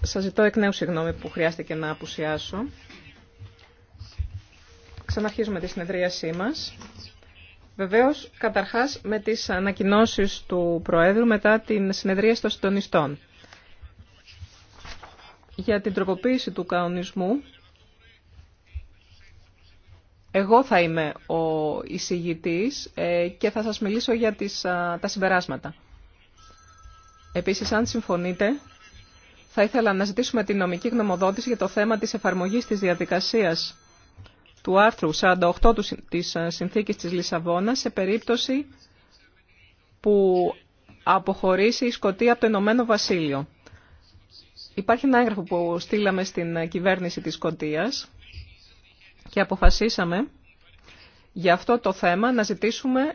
Σας ζητώ εκ νέου συγγνώμη που χρειάστηκε να απουσιάσω. Ξαναρχίζουμε τη συνεδρίασή μας. Βεβαίως, καταρχάς, με τις ανακοινώσεις του Προέδρου μετά την συνεδρίαση των συντονιστών. Για την τροποποίηση του κανονισμού εγώ θα είμαι ο εισηγητής ε, και θα σας μιλήσω για τις, τα συμπεράσματα. Επίσης, αν συμφωνείτε, θα ήθελα να ζητήσουμε την νομική γνωμοδότηση για το θέμα της εφαρμογής της διαδικασίας του άρθρου 48 του, της ε, Συνθήκης της Λισαβόνας σε περίπτωση που αποχωρήσει η Σκοτία από το Ηνωμένο Βασίλειο. Υπάρχει ένα έγγραφο που στείλαμε στην ε, κυβέρνηση της Σκοτίας και αποφασίσαμε για αυτό το θέμα να ζητήσουμε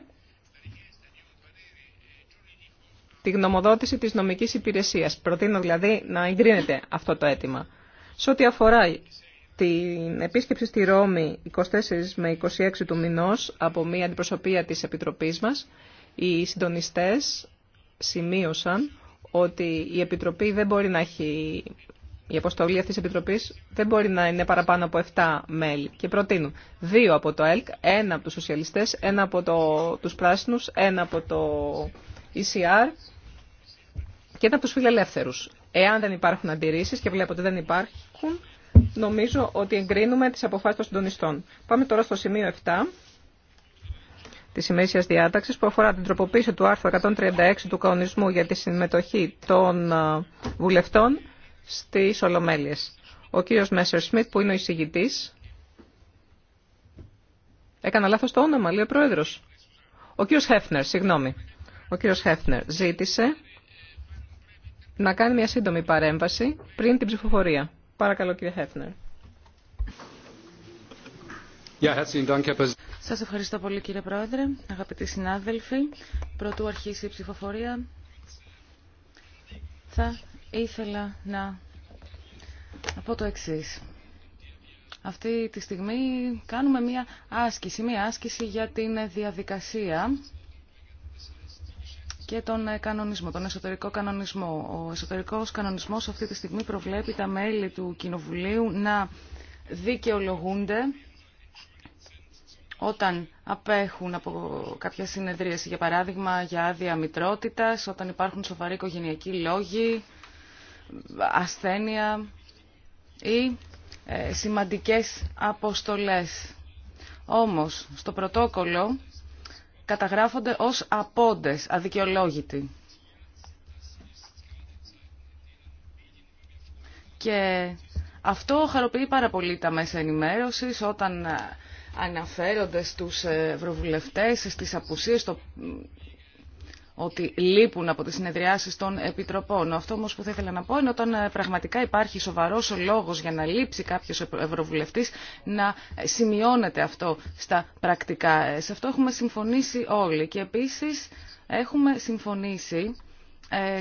τη γνωμοδότηση της νομικής υπηρεσίας. Προτείνω δηλαδή να εγκρίνεται αυτό το αίτημα. Σε ό,τι αφορά την επίσκεψη στη Ρώμη 24 με 26 του μηνός από μια αντιπροσωπεία της Επιτροπής μας, οι συντονιστές σημείωσαν ότι η Επιτροπή δεν μπορεί να έχει η αποστολή αυτής της Επιτροπής δεν μπορεί να είναι παραπάνω από 7 μέλη και προτείνουν δύο από το ΕΛΚ, ένα από τους σοσιαλιστές, ένα από το, τους πράσινους, ένα από το ECR και ένα από τους φιλελεύθερους. Εάν δεν υπάρχουν αντιρρήσεις και βλέπω ότι δεν υπάρχουν, νομίζω ότι εγκρίνουμε τις αποφάσεις των συντονιστών. Πάμε τώρα στο σημείο 7 της ημερήσιας διάταξης που αφορά την τροποποίηση του άρθρου 136 του κανονισμού για τη συμμετοχή των ε, βουλευτών στις Ολομέλειες. Ο κύριος Μέσερ Σμιτ που είναι ο εισηγητής. Έκανα λάθος το όνομα, λέει ο πρόεδρος. Ο κύριος Χέφνερ, συγγνώμη. Ο κύριος Χέφνερ ζήτησε να κάνει μια σύντομη παρέμβαση πριν την ψηφοφορία. Παρακαλώ κύριε Χέφνερ. Σας ευχαριστώ πολύ κύριε Πρόεδρε, αγαπητοί συνάδελφοι. Πρωτού αρχίσει η ψηφοφορία, θα ήθελα να πω το εξής. Αυτή τη στιγμή κάνουμε μία άσκηση, μία άσκηση για την διαδικασία και τον κανονισμό, τον εσωτερικό κανονισμό. Ο εσωτερικός κανονισμός αυτή τη στιγμή προβλέπει τα μέλη του Κοινοβουλίου να δικαιολογούνται όταν απέχουν από κάποια συνεδρίαση, για παράδειγμα για άδεια μητρότητας, όταν υπάρχουν σοβαροί οικογενειακοί λόγοι, ασθένεια ή ε, σημαντικές αποστολές. Όμως, στο πρωτόκολλο καταγράφονται ως απόντες, αδικαιολόγητοι. Και αυτό χαροποιεί πάρα πολύ τα μέσα ενημέρωσης όταν ε, αναφέρονται στους ε, ευρωβουλευτές, στις απουσίες, στο ότι λείπουν από τις συνεδριάσεις των επιτροπών. Αυτό όμως που θα ήθελα να πω είναι όταν ε, πραγματικά υπάρχει σοβαρός ο λόγος για να λείψει κάποιος ευρωβουλευτής να ε, σημειώνεται αυτό στα πρακτικά. Ε, σε αυτό έχουμε συμφωνήσει όλοι και επίσης έχουμε συμφωνήσει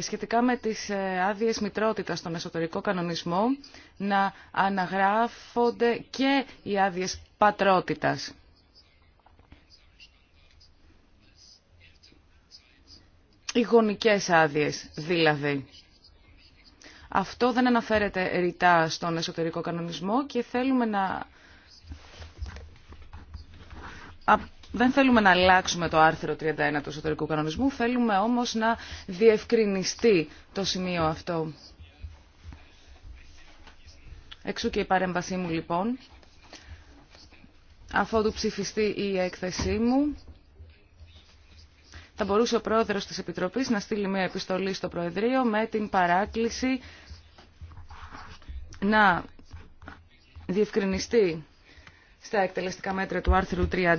σχετικά με τις άδειες μητρότητα στον εσωτερικό κανονισμό να αναγράφονται και οι άδειες πατρότητας. οι γονικές άδειες δηλαδή. Αυτό δεν αναφέρεται ρητά στον εσωτερικό κανονισμό και θέλουμε να... Δεν θέλουμε να αλλάξουμε το άρθρο 31 του εσωτερικού κανονισμού, θέλουμε όμως να διευκρινιστεί το σημείο αυτό. Εξού και η παρέμβασή μου λοιπόν. Αφότου ψηφιστεί η έκθεσή μου, θα μπορούσε ο πρόεδρος της Επιτροπής να στείλει μια επιστολή στο Προεδρείο με την παράκληση να διευκρινιστεί στα εκτελεστικά μέτρα του άρθρου 31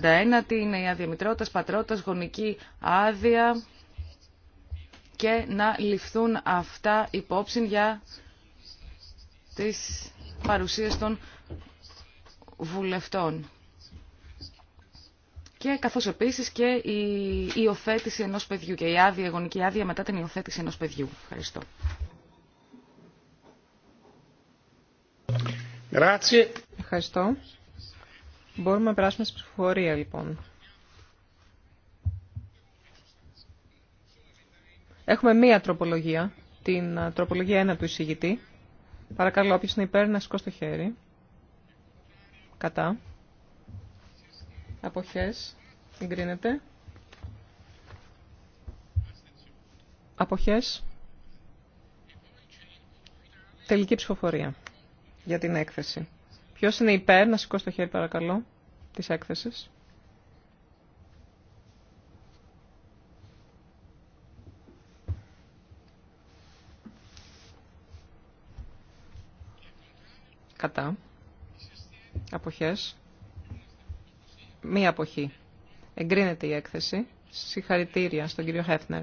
τι είναι η άδεια μητρότητας, πατρότητας, γονική άδεια και να ληφθούν αυτά υπόψη για τις παρουσίες των βουλευτών και καθώς επίσης και η υιοθέτηση ενός παιδιού και η άδεια, η γονική άδεια μετά την υιοθέτηση ενός παιδιού. Ευχαριστώ. Ευχαριστώ. Μπορούμε να περάσουμε στη ψηφοφορία λοιπόν. Έχουμε μία τροπολογία, την ε, τροπολογία 1 του εισηγητή. Παρακαλώ, όποιος είναι υπέρ να σηκώσει το χέρι. Κατά. Αποχές. Εγκρίνεται. Αποχές. Τελική ψηφοφορία για την έκθεση. Ποιος είναι υπέρ, να σηκώσει το χέρι παρακαλώ, της έκθεσης. Κατά. Αποχές. Μία αποχή. Εγκρίνεται η έκθεση. Συγχαρητήρια στον κύριο Χέφνερ.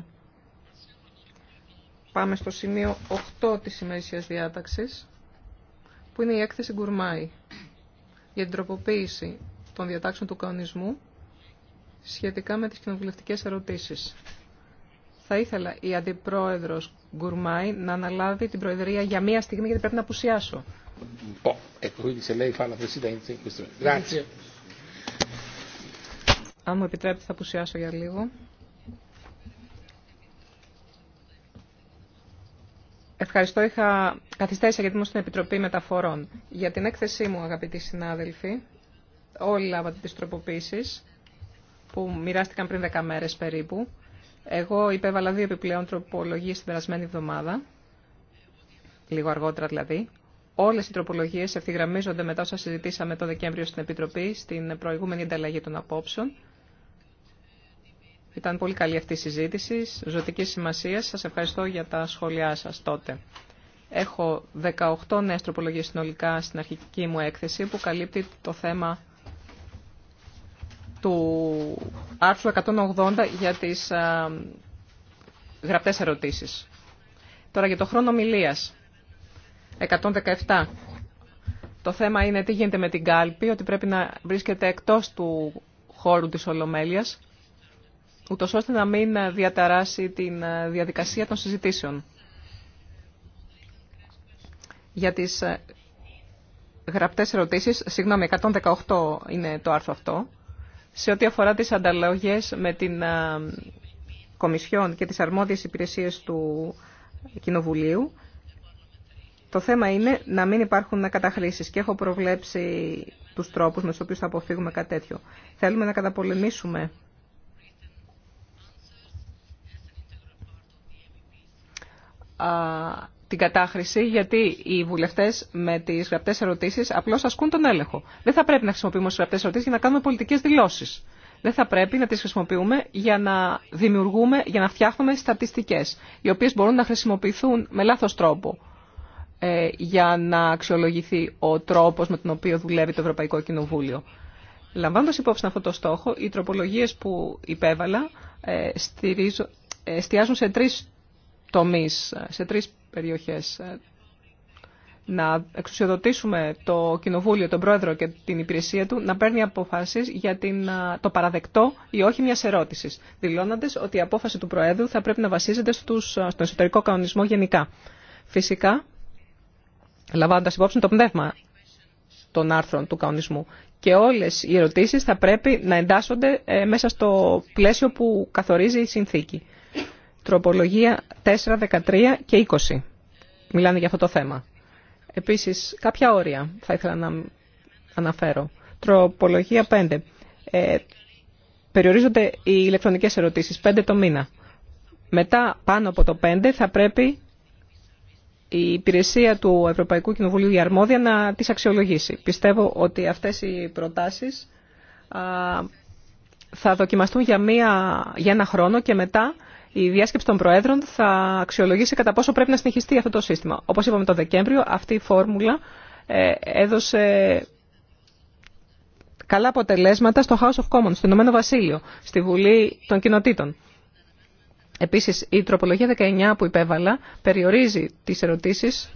Πάμε στο σημείο 8 της ημερήσιας διάταξης, που είναι η έκθεση Γκουρμάη για την τροποποίηση των διατάξεων του κανονισμού σχετικά με τις κοινοβουλευτικέ ερωτήσεις. Θα ήθελα η Αντιπρόεδρος Γκουρμάη να αναλάβει την Προεδρία για μία στιγμή, γιατί πρέπει να απουσιάσω. Αν μου επιτρέπετε θα απουσιάσω για λίγο. Ευχαριστώ. Είχα καθυστέρηση γιατί ήμουν στην Επιτροπή Μεταφορών. Για την έκθεσή μου, αγαπητοί συνάδελφοι, όλοι λάβατε τις τροποποίησεις που μοιράστηκαν πριν 10 μέρες περίπου. Εγώ υπέβαλα δύο επιπλέον τροπολογίες την περασμένη εβδομάδα, λίγο αργότερα δηλαδή. Όλες οι τροπολογίες ευθυγραμμίζονται μετά όσα συζητήσαμε το Δεκέμβριο στην Επιτροπή, στην προηγούμενη ανταλλαγή των απόψεων. Ήταν πολύ καλή αυτή η συζήτηση, ζωτική σημασία. Σας ευχαριστώ για τα σχόλιά σας τότε. Έχω 18 νέες τροπολογίες συνολικά στην αρχική μου έκθεση που καλύπτει το θέμα του άρθρου 180 για τις γραπτέ γραπτές ερωτήσεις. Τώρα για το χρόνο μιλίας. 117. Το θέμα είναι τι γίνεται με την κάλπη, ότι πρέπει να βρίσκεται εκτός του χώρου της Ολομέλειας ούτω ώστε να μην διαταράσει την διαδικασία των συζητήσεων. Για τις ε, γραπτές ερωτήσει, συγγνώμη, 118 είναι το άρθρο αυτό, σε ό,τι αφορά τις ανταλλαγές με την ε, Κομισιόν και τις αρμόδιες υπηρεσίες του Κοινοβουλίου, το θέμα είναι να μην υπάρχουν καταχρήσεις και έχω προβλέψει τους τρόπους με του οποίου θα αποφύγουμε κάτι τέτοιο. Θέλουμε να καταπολεμήσουμε την κατάχρηση, γιατί οι βουλευτέ με τι γραπτέ ερωτήσει απλώ ασκούν τον έλεγχο. Δεν θα πρέπει να χρησιμοποιούμε τι γραπτέ ερωτήσει για να κάνουμε πολιτικέ δηλώσει. Δεν θα πρέπει να τι χρησιμοποιούμε για να δημιουργούμε, για να φτιάχνουμε στατιστικέ, οι οποίε μπορούν να χρησιμοποιηθούν με λάθο τρόπο ε, για να αξιολογηθεί ο τρόπο με τον οποίο δουλεύει το Ευρωπαϊκό Κοινοβούλιο. Λαμβάνοντα υπόψη αυτό το στόχο, οι τροπολογίε που υπέβαλα ε, στηρίζω, ε, εστιάζουν σε τρει τομείς, ε, σε τρεις περιοχές. Ε, να εξουσιοδοτήσουμε το Κοινοβούλιο, τον Πρόεδρο και την υπηρεσία του να παίρνει αποφάσεις για την, ε, το παραδεκτό ή όχι μιας ερώτησης, δηλώνοντας ότι η οχι βασίζεται στον εσωτερικό καονισμό γενικά. Φυσικά, λαμβάνοντα υπόψη το πνεύμα των άρθρων του δηλωνοντας οτι η αποφαση του Προέδρου θα πρέπει να βασίζεται στους, στον εσωτερικό κανονισμό γενικά. Φυσικά, λαμβάνοντας υπόψη το πνεύμα των άρθρων του κανονισμού. Και όλες οι ερωτήσεις θα πρέπει να εντάσσονται μέσα στο πλαίσιο που καθορίζει η συνθήκη. Τροπολογία 4, 13 και 20. Μιλάνε για αυτό το θέμα. Επίσης, κάποια όρια θα ήθελα να αναφέρω. Τροπολογία 5. Ε, περιορίζονται οι ηλεκτρονικές ερωτήσεις, 5 το μήνα. Μετά, πάνω από το 5, θα πρέπει η υπηρεσία του Ευρωπαϊκού Κοινοβουλίου για αρμόδια να τις αξιολογήσει. Πιστεύω ότι αυτές οι προτάσεις α, θα δοκιμαστούν για, μία, για ένα χρόνο και μετά η διάσκεψη των Προέδρων θα αξιολογήσει κατά πόσο πρέπει να συνεχιστεί αυτό το σύστημα. Όπως είπαμε το Δεκέμβριο, αυτή η φόρμουλα ε, έδωσε καλά αποτελέσματα στο House of Commons, στο Ηνωμένο Βασίλειο, στη Βουλή των Κοινοτήτων. Επίσης, η τροπολογία 19 που υπέβαλα περιορίζει τις ερωτήσεις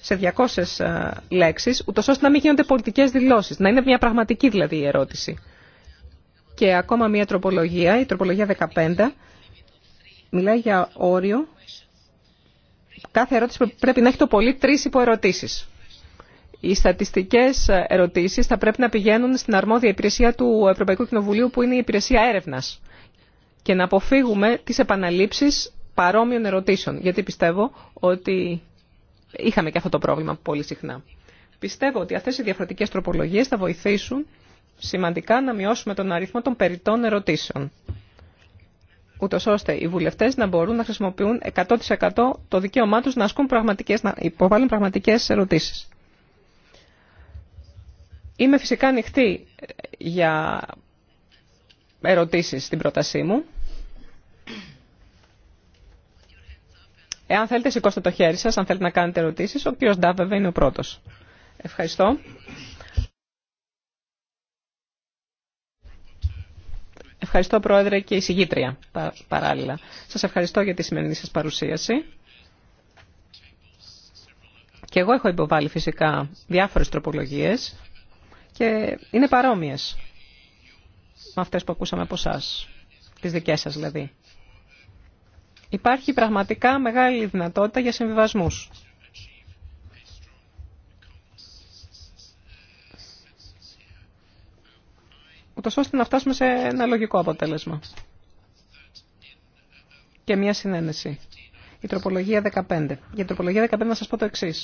σε 200 ε, λέξεις, ούτως ώστε να μην γίνονται πολιτικές δηλώσεις, να είναι μια πραγματική δηλαδή η ερώτηση. Και ακόμα μια τροπολογία, η τροπολογία 15, Μιλάει για όριο. Κάθε ερώτηση πρέπει να έχει το πολύ τρει υποερωτήσει. Οι στατιστικέ ερωτήσει θα πρέπει να πηγαίνουν στην αρμόδια υπηρεσία του Ευρωπαϊκού Κοινοβουλίου που είναι η υπηρεσία έρευνα. και να αποφύγουμε τι επαναλήψεις παρόμοιων ερωτήσεων, γιατί πιστεύω ότι είχαμε και αυτό το πρόβλημα πολύ συχνά. Πιστεύω ότι αυτέ οι διαφορετικέ τροπολογίε θα βοηθήσουν σημαντικά να μειώσουμε τον αριθμό των περιττών ερωτήσεων ούτω ώστε οι βουλευτέ να μπορούν να χρησιμοποιούν 100% το δικαίωμά του να, ασκούν πραγματικές, να υποβάλουν πραγματικέ ερωτήσει. Είμαι φυσικά ανοιχτή για ερωτήσεις στην πρότασή μου. Εάν θέλετε, σηκώστε το χέρι σα, αν θέλετε να κάνετε ερωτήσεις. Ο κ. Ντάβεβε είναι ο πρώτο. Ευχαριστώ. Ευχαριστώ, Πρόεδρε, και η συγγήτρια παράλληλα. Σας ευχαριστώ για τη σημερινή σας παρουσίαση. Και εγώ έχω υποβάλει φυσικά διάφορες τροπολογίες και είναι παρόμοιες με αυτές που ακούσαμε από εσά, τις δικές σας δηλαδή. Υπάρχει πραγματικά μεγάλη δυνατότητα για συμβιβασμούς. ούτως ώστε να φτάσουμε σε ένα λογικό αποτέλεσμα και μια συνένεση. Η τροπολογία 15. Για την τροπολογία 15 να σας πω το εξή.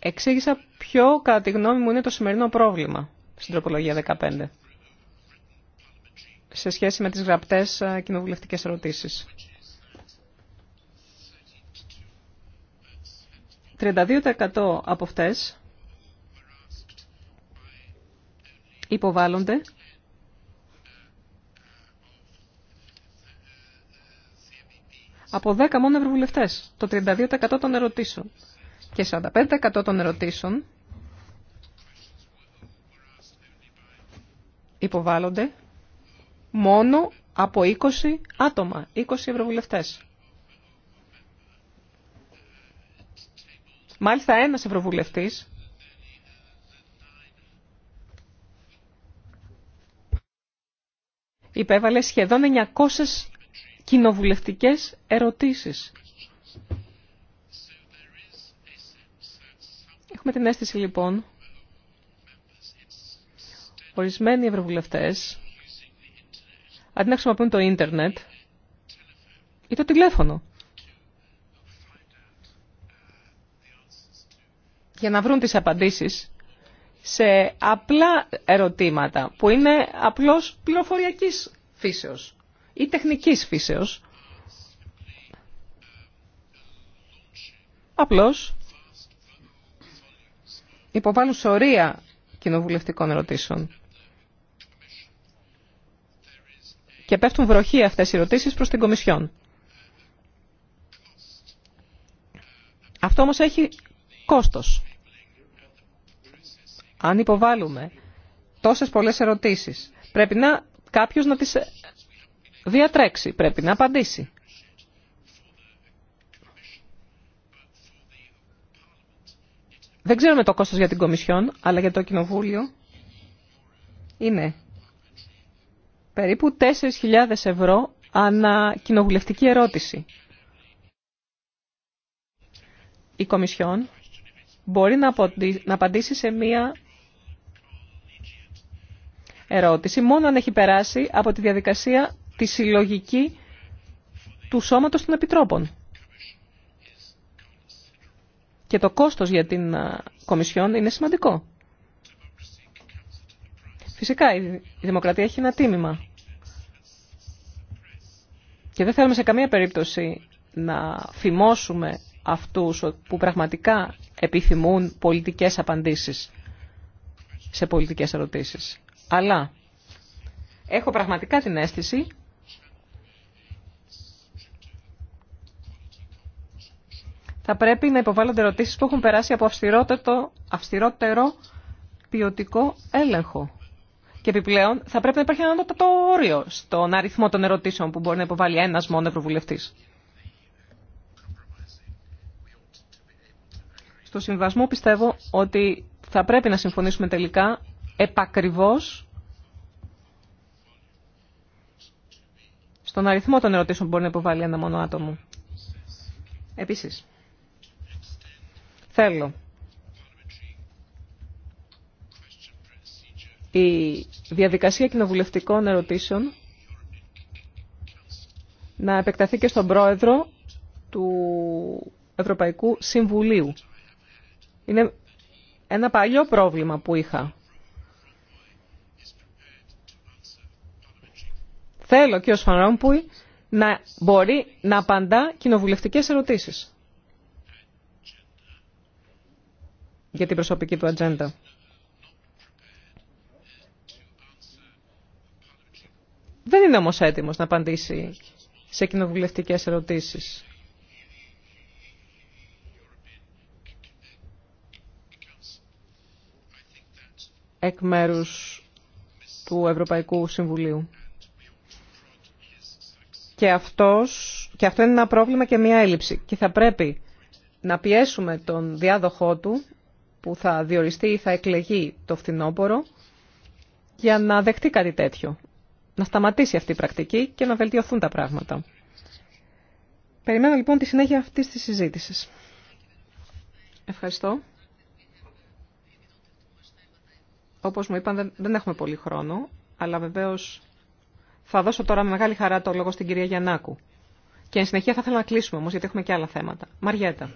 Εξήγησα ποιο, κατά τη γνώμη μου, είναι το σημερινό πρόβλημα στην τροπολογία 15 σε σχέση με τις γραπτές κοινοβουλευτικές ερωτήσεις. 32% από αυτές υποβάλλονται από 10 μόνο ευρωβουλευτές, το 32% των ερωτήσεων. Και 45% των ερωτήσεων υποβάλλονται μόνο από 20 άτομα, 20 ευρωβουλευτές. Μάλιστα ένας ευρωβουλευτής υπέβαλε σχεδόν 900 κοινοβουλευτικές ερωτήσεις. Έχουμε την αίσθηση λοιπόν ορισμένοι ευρωβουλευτές αντί να χρησιμοποιούν το ίντερνετ ή το τηλέφωνο για να βρουν τις απαντήσεις σε απλά ερωτήματα που είναι απλώς πληροφοριακής φύσεως ή τεχνικής φύσεως. Απλώς υποβάλλουν σωρία κοινοβουλευτικών ερωτήσεων. Και πέφτουν βροχή αυτές οι ερωτήσεις προς την Κομισιόν. Αυτό όμως έχει κόστος αν υποβάλουμε τόσες πολλές ερωτήσεις, πρέπει να κάποιος να τις διατρέξει, πρέπει να απαντήσει. Δεν ξέρουμε το κόστος για την Κομισιόν, αλλά για το Κοινοβούλιο είναι περίπου 4.000 ευρώ ανά κοινοβουλευτική ερώτηση. Η Κομισιόν μπορεί να απαντήσει σε μία ερώτηση μόνο αν έχει περάσει από τη διαδικασία τη συλλογική του σώματος των επιτρόπων. Και το κόστος για την Κομισιόν είναι σημαντικό. Φυσικά η δημοκρατία έχει ένα τίμημα. Και δεν θέλουμε σε καμία περίπτωση να φημώσουμε αυτούς που πραγματικά επιθυμούν πολιτικές απαντήσεις σε πολιτικές ερωτήσεις αλλά έχω πραγματικά την αίσθηση θα πρέπει να υποβάλλονται ερωτήσεις που έχουν περάσει από αυστηρότερο, αυστηρότερο ποιοτικό έλεγχο. Και επιπλέον θα πρέπει να υπάρχει ένα το όριο στον αριθμό των ερωτήσεων που μπορεί να υποβάλει ένας μόνο ευρωβουλευτής. Στο συμβασμό πιστεύω ότι θα πρέπει να συμφωνήσουμε τελικά επακριβώς στον αριθμό των ερωτήσεων που μπορεί να υποβάλει ένα μόνο άτομο. Επίσης, θέλω η διαδικασία κοινοβουλευτικών ερωτήσεων να επεκταθεί και στον πρόεδρο του Ευρωπαϊκού Συμβουλίου. Είναι ένα παλιό πρόβλημα που είχα Θέλω ο κ. να μπορεί να απαντά κοινοβουλευτικές ερωτήσεις για την προσωπική του ατζέντα. Δεν είναι όμως έτοιμος να απαντήσει σε κοινοβουλευτικές ερωτήσεις. εκ μέρους του Ευρωπαϊκού Συμβουλίου. Και, αυτός, και αυτό είναι ένα πρόβλημα και μια έλλειψη. Και θα πρέπει να πιέσουμε τον διάδοχό του που θα διοριστεί ή θα εκλεγεί το φθινόπωρο για να δεχτεί κάτι τέτοιο. Να σταματήσει αυτή η πρακτική και να βελτιωθούν τα πράγματα. Περιμένω λοιπόν τη συνέχεια αυτής της συζήτησης. Ευχαριστώ. Όπως μου είπαν δεν έχουμε πολύ χρόνο, αλλά βεβαίως θα δώσω τώρα με μεγάλη χαρά το λόγο στην κυρία Γιαννάκου. Και εν συνεχεία θα ήθελα να κλείσουμε όμως γιατί έχουμε και άλλα θέματα. Μαριέτα.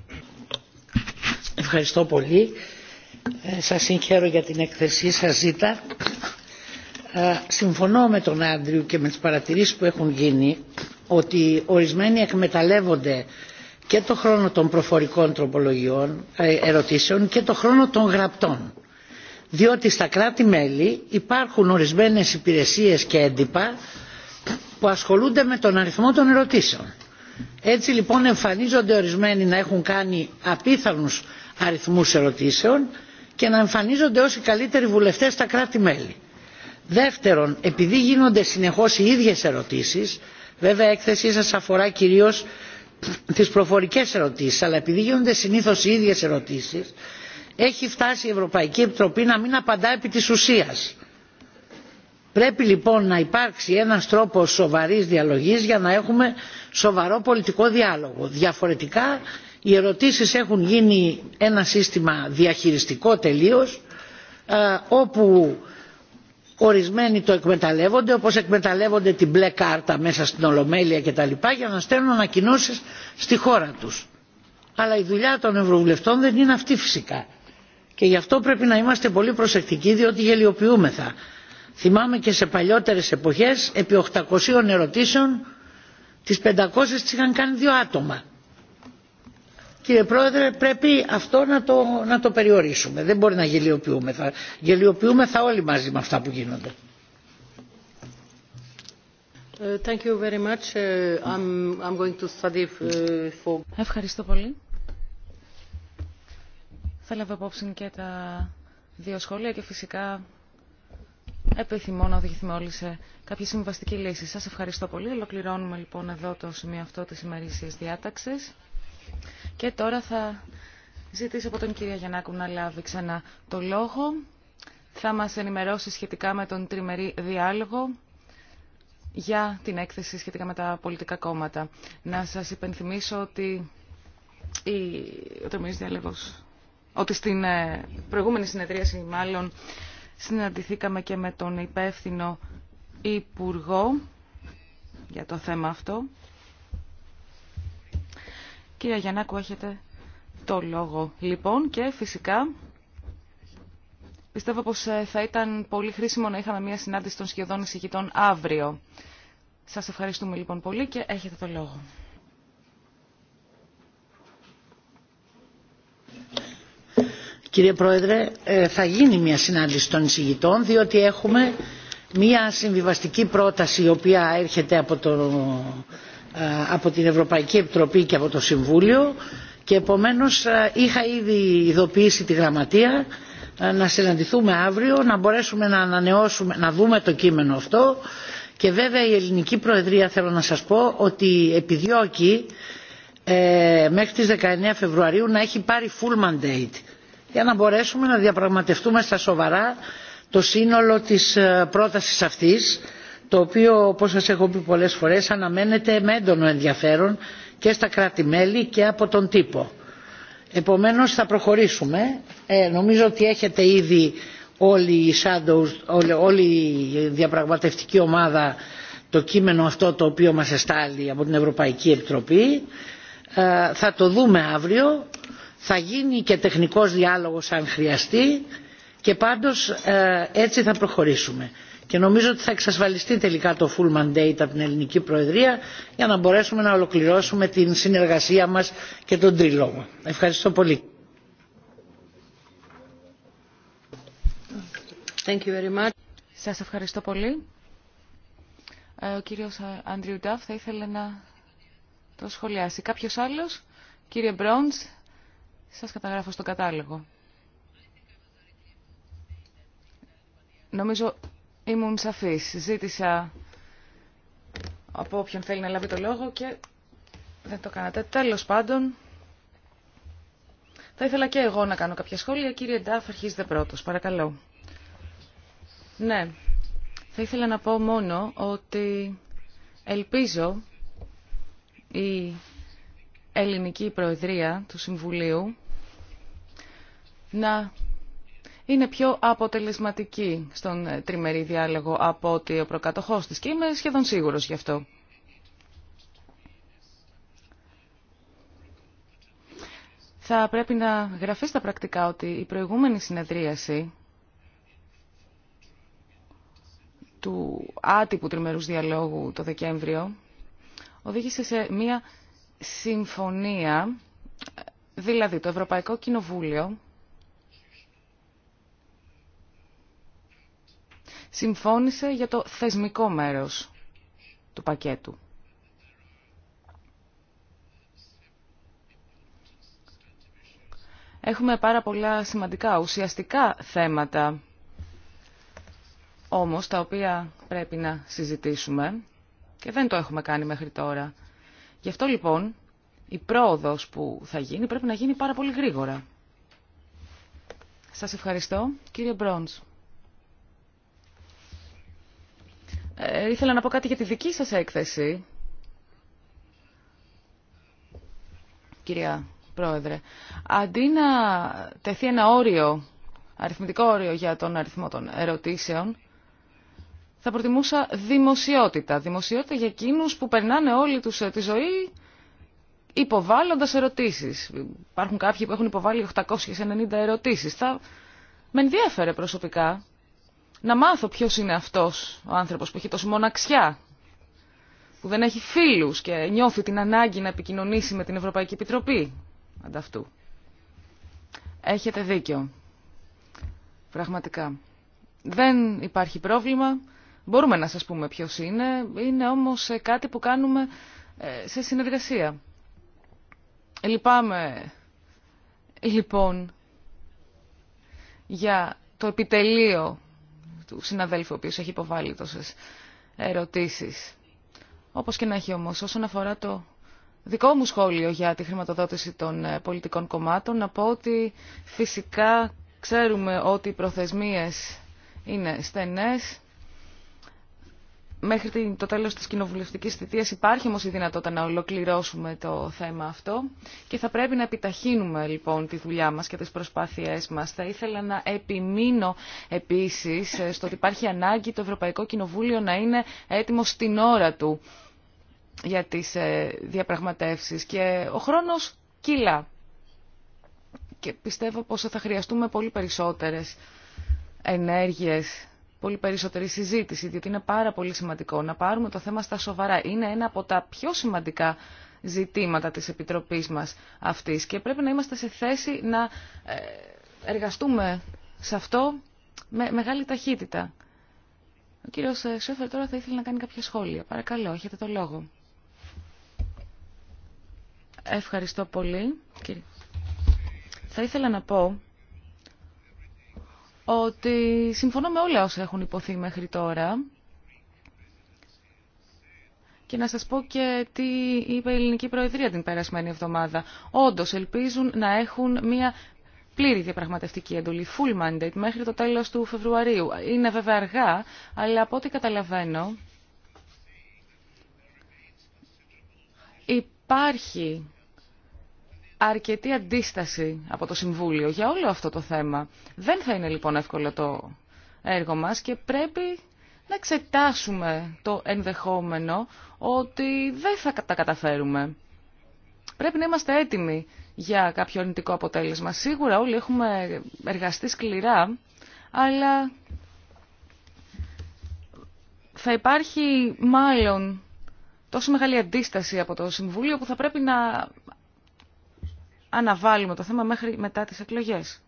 Ευχαριστώ πολύ. Ε, σας συγχαίρω για την έκθεσή σας Ζήτα. Ε, συμφωνώ με τον Άντριου και με τις παρατηρήσεις που έχουν γίνει ότι ορισμένοι εκμεταλλεύονται και το χρόνο των προφορικών τροπολογιών, ε, ερωτήσεων και το χρόνο των γραπτών. Διότι στα κράτη-μέλη υπάρχουν ορισμένες υπηρεσίες και έντυπα που ασχολούνται με τον αριθμό των ερωτήσεων. Έτσι λοιπόν εμφανίζονται ορισμένοι να έχουν κάνει απίθανους αριθμούς ερωτήσεων και να εμφανίζονται ως οι καλύτεροι βουλευτές στα κράτη-μέλη. Δεύτερον, επειδή γίνονται συνεχώς οι ίδιες ερωτήσεις, βέβαια έκθεσή σας αφορά κυρίως τις προφορικές ερωτήσεις, αλλά επειδή γίνονται συνήθως οι ίδιες ερωτήσεις, έχει φτάσει η Ευρωπαϊκή Επιτροπή να μην απαντά επί της ουσίας πρέπει λοιπόν να υπάρξει ένας τρόπος σοβαρής διαλογής για να έχουμε σοβαρό πολιτικό διάλογο. διαφορετικά οι ερωτήσεις έχουν γίνει ένα σύστημα διαχειριστικό τελείως ε, όπου ορισμένοι το εκμεταλλεύονται όπως εκμεταλλεύονται την μπλε κάρτα μέσα στην ολομέλεια κτλ. για να στέλνουν ανακοινώσεις στη χώρα τους. αλλά η δουλειά των ευρωβουλευτών δεν είναι αυτή φυσικά και γι' αυτό πρέπει να είμαστε πολύ προσεκτικοί διότι γελιοποιούμεθα θυμάμαι και σε παλιότερες εποχές επί 800 ερωτήσεων τις 500 τις είχαν κάνει δύο άτομα. Κύριε Πρόεδρε πρέπει αυτό να το, να το περιορίσουμε. Δεν μπορεί να γελιοποιούμε. Θα, γελιοποιούμε θα όλοι μαζί με αυτά που γίνονται. Ευχαριστώ πολύ. Θα λάβω υπόψη και τα δύο σχόλια και φυσικά επιθυμώ να οδηγηθούμε όλοι σε κάποια συμβαστική λύση. Σας ευχαριστώ πολύ. Ολοκληρώνουμε λοιπόν εδώ το σημείο αυτό της ημερήσιας διάταξης. Και τώρα θα ζητήσω από τον κύριο Γιαννάκου να λάβει ξανά το λόγο. Θα μας ενημερώσει σχετικά με τον τριμερή διάλογο για την έκθεση σχετικά με τα πολιτικά κόμματα. Να σας υπενθυμίσω ότι η... ο ότι στην ε, προηγούμενη συνεδρίαση μάλλον Συναντηθήκαμε και με τον υπεύθυνο Υπουργό για το θέμα αυτό. Κύριε Γιαννάκου, έχετε το λόγο. Λοιπόν, και φυσικά πιστεύω πως ε, θα ήταν πολύ χρήσιμο να είχαμε μια συνάντηση των σχεδόν εισηγητών αύριο. Σας ευχαριστούμε λοιπόν πολύ και έχετε το λόγο. Κύριε Πρόεδρε, ε, θα γίνει μια συνάντηση των εισηγητών διότι έχουμε μια συμβιβαστική πρόταση η οποία έρχεται από, το, ε, από την Ευρωπαϊκή Επιτροπή και από το Συμβούλιο και επομένως ε, είχα ήδη ειδοποιήσει τη Γραμματεία να συναντηθούμε αύριο, να μπορέσουμε να ανανεώσουμε, να δούμε το κείμενο αυτό και βέβαια η ελληνική προεδρία θέλω να σας πω ότι επιδιώκει μέχρι τις 19 Φεβρουαρίου να έχει πάρει full mandate για να μπορέσουμε να διαπραγματευτούμε στα σοβαρά το σύνολο της ε, πρότασης αυτής το οποίο όπως σας έχω πει πολλές φορές αναμένεται με έντονο ενδιαφέρον και στα κράτη-μέλη και από τον τύπο. Επομένως θα προχωρήσουμε. Ε, νομίζω ότι έχετε ήδη όλη η, shadows, όλη η διαπραγματευτική ομάδα το κείμενο αυτό το οποίο μας εστάλει από την Ευρωπαϊκή Επιτροπή. Ε, θα το δούμε αύριο θα γίνει και τεχνικός διάλογος αν χρειαστεί και πάντως ε, έτσι θα προχωρήσουμε. Και νομίζω ότι θα εξασφαλιστεί τελικά το full mandate από την ελληνική προεδρία για να μπορέσουμε να ολοκληρώσουμε την συνεργασία μας και τον τριλόγο. Ευχαριστώ πολύ. Thank you very much. Σας ευχαριστώ πολύ. Ε, ο κύριος Αντριου Νταφ θα ήθελε να το σχολιάσει. Κάποιος άλλος, κύριε Μπρόντς, σας καταγράφω στο κατάλογο. Νομίζω ήμουν σαφής. Ζήτησα από όποιον θέλει να λάβει το λόγο και δεν το κάνατε. Τέλος πάντων, θα ήθελα και εγώ να κάνω κάποια σχόλια. Κύριε Ντάφ, αρχίζετε πρώτος. Παρακαλώ. Ναι, θα ήθελα να πω μόνο ότι ελπίζω η ελληνική προεδρία του Συμβουλίου να είναι πιο αποτελεσματική στον τριμερή διάλογο από ότι ο προκατοχός της και είμαι σχεδόν σίγουρος γι' αυτό. Θα πρέπει να γραφεί στα πρακτικά ότι η προηγούμενη συνεδρίαση του άτυπου τριμερούς διαλόγου το Δεκέμβριο οδήγησε σε μία συμφωνία, δηλαδή το Ευρωπαϊκό Κοινοβούλιο συμφώνησε για το θεσμικό μέρος του πακέτου. Έχουμε πάρα πολλά σημαντικά, ουσιαστικά θέματα, όμως τα οποία πρέπει να συζητήσουμε και δεν το έχουμε κάνει μέχρι τώρα. Γι' αυτό λοιπόν η πρόοδος που θα γίνει πρέπει να γίνει πάρα πολύ γρήγορα. Σας ευχαριστώ κύριε Μπρόντς. Ε, ήθελα να πω κάτι για τη δική σας έκθεση. Κυρία Πρόεδρε, αντί να τεθεί ένα όριο, αριθμητικό όριο για τον αριθμό των ερωτήσεων, θα προτιμούσα δημοσιότητα. Δημοσιότητα για εκείνους που περνάνε όλη τους ε, τη ζωή υποβάλλοντας ερωτήσεις. Υπάρχουν κάποιοι που έχουν υποβάλει 890 ερωτήσεις. Θα... Με ενδιαφέρε προσωπικά να μάθω ποιος είναι αυτός ο άνθρωπος που έχει τόσο μοναξιά, που δεν έχει φίλους και νιώθει την ανάγκη να επικοινωνήσει με την Ευρωπαϊκή Επιτροπή ανταυτού. Έχετε δίκιο. Πραγματικά. Δεν υπάρχει πρόβλημα. Μπορούμε να σας πούμε ποιος είναι. Είναι όμως ε, κάτι που κάνουμε ε, σε συνεργασία. Λυπάμαι, λοιπόν, για το επιτελείο του συναδέλφου ο οποίος έχει υποβάλει τόσες ερωτήσεις. Όπως και να έχει όμως, όσον αφορά το δικό μου σχόλιο για τη χρηματοδότηση των ε, πολιτικών κομμάτων, να πω ότι φυσικά ξέρουμε ότι οι προθεσμίες είναι στενές, μέχρι το τέλος της κοινοβουλευτικής θητείας υπάρχει όμως η δυνατότητα να ολοκληρώσουμε το θέμα αυτό και θα πρέπει να επιταχύνουμε λοιπόν τη δουλειά μας και τις προσπάθειές μας. Θα ήθελα να επιμείνω επίσης στο ότι υπάρχει ανάγκη το Ευρωπαϊκό Κοινοβούλιο να είναι έτοιμο στην ώρα του για τις ε, διαπραγματεύσεις και ο χρόνος κύλα και πιστεύω πως θα χρειαστούμε πολύ περισσότερες ενέργειες πολύ περισσότερη συζήτηση, διότι είναι πάρα πολύ σημαντικό να πάρουμε το θέμα στα σοβαρά. Είναι ένα από τα πιο σημαντικά ζητήματα της Επιτροπής μας αυτής και πρέπει να είμαστε σε θέση να ε, εργαστούμε σε αυτό με μεγάλη ταχύτητα. Ο κύριος ε, Σέφερ τώρα θα ήθελε να κάνει κάποια σχόλια. Παρακαλώ, έχετε το λόγο. Ευχαριστώ πολύ. Θα ήθελα να πω ότι συμφωνώ με όλα όσα έχουν υποθεί μέχρι τώρα. Και να σας πω και τι είπε η Ελληνική Προεδρία την περασμένη εβδομάδα. Όντως ελπίζουν να έχουν μια πλήρη διαπραγματευτική εντολή, full mandate, μέχρι το τέλος του Φεβρουαρίου. Είναι βέβαια αργά, αλλά από ό,τι καταλαβαίνω υπάρχει αρκετή αντίσταση από το Συμβούλιο για όλο αυτό το θέμα. Δεν θα είναι λοιπόν εύκολο το έργο μας και πρέπει να εξετάσουμε το ενδεχόμενο ότι δεν θα τα καταφέρουμε. Πρέπει να είμαστε έτοιμοι για κάποιο αρνητικό αποτέλεσμα. Σίγουρα όλοι έχουμε εργαστεί σκληρά, αλλά θα υπάρχει μάλλον τόσο μεγάλη αντίσταση από το Συμβούλιο που θα πρέπει να αναβάλουμε το θέμα μέχρι μετά τις εκλογές.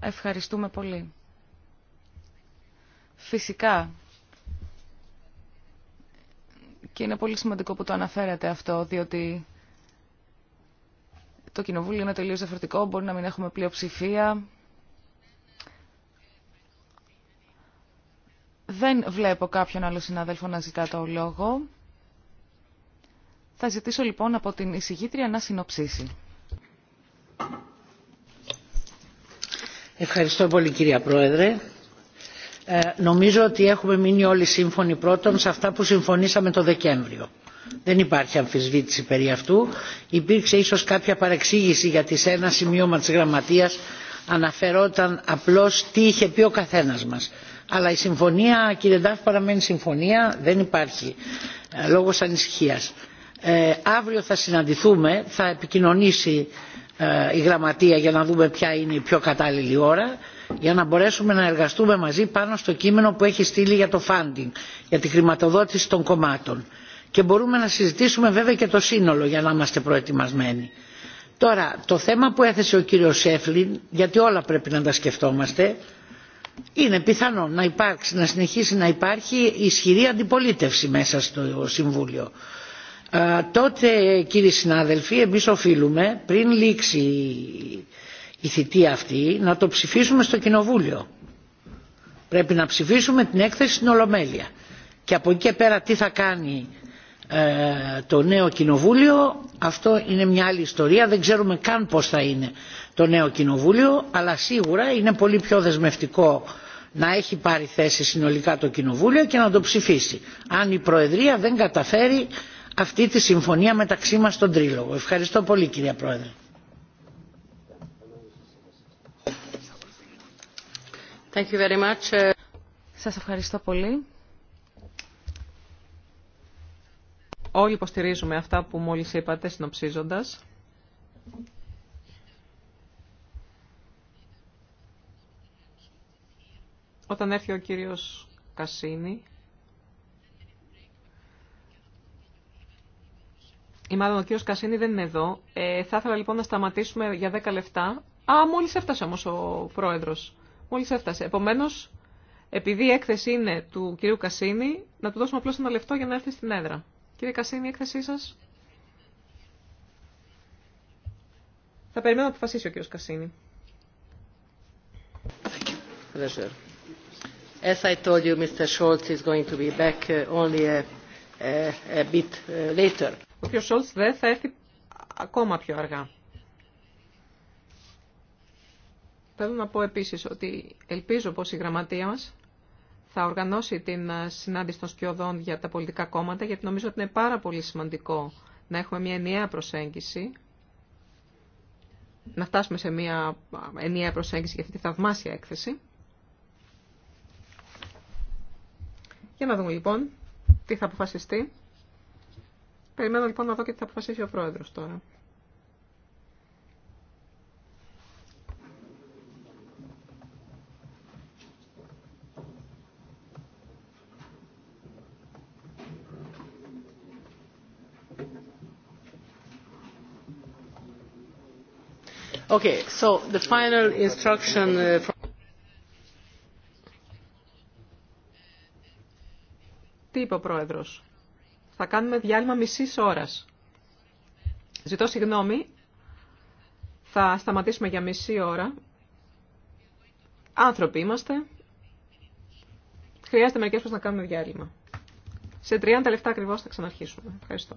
Ευχαριστούμε πολύ. Φυσικά. Και είναι πολύ σημαντικό που το αναφέρατε αυτό, διότι το κοινοβούλιο είναι τελείως διαφορετικό, μπορεί να μην έχουμε πλειοψηφία. Δεν βλέπω κάποιον άλλο συνάδελφο να ζητά το λόγο. Θα ζητήσω λοιπόν από την εισηγήτρια να συνοψίσει. Ευχαριστώ πολύ κυρία Πρόεδρε. Ε, νομίζω ότι έχουμε μείνει όλοι σύμφωνοι πρώτον σε αυτά που συμφωνήσαμε το Δεκέμβριο. Δεν υπάρχει αμφισβήτηση περί αυτού. Υπήρξε ίσως κάποια παρεξήγηση γιατί σε ένα σημείωμα της γραμματείας αναφερόταν απλώς τι είχε πει ο καθένας μας. Αλλά η συμφωνία, κύριε Ντάφ, παραμένει συμφωνία, δεν υπάρχει ε, λόγος ανησυχίας ε, αύριο θα συναντηθούμε θα επικοινωνήσει ε, η γραμματεία για να δούμε ποια είναι η πιο κατάλληλη ώρα για να μπορέσουμε να εργαστούμε μαζί πάνω στο κείμενο που έχει στείλει για το funding για τη χρηματοδότηση των κομμάτων και μπορούμε να συζητήσουμε βέβαια και το σύνολο για να είμαστε προετοιμασμένοι. Τώρα, το θέμα που έθεσε ο κύριος Σέφλιν, γιατί όλα πρέπει να τα σκεφτόμαστε, είναι πιθανό να υπάρξει, να συνεχίσει να υπάρχει ισχυρή αντιπολίτευση μέσα στο Συμβούλιο. Ε, τότε κύριοι συνάδελφοι εμείς οφείλουμε πριν λήξει η θητεία αυτή να το ψηφίσουμε στο κοινοβούλιο. Πρέπει να ψηφίσουμε την έκθεση στην Ολομέλεια. Και από εκεί και πέρα τι θα κάνει ε, το νέο κοινοβούλιο αυτό είναι μια άλλη ιστορία δεν ξέρουμε καν πως θα είναι το νέο κοινοβούλιο αλλά σίγουρα είναι πολύ πιο δεσμευτικό να έχει πάρει θέση συνολικά το κοινοβούλιο και να το ψηφίσει αν η προεδρία δεν καταφέρει αυτή τη συμφωνία μεταξύ μας στον Τρίλογο. Ευχαριστώ πολύ κυρία Πρόεδρε. Thank you very much. Σας ευχαριστώ πολύ. Όλοι υποστηρίζουμε αυτά που μόλις είπατε συνοψίζοντας. Όταν έρθει ο κύριος Κασίνη, ή μάλλον ο κύριο Κασίνη δεν είναι εδώ. Ε, θα ήθελα λοιπόν να σταματήσουμε για 10 λεπτά. Α, μόλι έφτασε όμω ο πρόεδρο. Μόλι έφτασε. Επομένω, επειδή η έκθεση είναι του κυρίου Κασίνη, να του δώσουμε απλώ ένα λεπτό για να έρθει στην έδρα. Κύριε Κασίνη, η έκθεσή σα. Θα περιμένω να αποφασίσει ο κύριο Κασίνη. As I told you, Mr. Scholz is going to be back uh, only a bit uh, later. Ο κ. Σόλτ δεν θα έρθει ακόμα πιο αργά. Θέλω να πω επίσης ότι ελπίζω πως η γραμματεία μας θα οργανώσει την ε, συνάντηση των σκιωδών για τα πολιτικά κόμματα, γιατί νομίζω ότι είναι πάρα πολύ σημαντικό να έχουμε μια ενιαία προσέγγιση, να φτάσουμε σε μια ενιαία προσέγγιση για αυτή τη θαυμάσια έκθεση. Για να δούμε λοιπόν τι θα αποφασιστεί. Περιμένω λοιπόν να δω και τι θα αποφασίσει ο πρόεδρος τώρα. Okay, so the final instruction uh, from... Τι είπε ο πρόεδρος. Θα κάνουμε διάλειμμα μισής ώρας. Ζητώ συγγνώμη. Θα σταματήσουμε για μισή ώρα. Άνθρωποι είμαστε. Χρειάζεται μερικές φορές να κάνουμε διάλειμμα. Σε 30 λεπτά ακριβώς θα ξαναρχίσουμε. Ευχαριστώ.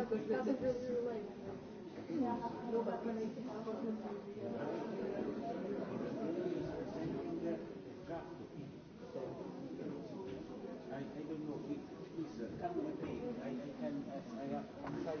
I don't know. Please, come with me. I can, I, am I'm trying to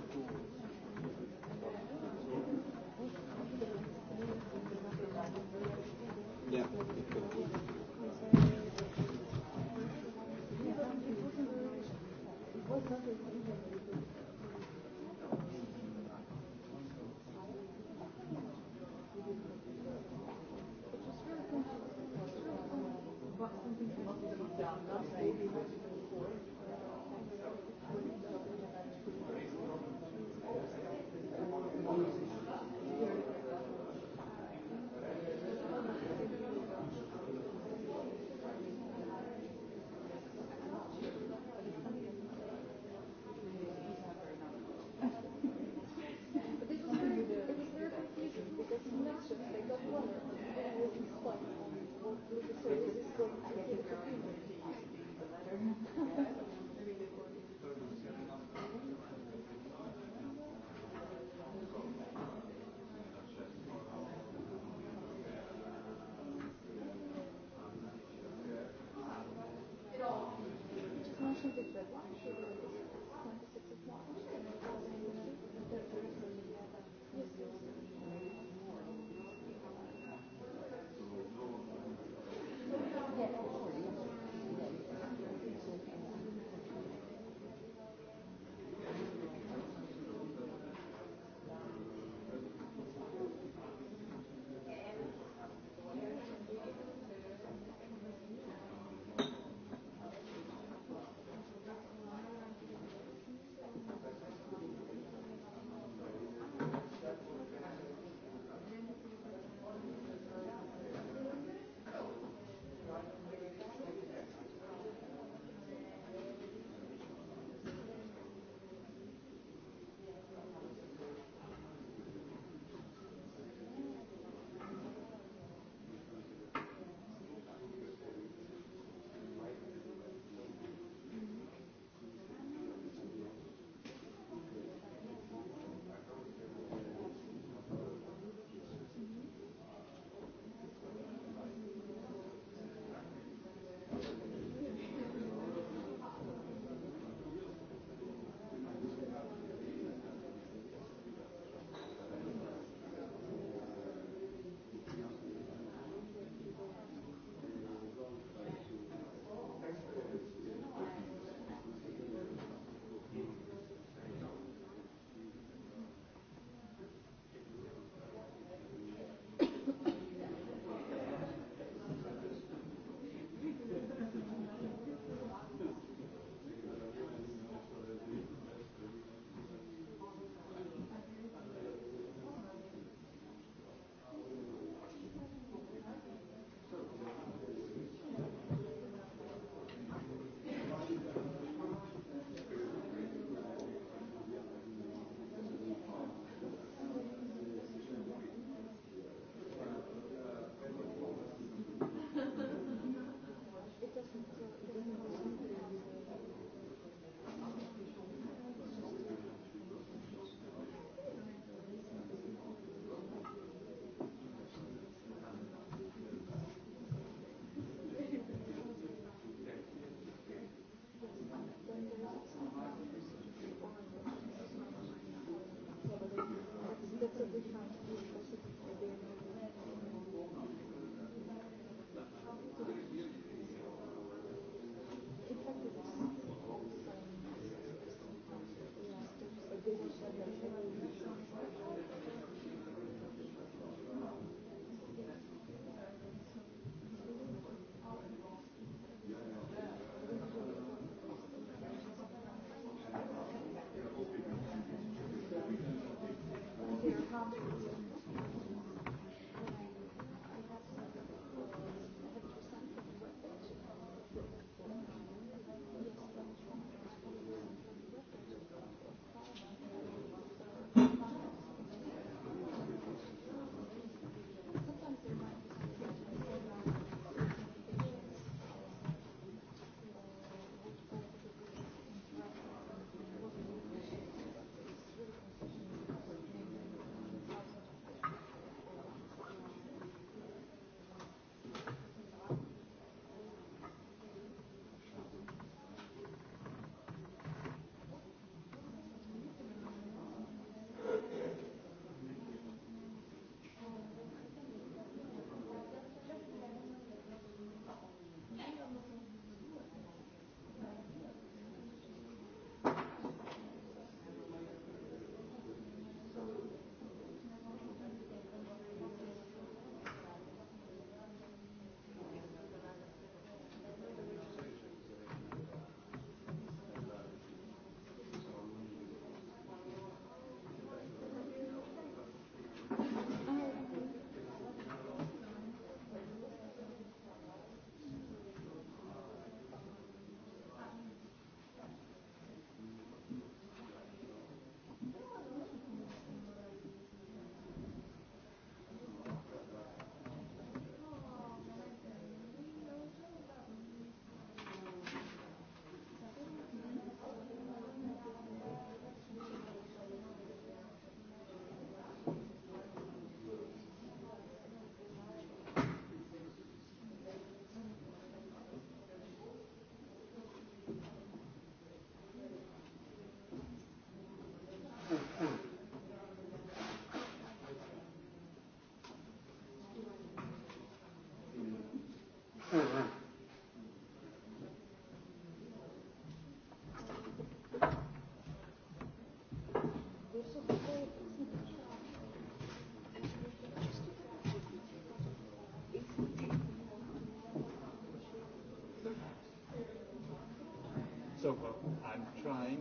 trying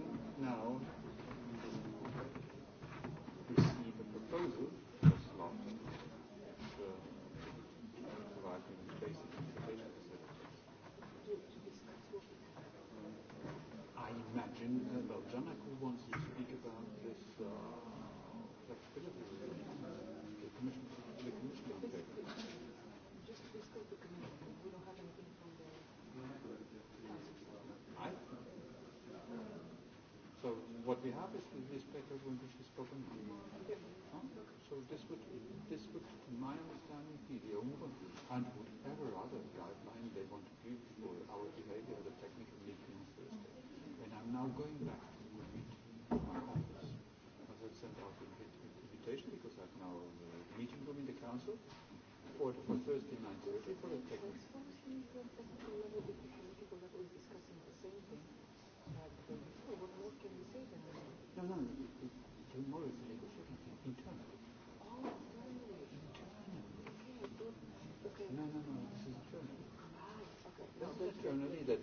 What we have is this paper when which is spoken So this would, this would, in my understanding, be the only one. And whatever other guideline they want to give for our behavior at the technical meeting on Thursday. And I'm now going back to my office. As I've sent out an invitation because I've now a meeting room in the council for, for Thursday 9.30 for the technical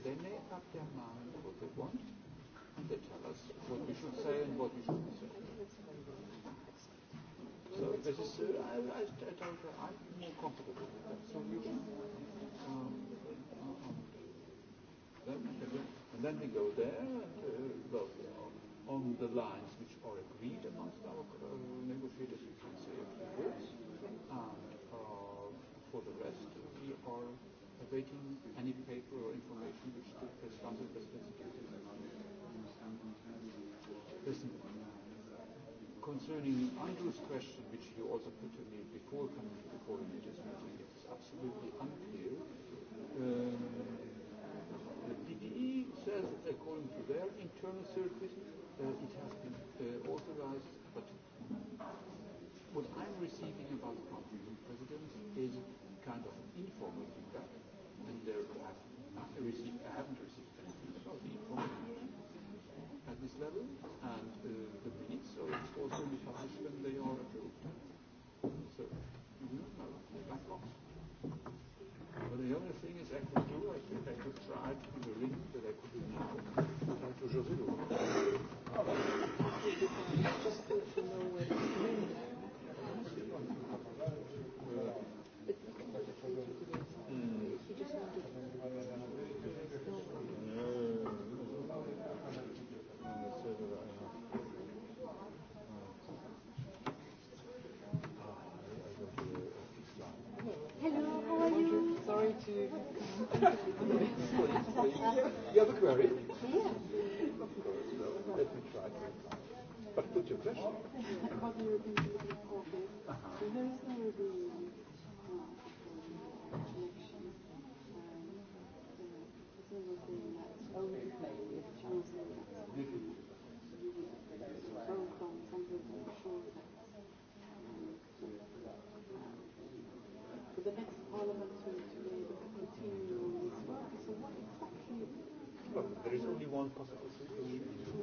then make up their mind what they want, and they tell us what we should say and what we shouldn't say. So this is, I, I, I don't I'm more comfortable with that solution. Um, and then we go there, and well, on the lines which are agreed amongst our negotiators, any paper or information which has Listen, concerning Andrew's question, which you also put to me before coming to the coordinators meeting, it is absolutely unclear. the PDE says according to their internal circuit, it has been authorized, but what I'm receiving about the president is kind of informal there I, received, I haven't received anything So the at this level, and uh, the minutes it's also revised when they are approved. So you know the backlog. But the other thing is I could do, I think I could try to do the link that I could do now, try to José You have query? Yes. Let me try. But put your question. ποτέ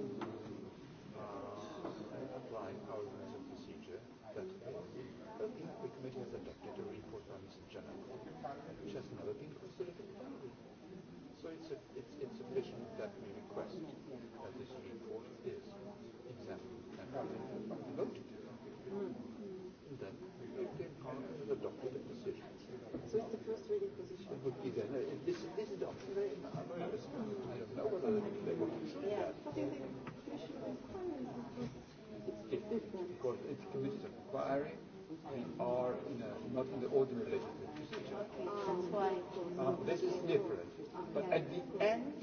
because it's committed inquiry and are not in the ordinary legislative legislature. This is different. But at the end,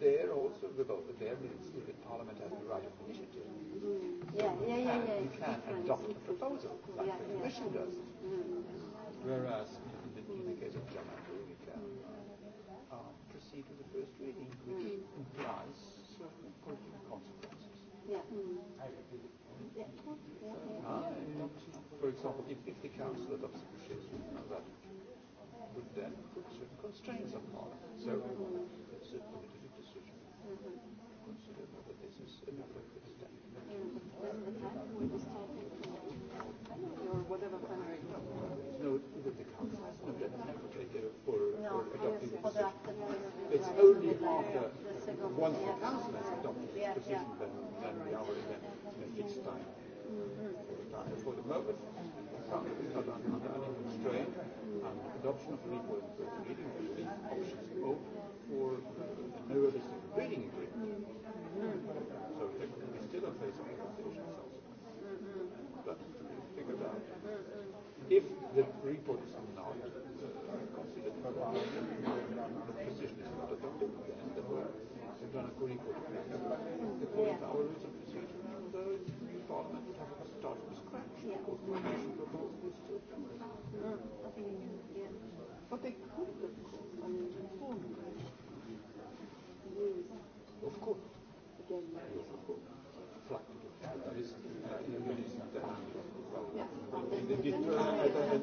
there also, there means the parliament has the right of initiative. You can adopt a proposal, like the commission does. Whereas So if, council that would then put certain constraints So it's a political decision. It's only after once the council has adopted the decision then we are fixed time. For the moment, adoption of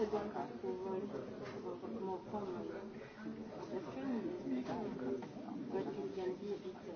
Thank you.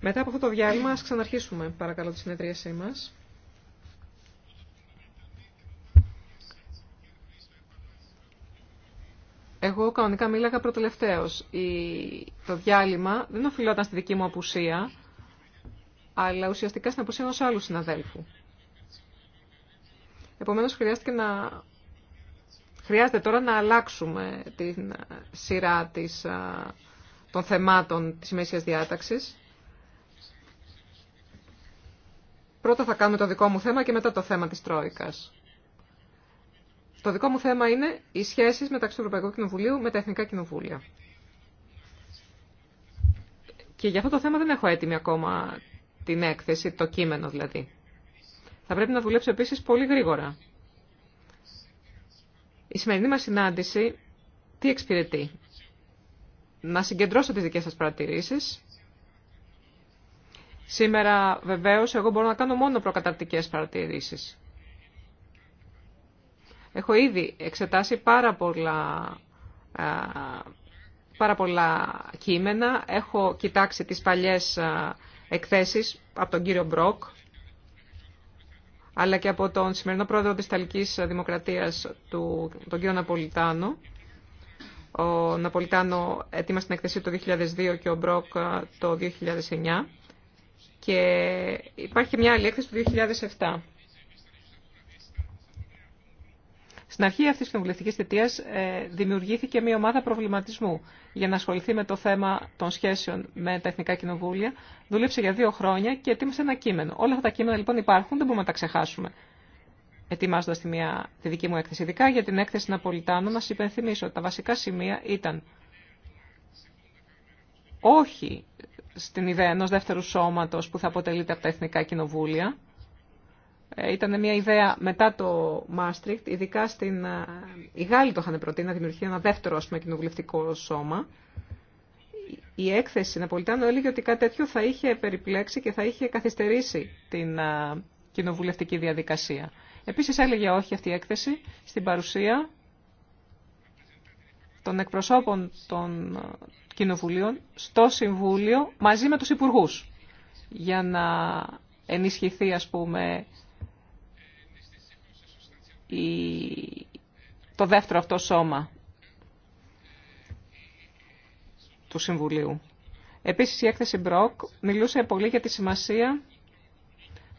Μετά από αυτό το διάλειμμα, ας ξαναρχίσουμε, παρακαλώ, τη συνεδρίασή μας. Εγώ κανονικά μίλαγα προτελευταίως. Η... Το διάλειμμα δεν οφειλόταν στη δική μου απουσία, αλλά ουσιαστικά στην απουσία ενός άλλου συναδέλφου. Επομένως, χρειάστηκε να... χρειάζεται τώρα να αλλάξουμε την ε, σειρά της ε, των θεμάτων της μέσια διάταξης. Πρώτα θα κάνουμε το δικό μου θέμα και μετά το θέμα της Τρόικας. Το δικό μου θέμα είναι οι σχέσεις μεταξύ του Ευρωπαϊκού Κοινοβουλίου με τα Εθνικά Κοινοβούλια. Και για αυτό το θέμα δεν έχω έτοιμη ακόμα την έκθεση, το κείμενο δηλαδή. Θα πρέπει να δουλέψω επίσης πολύ γρήγορα. Η σημερινή μας συνάντηση τι εξυπηρετεί να συγκεντρώσω τις δικές σας παρατηρήσεις. Σήμερα βεβαίως εγώ μπορώ να κάνω μόνο προκαταρτικές παρατηρήσεις. Έχω ήδη εξετάσει πάρα πολλά, πάρα πολλά κείμενα. Έχω κοιτάξει τις παλιές εκθέσεις από τον κύριο Μπροκ, αλλά και από τον σημερινό πρόεδρο της Ιταλικής Δημοκρατίας, του, τον κύριο Ναπολιτάνο. Ο Ναπολιτάνο ετοίμασε την εκθεσή το 2002 και ο Μπροκ ε, το 2009. Και υπάρχει μια άλλη έκθεση του 2007. Στην αρχή αυτής της κοινοβουλευτικής θητείας ε, δημιουργήθηκε μια ομάδα προβληματισμού για να ασχοληθεί με το θέμα των σχέσεων με τα Εθνικά Κοινοβούλια. Δούλεψε για δύο χρόνια και ετοίμασε ένα κείμενο. Όλα αυτά τα κείμενα λοιπόν υπάρχουν, δεν μπορούμε να τα ξεχάσουμε ετοιμάζοντα τη, τη δική μου έκθεση. Ειδικά για την έκθεση Ναπολιτάνου, να σα υπενθυμίσω ότι τα βασικά σημεία ήταν όχι στην ιδέα ενό δεύτερου σώματο που θα αποτελείται από τα Εθνικά Κοινοβούλια. Ε, ήταν μια ιδέα μετά το Μάστριχτ, ειδικά στην... Ε, οι Γάλλοι το είχαν προτείνει να δημιουργηθεί ένα δεύτερο πούμε, κοινοβουλευτικό σώμα. Η έκθεση Ναπολιτάνου έλεγε ότι κάτι τέτοιο θα είχε περιπλέξει και θα είχε καθυστερήσει την ε, κοινοβουλευτική διαδικασία. Επίσης έλεγε όχι αυτή η έκθεση στην παρουσία των εκπροσώπων των ε, κοινοβουλίων στο Συμβούλιο μαζί με τους Υπουργούς για να ενισχυθεί ας πούμε η... το δεύτερο αυτό σώμα του Συμβουλίου. Επίσης η έκθεση Μπροκ μιλούσε πολύ για τη σημασία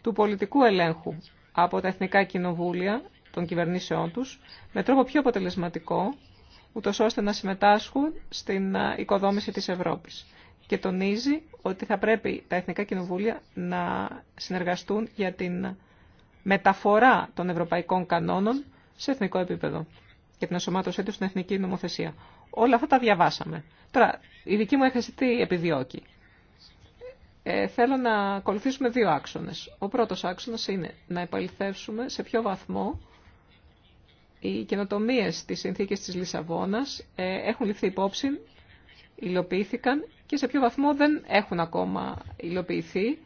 του πολιτικού ελέγχου από τα εθνικά κοινοβούλια των κυβερνήσεών τους με τρόπο πιο αποτελεσματικό, ούτω ώστε να συμμετάσχουν στην ε, οικοδόμηση της Ευρώπης. Και τονίζει ότι θα πρέπει τα εθνικά κοινοβούλια να συνεργαστούν για την μεταφορά των ευρωπαϊκών κανόνων σε εθνικό επίπεδο και την ασωμάτωσή του στην εθνική νομοθεσία. Όλα αυτά τα διαβάσαμε. Τώρα, η δική μου έκθεση τι επιδιώκει ε, θέλω να ακολουθήσουμε δύο άξονες. Ο πρώτος άξονας είναι να επαληθεύσουμε σε ποιο βαθμό οι καινοτομίε της συνθήκης της Λισαβόνας ε, έχουν ληφθεί υπόψη, υλοποιήθηκαν και σε ποιο βαθμό δεν έχουν ακόμα υλοποιηθεί,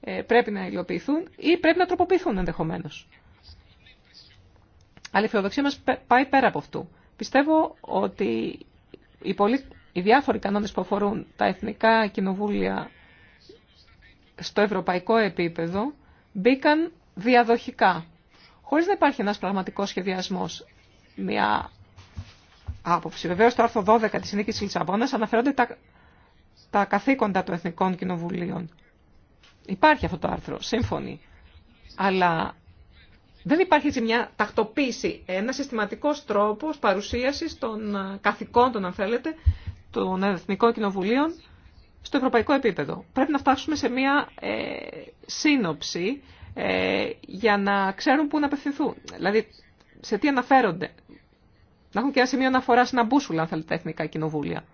ε, πρέπει να υλοποιηθούν ή πρέπει να τροποποιηθούν ενδεχομένως. Αλλά η φιλοδοξία μας πάει πέρα από αυτού. Πιστεύω ότι οι, οι διάφοροι κανόνες που αφορούν τα εθνικά κοινοβούλια στο ευρωπαϊκό επίπεδο μπήκαν διαδοχικά, χωρίς να υπάρχει ένας πραγματικός σχεδιασμός, μια άποψη. Βεβαίως στο άρθρο 12 της Συνήκης Λισαβόνας αναφέρονται τα, τα καθήκοντα των Εθνικών Κοινοβουλίων. Υπάρχει αυτό το άρθρο, σύμφωνη, Αλλά δεν υπάρχει έτσι μια τακτοποίηση, ένα συστηματικό τρόπο παρουσίαση των καθηκόντων, αν θέλετε, των Εθνικών Κοινοβουλίων στο ευρωπαϊκό επίπεδο. Πρέπει να φτάσουμε σε μία ε, σύνοψη ε, για να ξέρουν πού να απευθυνθούν. Δηλαδή, σε τι αναφέρονται. Να έχουν και ένα σημείο αναφορά σε ένα μπούσουλα, αν θέλετε, τα εθνικά κοινοβούλια.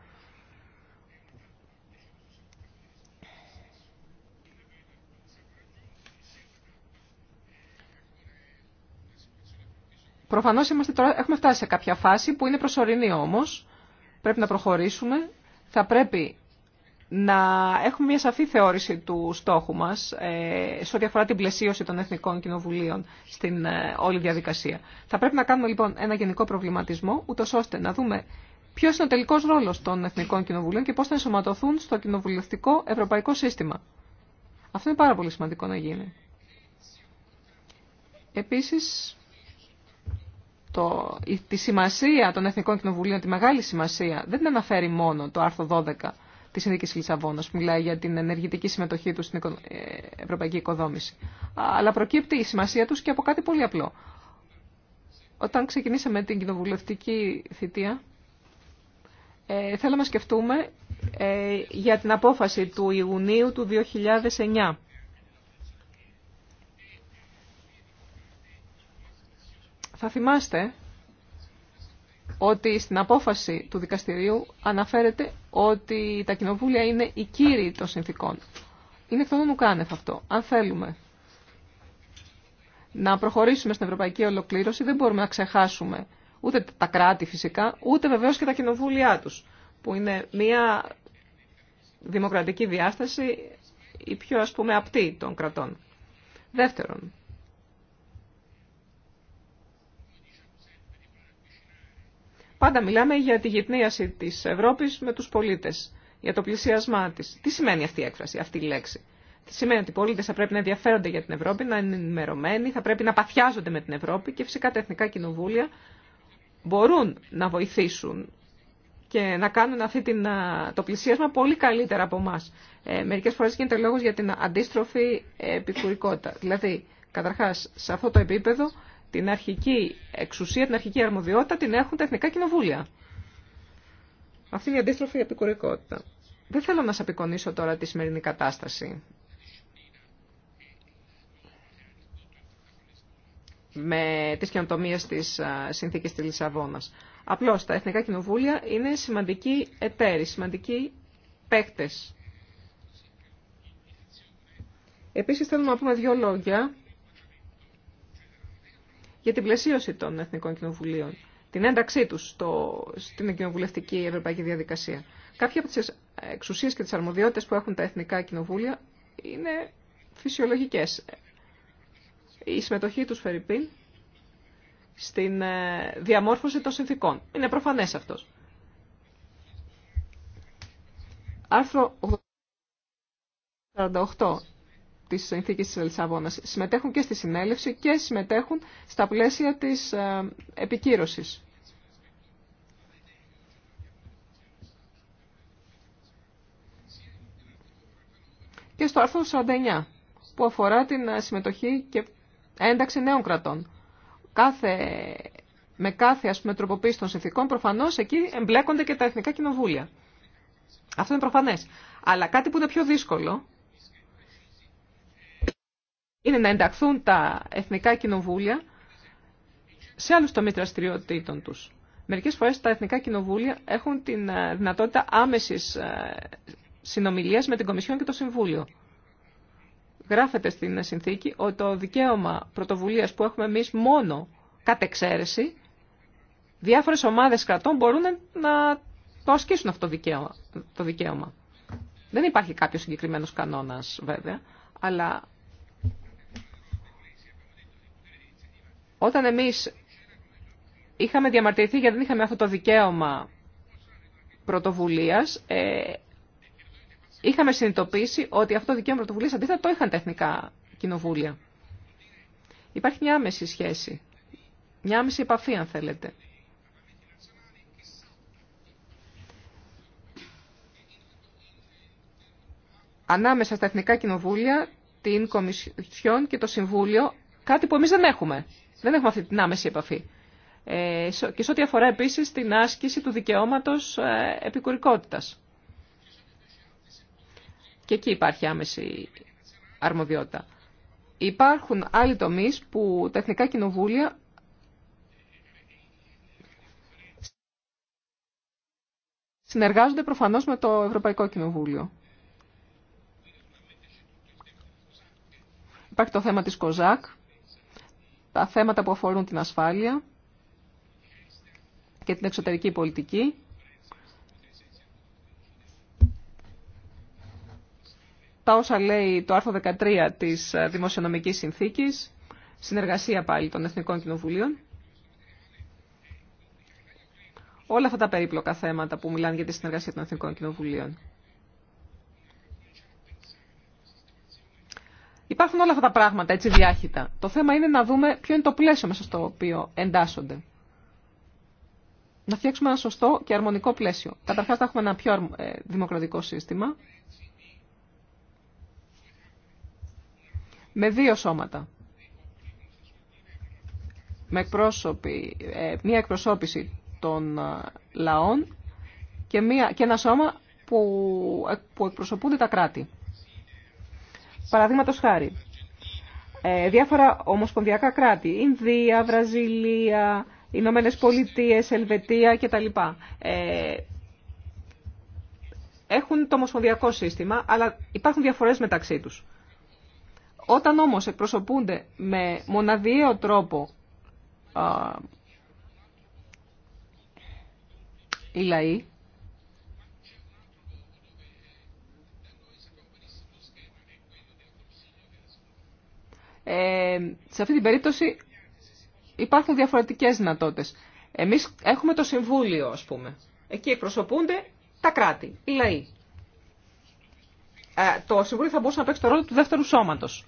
Προφανώς είμαστε τώρα, έχουμε φτάσει σε κάποια φάση που είναι προσωρινή όμως. Πρέπει να προχωρήσουμε. Θα πρέπει να έχουμε μια σαφή θεώρηση του στόχου μας ε, σε ό,τι αφορά την πλαισίωση των Εθνικών Κοινοβουλίων στην ε, όλη διαδικασία. Θα πρέπει να κάνουμε λοιπόν ένα γενικό προβληματισμό, ούτω ώστε να δούμε ποιος είναι ο τελικός ρόλος των Εθνικών Κοινοβουλίων και πώς θα ενσωματωθούν στο κοινοβουλευτικό ευρωπαϊκό σύστημα. Αυτό είναι πάρα πολύ σημαντικό να γίνει. Επίσης, το, τη σημασία των Εθνικών Κοινοβουλίων, τη μεγάλη σημασία, δεν την αναφέρει μόνο το άρθρο 12 τη Συνδίκη Λισαβόνα, που μιλάει για την ενεργητική συμμετοχή του στην ε, ευρωπαϊκή οικοδόμηση. Αλλά προκύπτει η σημασία του και από κάτι πολύ απλό. Όταν ξεκινήσαμε την κοινοβουλευτική θητεία, ε, θέλαμε να σκεφτούμε ε, για την απόφαση του Ιουνίου του 2009. Θα θυμάστε ότι στην απόφαση του δικαστηρίου αναφέρεται ότι τα κοινοβούλια είναι οι κύριοι των συνθήκων. Είναι εκ των ουκάνευ αυτό. Αν θέλουμε να προχωρήσουμε στην ευρωπαϊκή ολοκλήρωση δεν μπορούμε να ξεχάσουμε ούτε τα κράτη φυσικά, ούτε βεβαίως και τα κοινοβούλια τους, που είναι μια δημοκρατική διάσταση η πιο ας πούμε απτή των κρατών. Δεύτερον, Πάντα μιλάμε για τη γυπνίαση τη Ευρώπη με του πολίτε, για το πλησιασμά τη. Τι σημαίνει αυτή η έκφραση, αυτή η λέξη. Τι σημαίνει ότι οι πολίτε θα πρέπει να ενδιαφέρονται για την Ευρώπη, να είναι ενημερωμένοι, θα πρέπει να παθιάζονται με την Ευρώπη και φυσικά τα εθνικά κοινοβούλια μπορούν να βοηθήσουν και να κάνουν αυτή την, το πλησίασμα πολύ καλύτερα από εμά. Ε, Μερικέ φορέ γίνεται λόγο για την αντίστροφη επικουρικότητα. Δηλαδή, καταρχά, σε αυτό το επίπεδο την αρχική εξουσία, την αρχική αρμοδιότητα την έχουν τα εθνικά κοινοβούλια. Αυτή είναι η αντίστροφη επικουρικότητα. Δεν θέλω να σας απεικονίσω τώρα τη σημερινή κατάσταση. με τις καινοτομίες της συνθήκης της Λισαβόνας. Απλώς τα εθνικά κοινοβούλια είναι σημαντικοί εταίροι, σημαντικοί παίκτες. Επίσης θέλουμε να πούμε δύο λόγια για την πλαισίωση των Εθνικών Κοινοβουλίων, την ένταξή τους στο, στην κοινοβουλευτική ευρωπαϊκή διαδικασία. Κάποια από τις εξουσίες και τις αρμοδιότητες που έχουν τα Εθνικά Κοινοβούλια είναι φυσιολογικές. Η συμμετοχή του Φερρυπίν, στην ε, διαμόρφωση των συνθήκων. Είναι προφανές αυτός. Άρθρο 48 Τη συνθήκη τη Λισαβόνα. Συμμετέχουν και στη συνέλευση και συμμετέχουν στα πλαίσια της ε, επικύρωσης. Και στο άρθρο 49 που αφορά την ε, συμμετοχή και ένταξη νέων κρατών. Κάθε, με κάθε ας τροποποίηση των συνθήκων προφανώς εκεί εμπλέκονται και τα εθνικά κοινοβούλια. Αυτό είναι προφανές. Αλλά κάτι που είναι πιο δύσκολο είναι να ενταχθούν τα εθνικά κοινοβούλια σε άλλους τομείς δραστηριοτήτων τους. Μερικές φορές τα εθνικά κοινοβούλια έχουν την ε, δυνατότητα άμεσης ε, συνομιλίας με την Κομισιόν και το Συμβούλιο. Γράφεται στην συνθήκη ότι το δικαίωμα πρωτοβουλίας που έχουμε εμείς μόνο κατ' εξαίρεση, διάφορες ομάδες κρατών μπορούν να το ασκήσουν αυτό το δικαίωμα. Δεν υπάρχει κάποιο συγκεκριμένος κανόνας βέβαια, αλλά Όταν εμείς είχαμε διαμαρτυρηθεί γιατί δεν είχαμε αυτό το δικαίωμα πρωτοβουλίας, ε, είχαμε συνειδητοποιήσει ότι αυτό το δικαίωμα πρωτοβουλίας αντίθετα το είχαν τα εθνικά κοινοβούλια. Υπάρχει μια άμεση σχέση, μια άμεση επαφή αν θέλετε. Ανάμεσα στα εθνικά κοινοβούλια, την Κομισιόν και το Συμβούλιο, κάτι που εμείς δεν έχουμε. Δεν έχουμε αυτή την άμεση επαφή. Ε, και σε ό,τι αφορά επίσης την άσκηση του δικαιώματος ε, επικουρικότητας. Και εκεί υπάρχει άμεση αρμοδιότητα. Υπάρχουν άλλοι τομείς που τα Εθνικά Κοινοβούλια συνεργάζονται προφανώς με το Ευρωπαϊκό Κοινοβούλιο. Υπάρχει το θέμα της ΚΟΖΑΚ, τα θέματα που αφορούν την ασφάλεια και την εξωτερική πολιτική. Τα όσα λέει το άρθρο 13 της Δημοσιονομικής Συνθήκης, συνεργασία πάλι των Εθνικών Κοινοβουλίων. Όλα αυτά τα περίπλοκα θέματα που μιλάνε για τη συνεργασία των Εθνικών Κοινοβουλίων. Υπάρχουν όλα αυτά τα πράγματα έτσι διάχυτα. Το θέμα είναι να δούμε ποιο είναι το πλαίσιο μέσα στο οποίο εντάσσονται. Να φτιάξουμε ένα σωστό και αρμονικό πλαίσιο. Καταρχάς θα έχουμε ένα πιο ε, δημοκρατικό σύστημα. Με δύο σώματα. Με ε, μία εκπροσώπηση των ε, λαών και, μία, και ένα σώμα που, που εκπροσωπούνται τα κράτη. Παραδείγματο χάρη, ε, διάφορα ομοσπονδιακά κράτη, Ινδία, Βραζιλία, Ηνωμένε Πολιτείε, Ελβετία κτλ. Ε, έχουν το ομοσπονδιακό σύστημα, αλλά υπάρχουν διαφορές μεταξύ τους. Όταν όμως εκπροσωπούνται με μοναδιαίο τρόπο ε, οι λαοί, Ε, σε αυτή την περίπτωση υπάρχουν διαφορετικές δυνατότητες. Εμείς έχουμε το Συμβούλιο, ας πούμε. Εκεί εκπροσωπούνται τα κράτη, οι λαοί. Ε, το Συμβούλιο θα μπορούσε να παίξει το ρόλο του δεύτερου σώματος.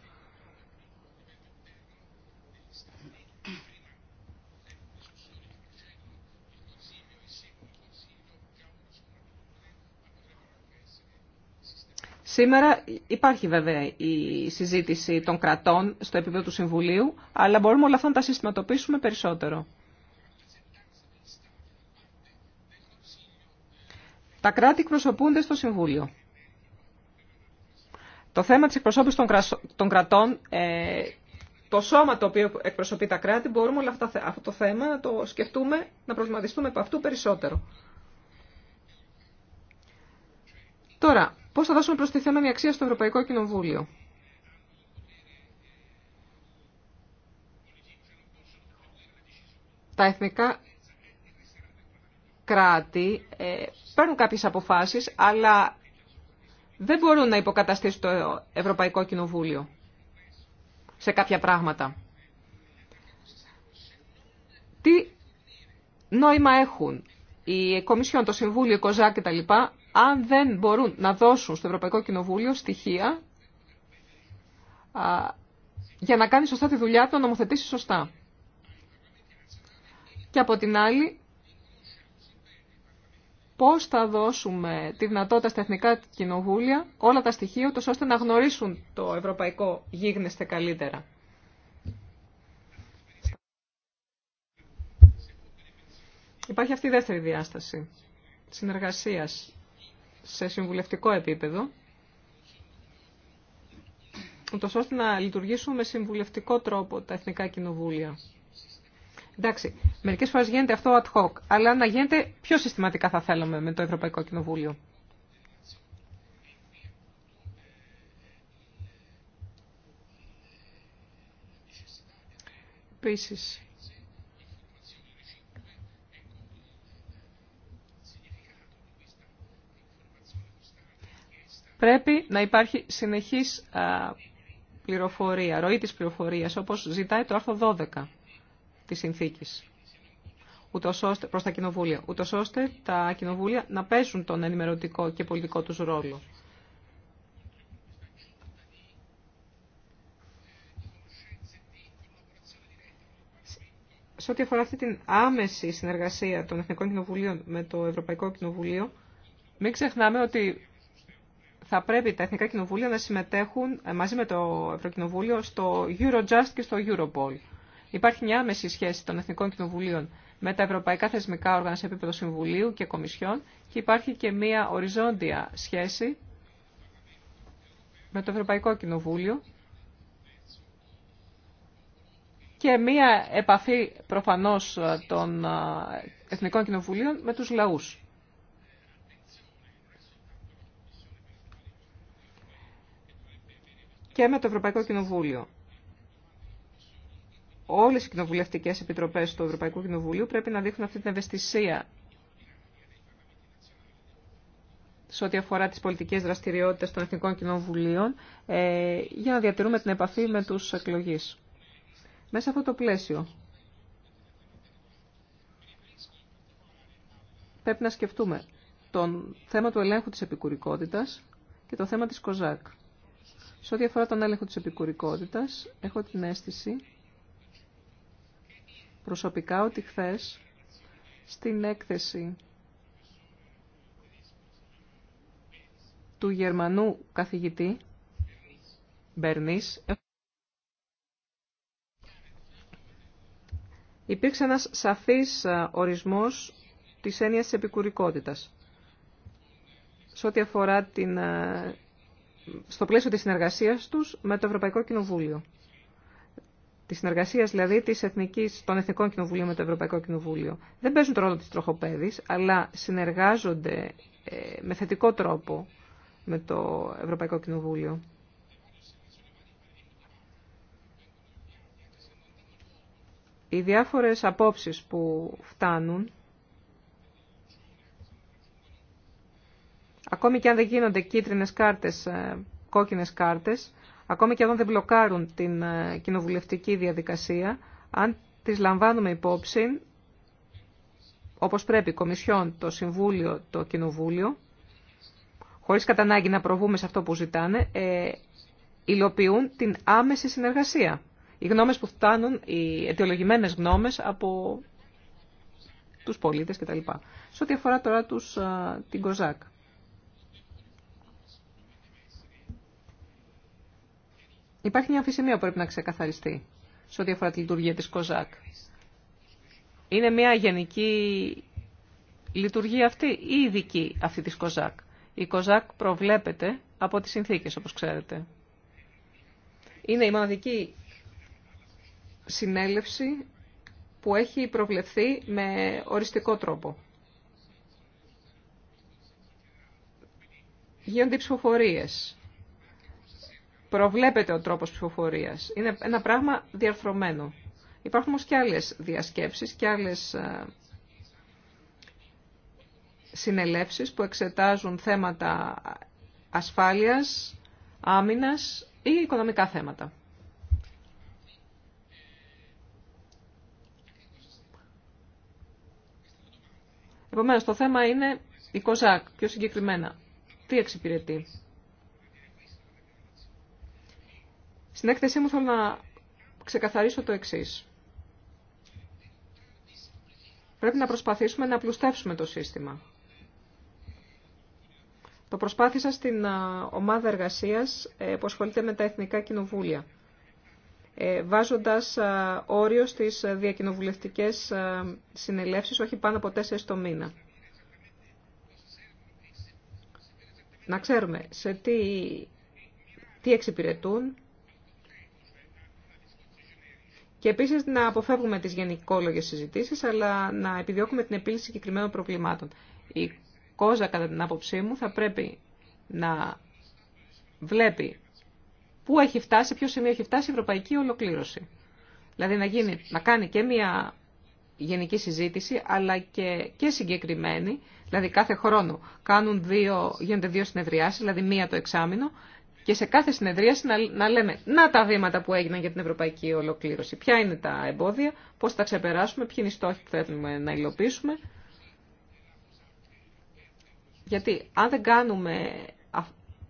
Σήμερα υπάρχει βέβαια η συζήτηση των κρατών στο επίπεδο του Συμβουλίου, αλλά μπορούμε όλα αυτά να τα συστηματοποιήσουμε περισσότερο. Τα κράτη εκπροσωπούνται στο Συμβούλιο. Το θέμα της εκπροσώπησης των κρατών, ε, το σώμα το οποίο εκπροσωπεί τα κράτη, μπορούμε όλα αυτά, αυτό το θέμα να το σκεφτούμε, να προβληματιστούμε από αυτού περισσότερο. Τώρα, Πώς θα δώσουμε προστιθέμενη αξία στο Ευρωπαϊκό Κοινοβούλιο. Τα εθνικά κράτη ε, παίρνουν κάποιες αποφάσεις, αλλά δεν μπορούν να υποκαταστήσουν το Ευρωπαϊκό Κοινοβούλιο σε κάποια πράγματα. Τι νόημα έχουν η Κομισιόν, το Συμβούλιο, η Κοζά κτλ αν δεν μπορούν να δώσουν στο Ευρωπαϊκό Κοινοβούλιο στοιχεία για να κάνει σωστά τη δουλειά του, να νομοθετήσει σωστά. Και από την άλλη, πώς θα δώσουμε τη δυνατότητα στα εθνικά κοινοβούλια όλα τα στοιχεία, ώστε να γνωρίσουν το ευρωπαϊκό γίγνεσθε καλύτερα. Υπάρχει αυτή η δεύτερη διάσταση συνεργασίας σε συμβουλευτικό επίπεδο, ούτως ώστε να λειτουργήσουν με συμβουλευτικό τρόπο τα εθνικά κοινοβούλια. Εντάξει, μερικές φορές γίνεται αυτό ad hoc, αλλά να γίνεται πιο συστηματικά θα θέλαμε με το Ευρωπαϊκό Κοινοβούλιο. Επίσης, πρέπει να υπάρχει συνεχής πληροφορία, ροή της πληροφορίας, όπως ζητάει το άρθρο 12 της συνθήκης ούτως ώστε, προς τα κοινοβούλια, ούτως ώστε τα κοινοβούλια να παίζουν τον ενημερωτικό και πολιτικό τους ρόλο. Σε ό,τι αφορά αυτή την άμεση συνεργασία των Εθνικών Κοινοβουλίων με το Ευρωπαϊκό Κοινοβουλίο, μην ξεχνάμε ότι θα πρέπει τα Εθνικά Κοινοβούλια να συμμετέχουν ε, μαζί με το Ευρωκοινοβούλιο στο Eurojust και στο Europol. Υπάρχει μια άμεση σχέση των Εθνικών Κοινοβουλίων με τα ευρωπαϊκά θεσμικά όργανα σε επίπεδο Συμβουλίου και Κομισιόν και υπάρχει και μια οριζόντια σχέση με το Ευρωπαϊκό Κοινοβούλιο και μία επαφή προφανώς των ε, Εθνικών Κοινοβουλίων με τους λαούς. και με το Ευρωπαϊκό Κοινοβούλιο. Όλες οι κοινοβουλευτικές επιτροπές του Ευρωπαϊκού Κοινοβουλίου πρέπει να δείχνουν αυτή την ευαισθησία σε ό,τι αφορά τις πολιτικές δραστηριότητες των Εθνικών Κοινοβουλίων ε, για να διατηρούμε την επαφή με τους εκλογείς. Μέσα σε αυτό το πλαίσιο πρέπει να σκεφτούμε τον θέμα του ελέγχου της επικουρικότητας και το θέμα της ΚΟΖΑΚ. Σε ό,τι αφορά τον έλεγχο της επικουρικότητας, έχω την αίσθηση προσωπικά ότι χθε στην έκθεση του Γερμανού καθηγητή Μπερνής υπήρξε ένας σαφής ε, ορισμός της έννοιας της επικουρικότητας σε ό,τι αφορά την ε, στο πλαίσιο της συνεργασίας τους με το Ευρωπαϊκό Κοινοβούλιο. Τη συνεργασία δηλαδή της Εθνικής, των Εθνικών Κοινοβουλίων με το Ευρωπαϊκό Κοινοβούλιο. Δεν παίζουν το ρόλο της τροχοπέδης, αλλά συνεργάζονται ε, με θετικό τρόπο με το Ευρωπαϊκό Κοινοβούλιο. Οι διάφορες απόψεις που φτάνουν Ακόμη και αν δεν γίνονται κίτρινες κάρτες, ε, κόκκινες κάρτες, ακόμη και αν δεν μπλοκάρουν την ε, κοινοβουλευτική διαδικασία, αν τις λαμβάνουμε υπόψη, όπως πρέπει, η Κομισιόν, το Συμβούλιο, το Κοινοβούλιο, χωρίς κατά ανάγκη να προβούμε σε αυτό που ζητάνε, ε, υλοποιούν την άμεση συνεργασία. Οι γνώμες που φτάνουν, οι αιτιολογημένες γνώμες από τους πολίτες κτλ. Σε ό,τι αφορά τώρα τους, την Κοζάκ. Υπάρχει μια αμφισημία που πρέπει να ξεκαθαριστεί σε ό,τι αφορά τη λειτουργία της ΚΟΖΑΚ. Είναι μια γενική λειτουργία αυτή ή ειδική αυτή της ΚΟΖΑΚ. Η ΚΟΖΑΚ προβλέπεται από τις συνθήκες, όπως ξέρετε. Είναι η μοναδική συνέλευση που έχει προβλεφθεί με οριστικό τρόπο. Γίνονται ψηφοφορίες προβλέπεται ο τρόπος ψηφοφορίας. Είναι ένα πράγμα διαρθρωμένο. Υπάρχουν όμως και άλλες διασκέψεις και άλλες ε, συνελεύσεις που εξετάζουν θέματα ασφάλειας, άμυνας ή οικονομικά θέματα. Επομένως, το θέμα είναι η ΚΟΖΑΚ, πιο συγκεκριμένα. Τι εξυπηρετεί. Στην έκθεσή μου θέλω να ξεκαθαρίσω το εξής. Πρέπει να προσπαθήσουμε να απλουστεύσουμε το σύστημα. Το προσπάθησα στην ομάδα εργασίας ε, που ασχολείται με τα Εθνικά Κοινοβούλια, ε, βάζοντας όριο στις διακοινοβουλευτικές συνελεύσεις όχι πάνω από τέσσερις το μήνα. Να ξέρουμε σε τι, τι εξυπηρετούν, και επίση να αποφεύγουμε τι γενικόλογε συζητήσει, αλλά να επιδιώκουμε την επίλυση συγκεκριμένων προβλημάτων. Η κόζα, κατά την άποψή μου, θα πρέπει να βλέπει πού έχει φτάσει, ποιο σημείο έχει φτάσει η ευρωπαϊκή ολοκλήρωση. Δηλαδή να, γίνει, να κάνει και μια γενική συζήτηση, αλλά και, και συγκεκριμένη, δηλαδή κάθε χρόνο κάνουν δύο, γίνονται δύο συνεδριάσεις, δηλαδή μία το εξάμεινο, και σε κάθε συνεδρία να, να λέμε να τα βήματα που έγιναν για την ευρωπαϊκή ολοκλήρωση. Ποια είναι τα εμπόδια, πώς τα ξεπεράσουμε, ποιοι είναι οι στόχοι που θέλουμε να υλοποιήσουμε. Γιατί αν δεν κάνουμε,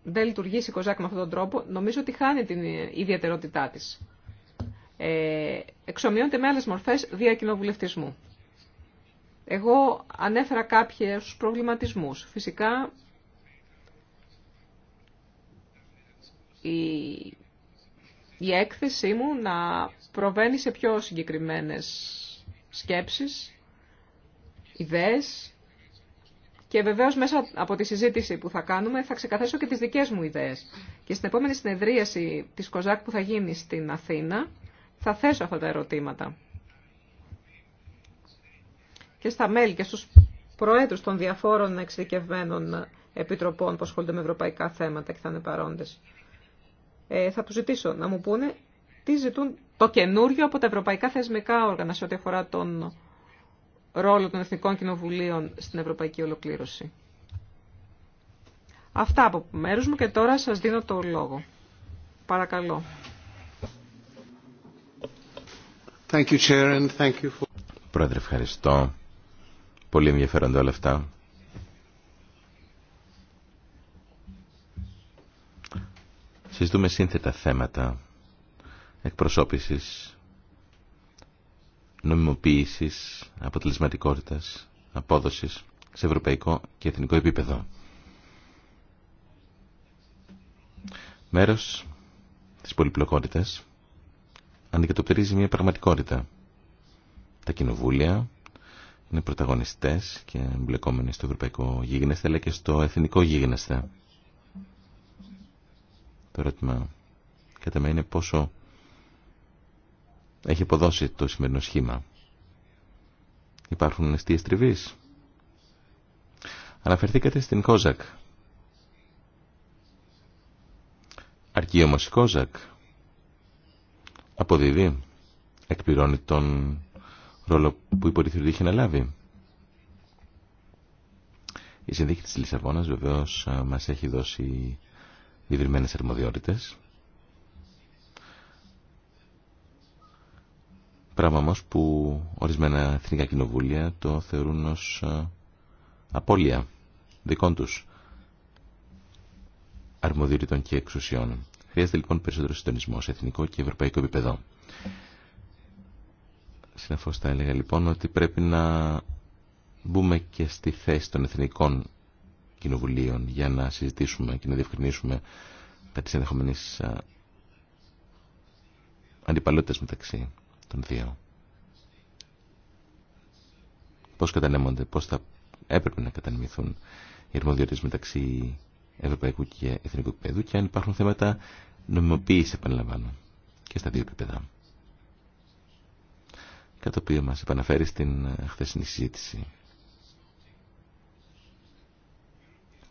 δεν λειτουργήσει η Κοζάκ με αυτόν τον τρόπο, νομίζω ότι χάνει την ιδιαιτερότητά της. Ε, εξομοιώνεται με άλλες μορφές διακοινοβουλευτισμού. Εγώ ανέφερα κάποιους προβληματισμούς. Φυσικά η, έκθεσή μου να προβαίνει σε πιο συγκεκριμένες σκέψεις, ιδέες και βεβαίως μέσα από τη συζήτηση που θα κάνουμε θα ξεκαθαρίσω και τις δικές μου ιδέες. Και στην επόμενη συνεδρίαση της ΚΟΖΑΚ που θα γίνει στην Αθήνα θα θέσω αυτά τα ερωτήματα. Και στα μέλη και στους προέδρους των διαφόρων εξειδικευμένων επιτροπών που ασχολούνται με ευρωπαϊκά θέματα και θα είναι παρόντες. Ε, θα του ζητήσω να μου πούνε τι ζητούν το καινούριο από τα ευρωπαϊκά θεσμικά όργανα σε ό,τι αφορά τον ρόλο των Εθνικών Κοινοβουλίων στην Ευρωπαϊκή Ολοκλήρωση. Αυτά από μέρους μου και τώρα σας δίνω το λόγο. Παρακαλώ. Thank you, thank you for... Πρόεδρε, ευχαριστώ. Πολύ ενδιαφέροντα όλα αυτά. συζητούμε σύνθετα θέματα εκπροσώπησης, νομιμοποίησης, αποτελεσματικότητας, απόδοσης σε ευρωπαϊκό και εθνικό επίπεδο. Μέρος της πολυπλοκότητας αντικατοπτρίζει μια πραγματικότητα. Τα κοινοβούλια είναι πρωταγωνιστές και εμπλεκόμενοι στο ευρωπαϊκό γίγνεσθε αλλά και στο εθνικό γίγνεσθε. Το ερώτημα κατά είναι πόσο έχει αποδώσει το σημερινό σχήμα. Υπάρχουν αιστείες τριβής. Αναφερθήκατε στην Κόζακ. Αρκεί όμως η Κόζακ. Αποδίδει. Εκπληρώνει τον ρόλο που υποτιθυρή είχε να λάβει. Η συνδίκη της Λισαβόνας βεβαίως ε, μας έχει δώσει ιδρυμένες αρμοδιότητες. Πράγμα όμως που ορισμένα εθνικά κοινοβούλια το θεωρούν ως ε, απώλεια δικών τους αρμοδιότητων και εξουσιών. Χρειάζεται λοιπόν περισσότερο συντονισμό σε εθνικό και ευρωπαϊκό επίπεδο. Συναφώς θα έλεγα λοιπόν ότι πρέπει να μπούμε και στη θέση των εθνικών κοινοβουλίων για να συζητήσουμε και να διευκρινίσουμε τα της ενδεχομένης αντιπαλότητας μεταξύ των δύο. Πώς κατανέμονται, πώς θα έπρεπε να κατανεμηθούν οι αρμοδιότητες μεταξύ ευρωπαϊκού και εθνικού επίπεδου και αν υπάρχουν θέματα νομιμοποίηση επαναλαμβάνω και στα δύο επίπεδα. Κάτι το οποίο μας επαναφέρει στην ε, χθεσινή συζήτηση.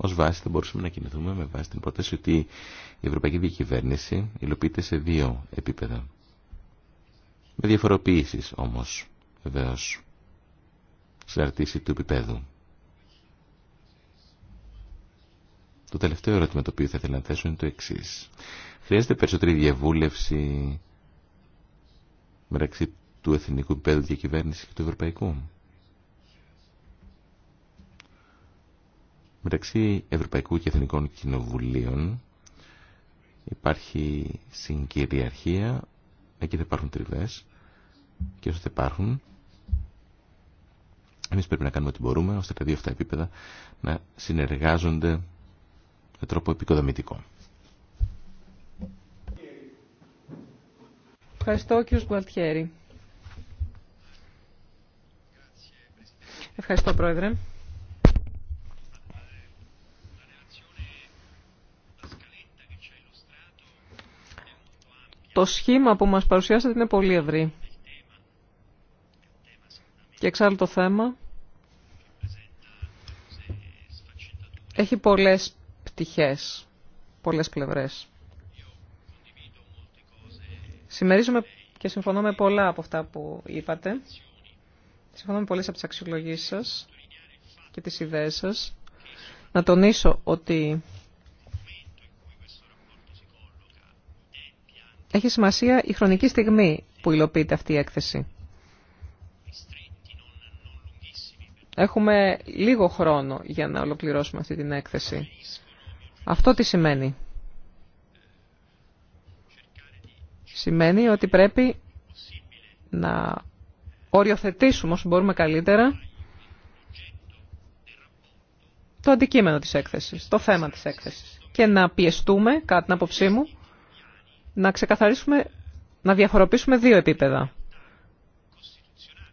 Ως βάση θα μπορούσαμε να κινηθούμε με βάση την υπόθεση ότι η Ευρωπαϊκή Διακυβέρνηση υλοποιείται σε δύο επίπεδα. Με όμω όμως, σε αρτήση του επίπεδου. Το τελευταίο ερώτημα το οποίο θα ήθελα να θέσω είναι το εξή. Χρειάζεται περισσότερη διαβούλευση μεταξύ του εθνικού επίπεδου διακυβέρνηση και του ευρωπαϊκού. Μεταξύ Ευρωπαϊκού και Εθνικών Κοινοβουλίων υπάρχει συγκυριαρχία, εκεί θα υπάρχουν τριβές και όσο θα υπάρχουν εμείς πρέπει να κάνουμε ό,τι μπορούμε ώστε τα δύο αυτά επίπεδα να συνεργάζονται με τρόπο επικοδομητικό. Ευχαριστώ κύριο Γκουαλτιέρη. Ευχαριστώ πρόεδρε. Το σχήμα που μας παρουσιάσατε είναι πολύ ευρύ. Και εξάλλου το θέμα έχει πολλές πτυχές, πολλές πλευρές. Συμμερίζομαι και συμφωνώ με πολλά από αυτά που είπατε. Συμφωνώ με πολλές από τις αξιολογήσεις σας και τις ιδέες σας. Να τονίσω ότι Έχει σημασία η χρονική στιγμή που υλοποιείται αυτή η έκθεση. Έχουμε λίγο χρόνο για να ολοκληρώσουμε αυτή την έκθεση. Αυτό τι σημαίνει. Σημαίνει ότι πρέπει να οριοθετήσουμε όσο μπορούμε καλύτερα το αντικείμενο της έκθεσης, το θέμα της έκθεσης και να πιεστούμε, κατά την άποψή μου, να ξεκαθαρίσουμε, να διαφοροποιήσουμε δύο επίπεδα.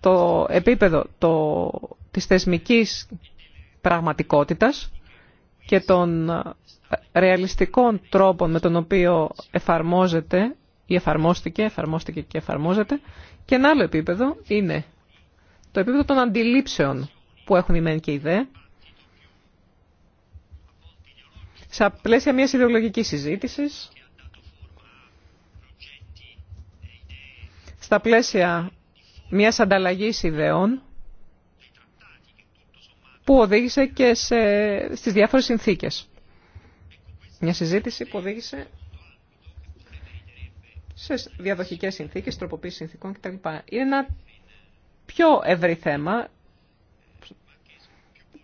Το επίπεδο το, της θεσμικής πραγματικότητας και των ρεαλιστικών τρόπων με τον οποίο εφαρμόζεται ή εφαρμόστηκε, εφαρμόστηκε και εφαρμόζεται. Και ένα άλλο επίπεδο είναι το επίπεδο των αντιλήψεων που έχουν οι μεν και οι δε. σε πλαίσια μιας ιδεολογικής συζήτησης, στα πλαίσια μιας ανταλλαγής ιδεών που οδήγησε και σε, στις διάφορες συνθήκες. Μια συζήτηση που οδήγησε σε διαδοχικές συνθήκες, τροποποίηση συνθήκων κτλ. Είναι ένα πιο ευρύ θέμα,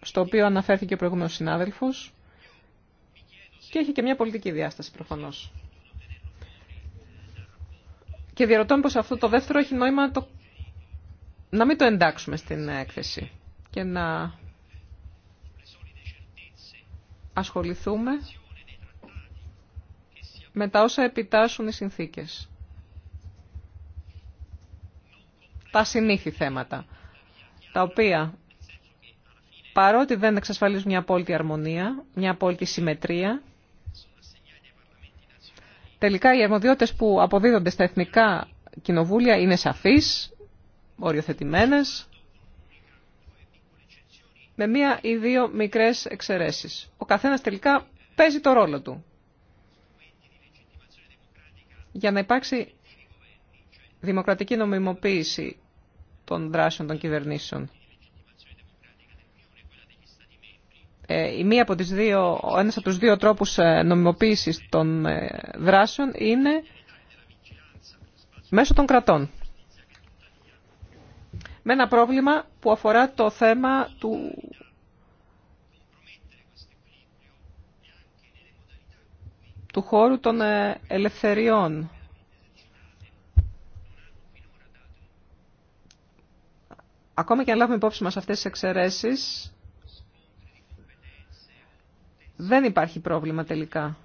στο οποίο αναφέρθηκε ο προηγούμενος συνάδελφος και έχει και μια πολιτική διάσταση προφανώς. Και διαρωτώ πως αυτό το δεύτερο έχει νόημα το... να μην το εντάξουμε στην έκθεση και να ασχοληθούμε με τα όσα επιτάσσουν οι συνθήκες. Τα συνήθη θέματα, τα οποία παρότι δεν εξασφαλίζουν μια απόλυτη αρμονία, μια απόλυτη συμμετρία, Τελικά οι αρμοδιότητες που αποδίδονται στα εθνικά κοινοβούλια είναι σαφείς, οριοθετημένες, με μία ή δύο μικρές εξαιρέσεις. Ο καθένας τελικά παίζει το ρόλο του. Για να υπάρξει δημοκρατική νομιμοποίηση των δράσεων των κυβερνήσεων. Ε, η μία από τις δύο, ένας από τους δύο τρόπους ε, νομιμοποίησης των ε, δράσεων είναι μέσω των κρατών. Με ένα πρόβλημα που αφορά το θέμα του του χώρου των ελευθεριών. Ακόμα και αν λάβουμε υπόψη μας αυτές τις εξαιρέσεις, δεν υπάρχει πρόβλημα τελικά.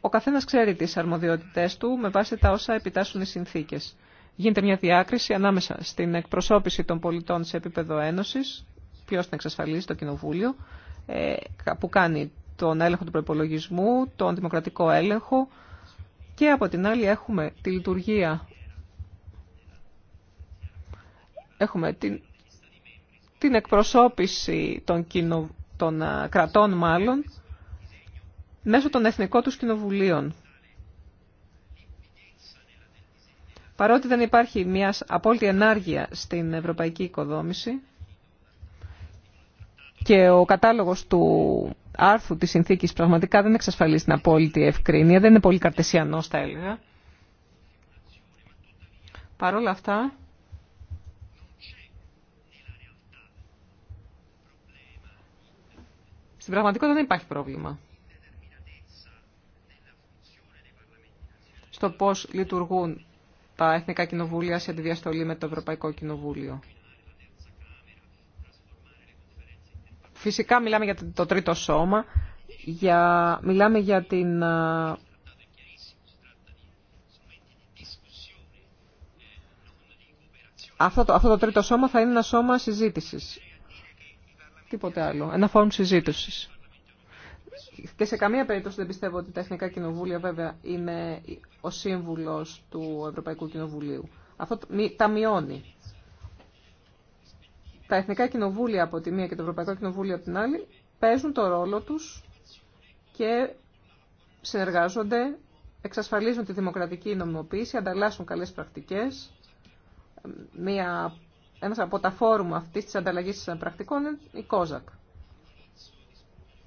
Ο καθένας ξέρει τις αρμοδιότητές του με βάση τα όσα επιτάσσουν οι συνθήκες. Γίνεται μια διάκριση ανάμεσα στην εκπροσώπηση των πολιτών σε επίπεδο ένωσης, ποιος την εξασφαλίζει το Κοινοβούλιο, ε, που κάνει τον έλεγχο του προπολογισμού, τον δημοκρατικό έλεγχο και από την άλλη έχουμε τη λειτουργία, έχουμε την, την εκπροσώπηση των, κοινοβουλίων των ε, κρατών μάλλον, μέσω των εθνικών τους κοινοβουλίων. Παρότι δεν υπάρχει μια απόλυτη ενάργεια στην ευρωπαϊκή οικοδόμηση και ο κατάλογος του άρθρου της συνθήκης πραγματικά δεν εξασφαλίζει την απόλυτη ευκρίνεια, δεν είναι πολύ καρτεσιανός θα έλεγα. Παρόλα αυτά, Στην πραγματικότητα δεν υπάρχει πρόβλημα. Στο πώς λειτουργούν τα Εθνικά Κοινοβούλια σε αντιδιαστολή με το Ευρωπαϊκό Κοινοβούλιο. Φυσικά μιλάμε για το τρίτο σώμα, για, μιλάμε για την Αυτό το, αυτό το τρίτο σώμα θα είναι ένα σώμα συζήτησης. Τίποτε άλλο. Ένα φόρουμ συζήτηση. Και σε καμία περίπτωση δεν πιστεύω ότι τα Εθνικά Κοινοβούλια βέβαια είναι ο σύμβουλο του Ευρωπαϊκού Κοινοβουλίου. Αυτό τα μειώνει. Τα Εθνικά Κοινοβούλια από τη μία και το Ευρωπαϊκό Κοινοβούλιο από την άλλη παίζουν το ρόλο τους και συνεργάζονται, εξασφαλίζουν τη δημοκρατική νομιμοποίηση, ανταλλάσσουν καλές πρακτικές, μία ένας από τα φόρουμ αυτής της ανταλλαγής πρακτικών είναι η ΚΟΖΑΚ.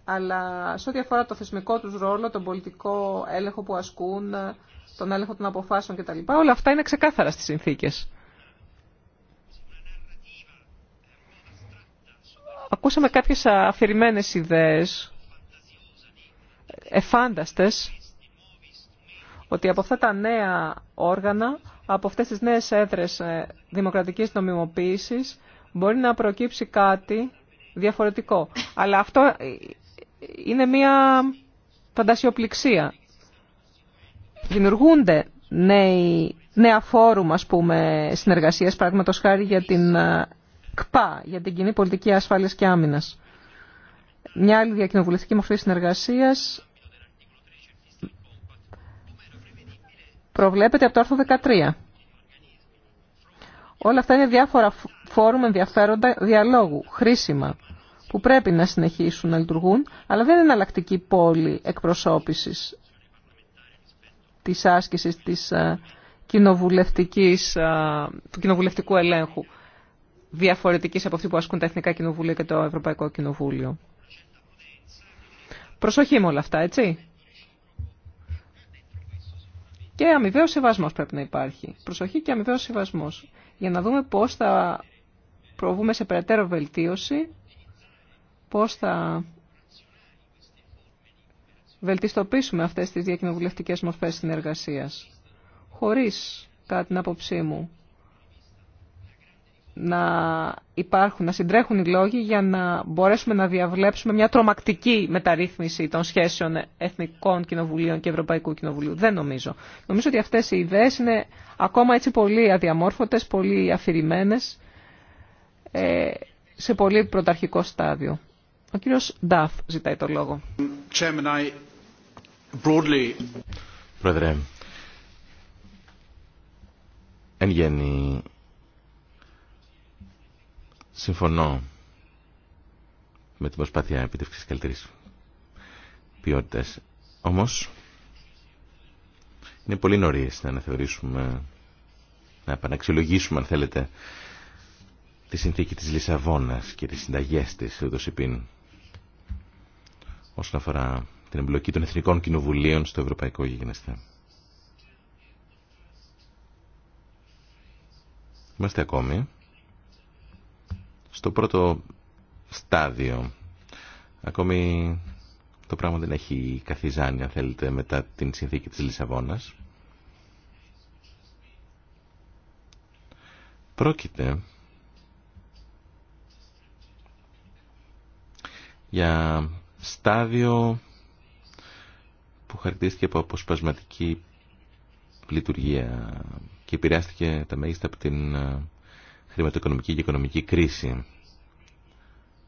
Αλλά σε ό,τι αφορά το θεσμικό τους ρόλο, τον πολιτικό έλεγχο που ασκούν, τον έλεγχο των αποφάσεων κτλ. Όλα αυτά είναι ξεκάθαρα στις συνθήκες. Ακούσαμε κάποιες αφηρημένες ιδέες, εφάνταστες, ότι από αυτά τα νέα όργανα, από αυτές τις νέες έδρες ε, δημοκρατικής νομιμοποίησης, μπορεί να προκύψει κάτι διαφορετικό. Αλλά αυτό ε, ε, είναι μια φαντασιοπληξία. Δημιουργούνται νέοι, νέα φόρουμ, ας πούμε, συνεργασίες, πράγματος χάρη για την ΚΠΑ, για την Κοινή Πολιτική Ασφάλειας και Άμυνας. Μια άλλη διακοινοβουλευτική μορφή συνεργασίας προβλέπεται από το άρθρο 13. Όλα αυτά είναι διάφορα φόρουμ ενδιαφέροντα διαλόγου, χρήσιμα, που πρέπει να συνεχίσουν να λειτουργούν, αλλά δεν είναι εναλλακτική πόλη εκπροσώπησης της άσκησης της ε, κοινοβουλευτικής, ε, του κοινοβουλευτικού ελέγχου, διαφορετικής από αυτή που ασκούν τα Εθνικά Κοινοβούλια και το Ευρωπαϊκό Κοινοβούλιο. Προσοχή με όλα αυτά, έτσι. Και αμοιβαίο σεβασμό πρέπει να υπάρχει. Προσοχή και αμοιβαίο σεβασμό. Για να δούμε πώ θα προβούμε σε περαιτέρω βελτίωση, πώ θα βελτιστοποιήσουμε αυτές τις διακοινοβουλευτικέ μορφές συνεργασία χωρίς, κατά την άποψή μου, να υπάρχουν, να συντρέχουν οι λόγοι για να μπορέσουμε να διαβλέψουμε μια τρομακτική μεταρρύθμιση των σχέσεων Εθνικών Κοινοβουλίων και Ευρωπαϊκού Κοινοβουλίου. Δεν νομίζω. Νομίζω ότι αυτές οι ιδέες είναι ακόμα έτσι πολύ αδιαμόρφωτες, πολύ αφηρημένες ε, σε πολύ πρωταρχικό στάδιο. Ο κύριος Νταφ ζητάει το λόγο. Πρόεδρε, εν γέννη Συμφωνώ με την προσπάθεια επιτεύξης καλύτερης ποιότητας. Όμως, είναι πολύ νωρίες να αναθεωρήσουμε, να επαναξιολογήσουμε, αν θέλετε, τη συνθήκη της Λισαβόνας και τις συνταγές της πίν όσον αφορά την εμπλοκή των Εθνικών Κοινοβουλίων στο Ευρωπαϊκό Γεγενεστέ. Είμαστε ακόμη στο πρώτο στάδιο. Ακόμη το πράγμα δεν έχει καθιζάνει, αν θέλετε, μετά την συνθήκη της Λισαβόνας. Πρόκειται για στάδιο που χαρακτηρίστηκε από αποσπασματική λειτουργία και επηρεάστηκε τα μέγιστα από την ε, χρηματοοικονομική και οικονομική κρίση.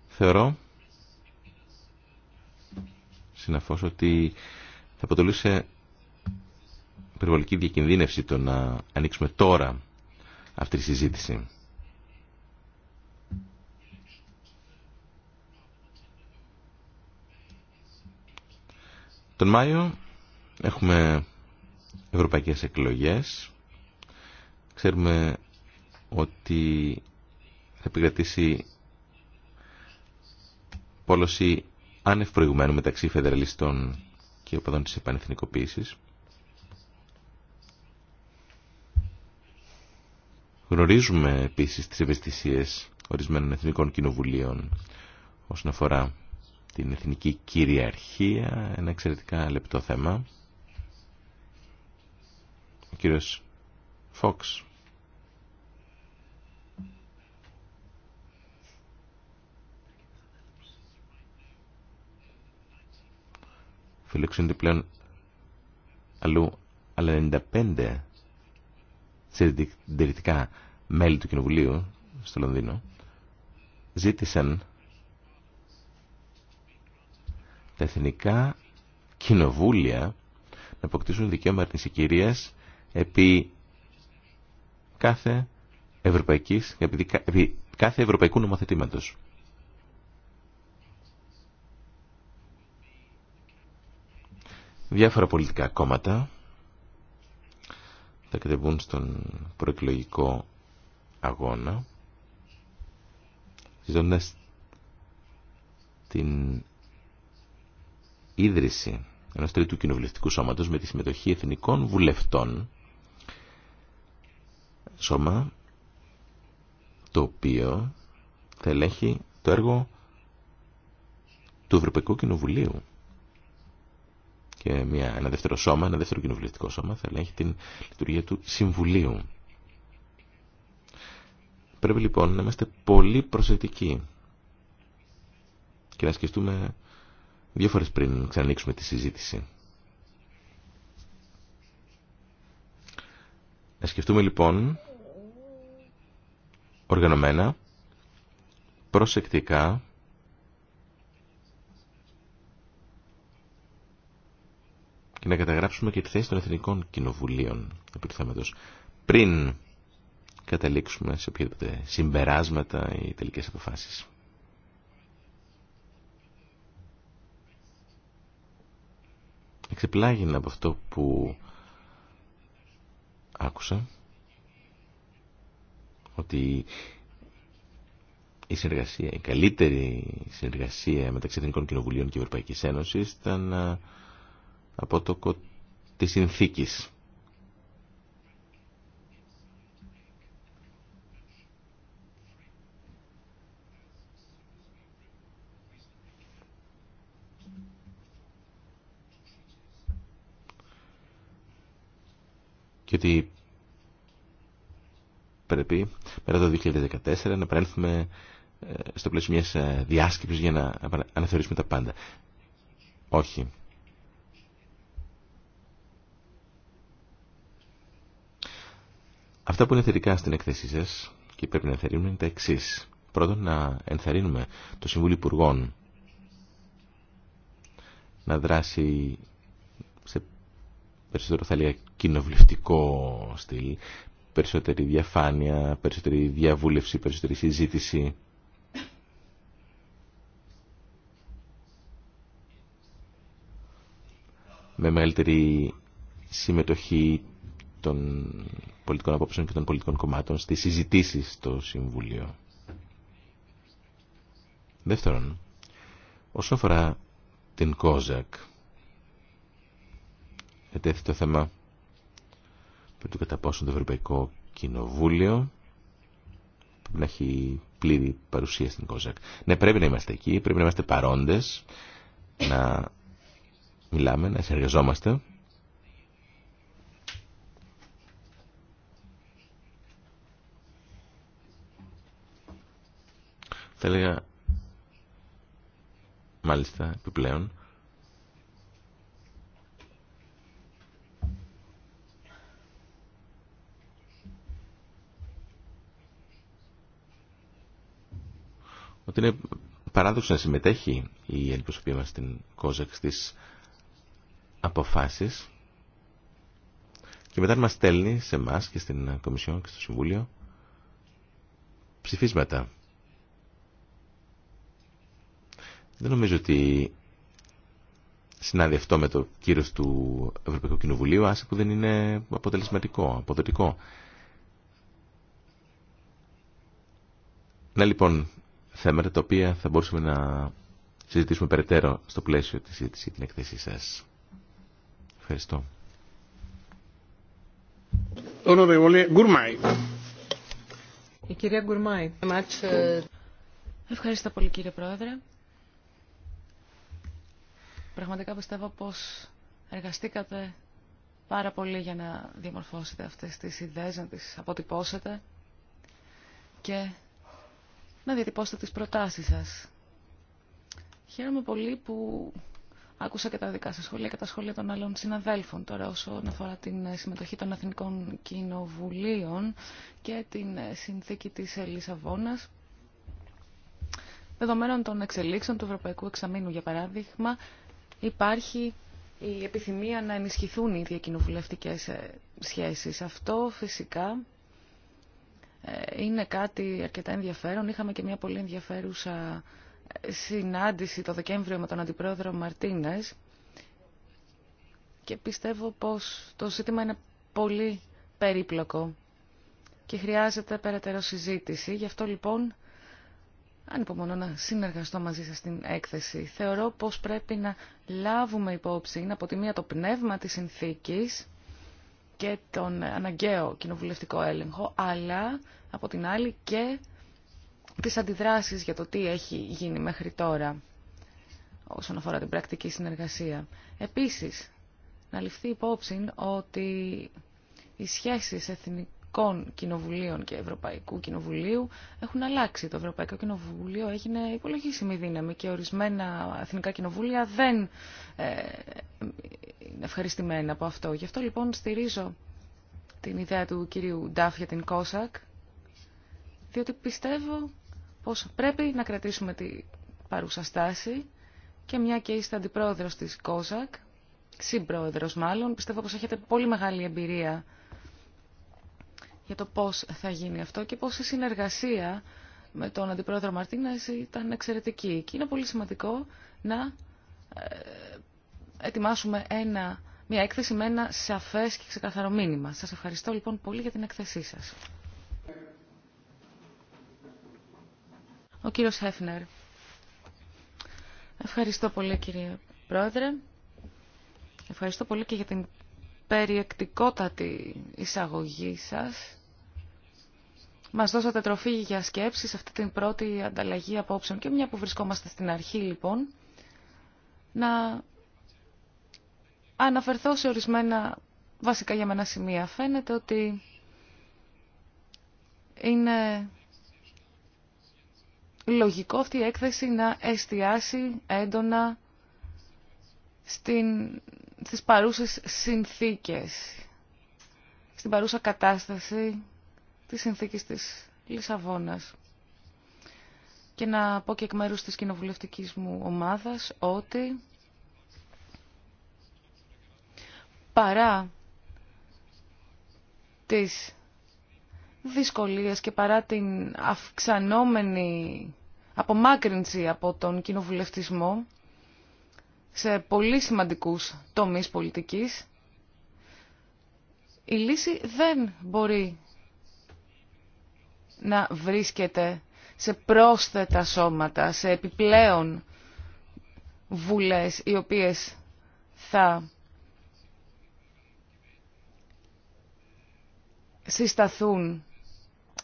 Θεωρώ συναφώς ότι θα αποτελούσε περιβολική διακινδύνευση το να ανοίξουμε τώρα αυτή τη συζήτηση. Τον Μάιο έχουμε ευρωπαϊκές εκλογές. Ξέρουμε ότι θα επικρατήσει πόλωση άνευ προηγουμένου μεταξύ φεδεραλιστών και οπαδών της επανεθνικοποίησης. Γνωρίζουμε επίσης τις ευαισθησίες ορισμένων εθνικών κοινοβουλίων όσον αφορά την εθνική κυριαρχία, ένα εξαιρετικά λεπτό θέμα. Ο κύριος Φόξ φιλοξενούνται πλέον αλλού, αλλά 95 συντηρητικά μέλη του Κοινοβουλίου στο Λονδίνο ζήτησαν τα εθνικά κοινοβούλια να αποκτήσουν δικαίωμα αρνησικυρίας επί κάθε ευρωπαϊκής, επί κάθε ευρωπαϊκού νομοθετήματος. διάφορα πολιτικά κόμματα θα κατεβούν στον προεκλογικό αγώνα ζητώντα την ίδρυση ενός τρίτου κοινοβουλευτικού σώματος με τη συμμετοχή εθνικών βουλευτών σώμα το οποίο θα ελέγχει το έργο του Ευρωπαϊκού Κοινοβουλίου και μια, ένα δεύτερο σώμα, ένα δεύτερο κοινοβουλευτικό σώμα θα ελέγχει την λειτουργία του Συμβουλίου. Πρέπει λοιπόν να είμαστε πολύ προσεκτικοί και να σκεφτούμε δύο φορές πριν ξανανοίξουμε τη συζήτηση. Να σκεφτούμε λοιπόν οργανωμένα, προσεκτικά και να καταγράψουμε και τη θέση των εθνικών κοινοβουλίων επί του θέματος. Πριν καταλήξουμε σε οποιαδήποτε συμπεράσματα ή τελικές αποφάσεις. Εξεπλάγει από αυτό που άκουσα ότι η συνεργασία, η καλύτερη συνεργασία μεταξύ Εθνικών Κοινοβουλίων και Ευρωπαϊκής Ένωσης ήταν από το το της συνθήκης. και ότι πρέπει μετά το 2014 να παρέλθουμε ε, στο πλαίσιο μιας ε, διάσκεψης για να αναθεωρήσουμε τα πάντα. Όχι. Αυτά που είναι θετικά στην εκθέσή σα και πρέπει να ενθαρρύνουμε είναι τα εξή. Πρώτον, να ενθαρρύνουμε το Συμβούλιο Υπουργών να δράσει σε περισσότερο θα λέγα κοινοβουλευτικό στυλ, περισσότερη διαφάνεια, περισσότερη διαβούλευση, περισσότερη συζήτηση. με μεγαλύτερη συμμετοχή των πολιτικών απόψεων και των πολιτικών κομμάτων στις συζητήσεις στο Συμβούλιο. Δεύτερον, όσο αφορά την ΚΟΖΑΚ, ετέθη το θέμα του κατά πόσο το Ευρωπαϊκό Κοινοβούλιο πρέπει να έχει πλήρη παρουσία στην ΚΟΖΑΚ. Ναι, πρέπει να είμαστε εκεί, πρέπει να είμαστε παρόντες, να μιλάμε, να συνεργαζόμαστε, Θα έλεγα, μάλιστα, επιπλέον, ότι είναι παράδοξο να συμμετέχει η αντιπροσωπεία μας στην ΚΟΖΑΚ στις αποφάσεις και μετά μας στέλνει σε εμά και στην Κομισιόν και στο Συμβούλιο ψηφίσματα Δεν νομίζω ότι συνάδει αυτό με το κύρος του Ευρωπαϊκού Κοινοβουλίου, άσε που δεν είναι αποτελεσματικό, αποδοτικό. Να λοιπόν θέματα τα οποία θα μπορούσαμε να συζητήσουμε περαιτέρω στο πλαίσιο της συζήτησης για την εκθέσή σας. Ευχαριστώ. Η κυρία Γκουρμάη. Ευχαριστώ πολύ κύριε Πρόεδρε. Πραγματικά πιστεύω πως εργαστήκατε πάρα πολύ για να διαμορφώσετε αυτές τις ιδέες, να τις αποτυπώσετε και να διατυπώσετε τις προτάσεις σας. Χαίρομαι πολύ που άκουσα και τα δικά σας σχόλια και τα σχόλια των άλλων συναδέλφων τώρα όσον αφορά την συμμετοχή των Εθνικών Κοινοβουλίων και την συνθήκη της Λισαβόνας. Δεδομένων των εξελίξεων του Ευρωπαϊκού Εξαμήνου, για παράδειγμα, υπάρχει η επιθυμία να ενισχυθούν οι διακοινοβουλευτικές ε, σχέσεις. Αυτό φυσικά ε, είναι κάτι αρκετά ενδιαφέρον. Είχαμε και μια πολύ ενδιαφέρουσα ε, συνάντηση το Δεκέμβριο με τον Αντιπρόεδρο Μαρτίνες και πιστεύω πως το ζήτημα είναι πολύ περίπλοκο και χρειάζεται περαιτέρω συζήτηση. Γι' αυτό λοιπόν ανυπομονώ να συνεργαστώ μαζί σας στην έκθεση. Θεωρώ πως πρέπει να λάβουμε υπόψη από τη μία το πνεύμα της συνθήκης και τον αναγκαίο κοινοβουλευτικό έλεγχο, αλλά από την άλλη και τις αντιδράσεις για το τι έχει γίνει μέχρι τώρα όσον αφορά την πρακτική συνεργασία. Επίσης, να ληφθεί υπόψη ότι οι σχέσεις εθνικ... Ευρωπαϊκών κοινοβουλίων και Ευρωπαϊκού Κοινοβουλίου έχουν αλλάξει. Το Ευρωπαϊκό Κοινοβούλιο έγινε υπολογίσιμη δύναμη και ορισμένα εθνικά κοινοβούλια δεν ε, είναι ευχαριστημένα από αυτό. Γι' αυτό λοιπόν στηρίζω την ιδέα του κυρίου Ντάφ για την Κόσακ, διότι πιστεύω πως πρέπει να κρατήσουμε τη παρούσα στάση και μια και είστε αντιπρόεδρος της Κόσακ, συμπρόεδρος μάλλον, πιστεύω πως έχετε πολύ μεγάλη εμπειρία για το πώς θα γίνει αυτό και πώς η συνεργασία με τον Αντιπρόεδρο Μαρτίνες ήταν εξαιρετική. Και είναι πολύ σημαντικό να ε, ετοιμάσουμε ένα, μια έκθεση με ένα σαφές και ξεκαθαρό μήνυμα. Σας ευχαριστώ λοιπόν πολύ για την έκθεσή σας. Ο κύριος Χέφνερ. Ευχαριστώ πολύ κύριε Πρόεδρε. Ευχαριστώ πολύ και για την περιεκτικότατη εισαγωγή σας. Μας δώσατε τροφή για σκέψη σε αυτή την πρώτη ανταλλαγή απόψεων και μια που βρισκόμαστε στην αρχή λοιπόν, να αναφερθώ σε ορισμένα βασικά για μένα σημεία. Φαίνεται ότι είναι λογικό αυτή η έκθεση να εστιάσει έντονα στην στις παρούσες συνθήκες, στην παρούσα κατάσταση της συνθήκης της Λισαβόνας. Και να πω και εκ μέρους της κοινοβουλευτικής μου ομάδας ότι παρά τις δυσκολίες και παρά την αυξανόμενη απομάκρυνση από τον κοινοβουλευτισμό, σε πολύ σημαντικούς τομείς πολιτικής, η λύση δεν μπορεί να βρίσκεται σε πρόσθετα σώματα, σε επιπλέον βουλές οι οποίες θα συσταθούν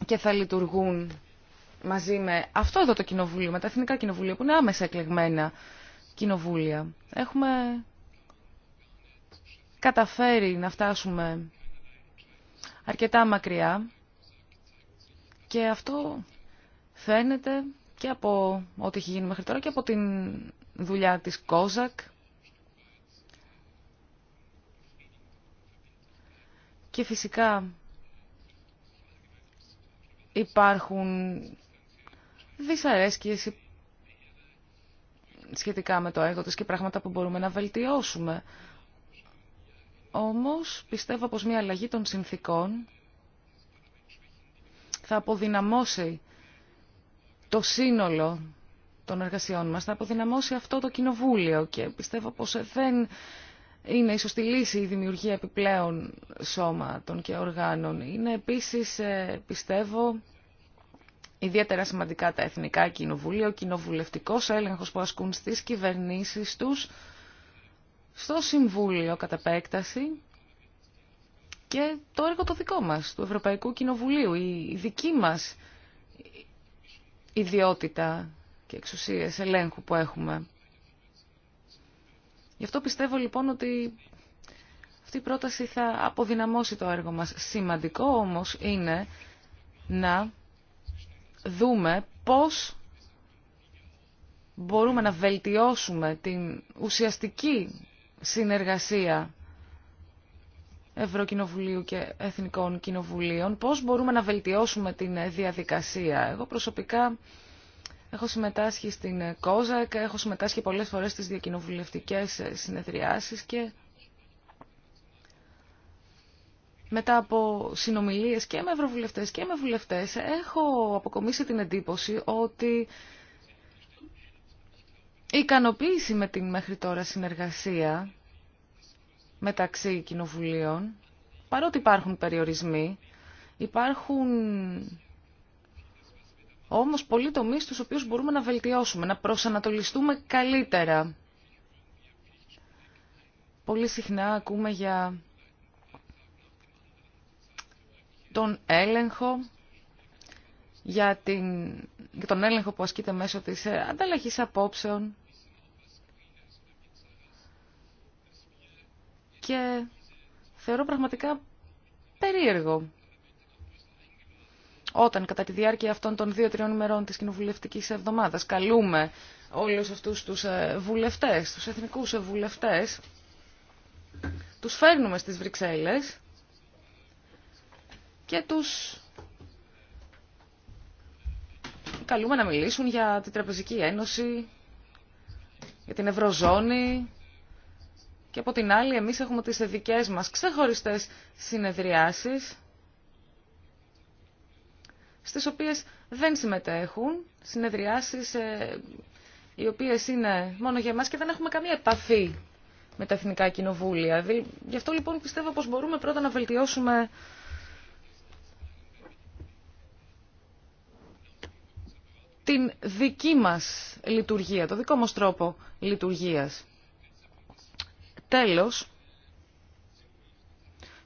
και θα λειτουργούν μαζί με αυτό εδώ το κοινοβούλιο, με τα εθνικά κοινοβούλια που είναι άμεσα εκλεγμένα Έχουμε καταφέρει να φτάσουμε αρκετά μακριά και αυτό φαίνεται και από ό,τι έχει γίνει μέχρι τώρα και από την δουλειά της Κόζακ και φυσικά υπάρχουν δυσαρέσκειες, σχετικά με το έργο της και πράγματα που μπορούμε να βελτιώσουμε. Όμως πιστεύω πως μια αλλαγή των συνθήκων θα αποδυναμώσει το σύνολο των εργασιών μας, θα αποδυναμώσει αυτό το κοινοβούλιο και πιστεύω πως δεν είναι η σωστή λύση η δημιουργία επιπλέον σώματων και οργάνων. Είναι επίσης, ε, πιστεύω, ιδιαίτερα σημαντικά τα εθνικά κοινοβούλια, ο κοινοβουλευτικό έλεγχος που ασκούν στι κυβερνήσει τους, στο Συμβούλιο κατά επέκταση και το έργο το δικό μας, του Ευρωπαϊκού Κοινοβουλίου, η δική μας ιδιότητα και εξουσίες ελέγχου που έχουμε. Γι' αυτό πιστεύω λοιπόν ότι αυτή η πρόταση θα αποδυναμώσει το έργο μας. Σημαντικό όμως είναι να δούμε πώς μπορούμε να βελτιώσουμε την ουσιαστική συνεργασία Ευρωκοινοβουλίου και Εθνικών Κοινοβουλίων, πώς μπορούμε να βελτιώσουμε την διαδικασία. Εγώ προσωπικά έχω συμμετάσχει στην ΚΟΖΑΚ, έχω συμμετάσχει πολλές φορές στις διακοινοβουλευτικές συνεδριάσεις και μετά από συνομιλίες και με ευρωβουλευτές και με βουλευτές, έχω αποκομίσει την εντύπωση ότι η ικανοποίηση με την μέχρι τώρα συνεργασία μεταξύ κοινοβουλίων, παρότι υπάρχουν περιορισμοί, υπάρχουν όμως πολλοί τομείς στους οποίους μπορούμε να βελτιώσουμε, να προσανατολιστούμε καλύτερα. Πολύ συχνά ακούμε για τον έλεγχο για, την, τον έλεγχο που ασκείται μέσω της ε, ανταλλαγής απόψεων και θεωρώ πραγματικά περίεργο όταν κατά τη διάρκεια αυτών των δύο-τριών ημερών της κοινοβουλευτικής εβδομάδας καλούμε όλους αυτούς τους ε, βουλευτές, τους εθνικούς ε, βουλευτές, τους φέρνουμε στις Βρυξέλλες και τους καλούμε να μιλήσουν για την Τραπεζική Ένωση, για την Ευρωζώνη και από την άλλη εμείς έχουμε τις δικές μας ξεχωριστές συνεδριάσεις στις οποίες δεν συμμετέχουν, συνεδριάσεις ε, οι οποίες είναι μόνο για εμάς και δεν έχουμε καμία επαφή με τα εθνικά κοινοβούλια. Γι' αυτό λοιπόν πιστεύω πως μπορούμε πρώτα να βελτιώσουμε την δική μας λειτουργία, το δικό μας τρόπο λειτουργίας. Τέλος,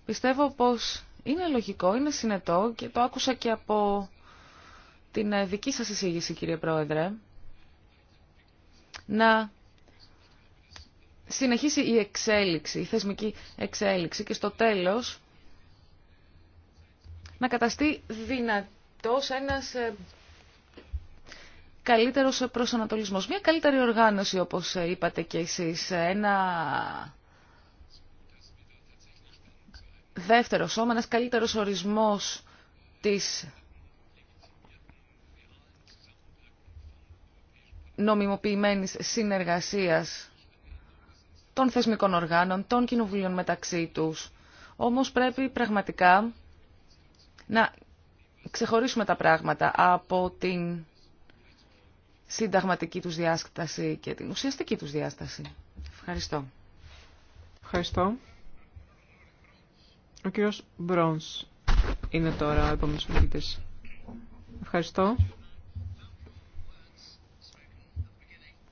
πιστεύω πως είναι λογικό, είναι συνετό και το άκουσα και από την ε, δική σας εισήγηση κύριε Πρόεδρε, να συνεχίσει η εξέλιξη, η θεσμική εξέλιξη και στο τέλος να καταστεί δυνατός ένας ε, καλύτερος προσανατολισμός, μια καλύτερη οργάνωση όπως είπατε και εσείς, ένα δεύτερο σώμα, ένας καλύτερος ορισμός της νομιμοποιημένης συνεργασίας των θεσμικών οργάνων, των κοινοβουλίων μεταξύ τους. Όμως πρέπει πραγματικά να ξεχωρίσουμε τα πράγματα από την συνταγματική τους διάσταση και την ουσιαστική τους διάσταση. Ευχαριστώ. Ευχαριστώ. Ο κύριος Μπρόνς είναι τώρα ο επόμενος φοιτητής. Ευχαριστώ.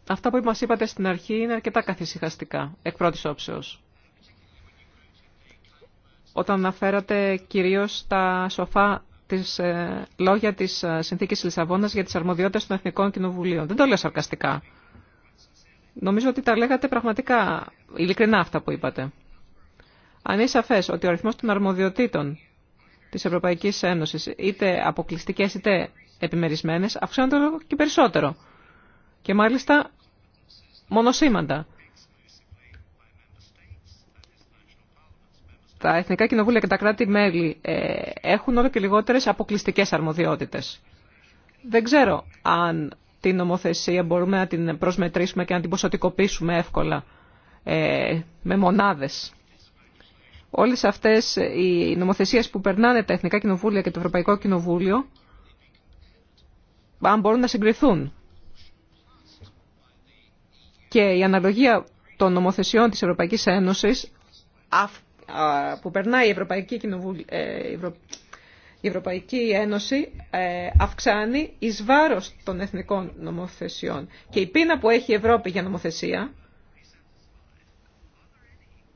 Αυτά που μας είπατε στην αρχή είναι αρκετά καθησυχαστικά, εκ πρώτης όψεως. Όταν αναφέρατε κυρίως τα σοφά τις ε, λόγια της ε, συνθήκης Λισαβόνας για τις αρμοδιότητες των Εθνικών Κοινοβουλίων. Δεν το λέω σαρκαστικά. Νομίζω ότι τα λέγατε πραγματικά ειλικρινά αυτά που είπατε. Αν είναι σαφέ ότι ο αριθμό των αρμοδιοτήτων τη Ευρωπαϊκή Ένωση, είτε αποκλειστικέ είτε επιμερισμένε, αυξάνονται και περισσότερο. Και μάλιστα μονοσήμαντα. τα Εθνικά Κοινοβούλια και τα κράτη-μέλη ε, έχουν όλο και λιγότερες αποκλειστικές αρμοδιότητες. Δεν ξέρω αν την νομοθεσία μπορούμε να την προσμετρήσουμε και να την ποσοτικοποιήσουμε εύκολα ε, με μονάδες. Όλες αυτές οι νομοθεσίες που περνάνε τα Εθνικά Κοινοβούλια και το Ευρωπαϊκό Κοινοβούλιο, αν μπορούν να συγκριθούν. Και η αναλογία των νομοθεσιών της Ευρωπαϊκής Ένωσης που περνάει η Ευρωπαϊκή, ε, η Ευρωπαϊκή Ένωση ε, αυξάνει εις βάρος των εθνικών νομοθεσιών. Και η πείνα που έχει η Ευρώπη για νομοθεσία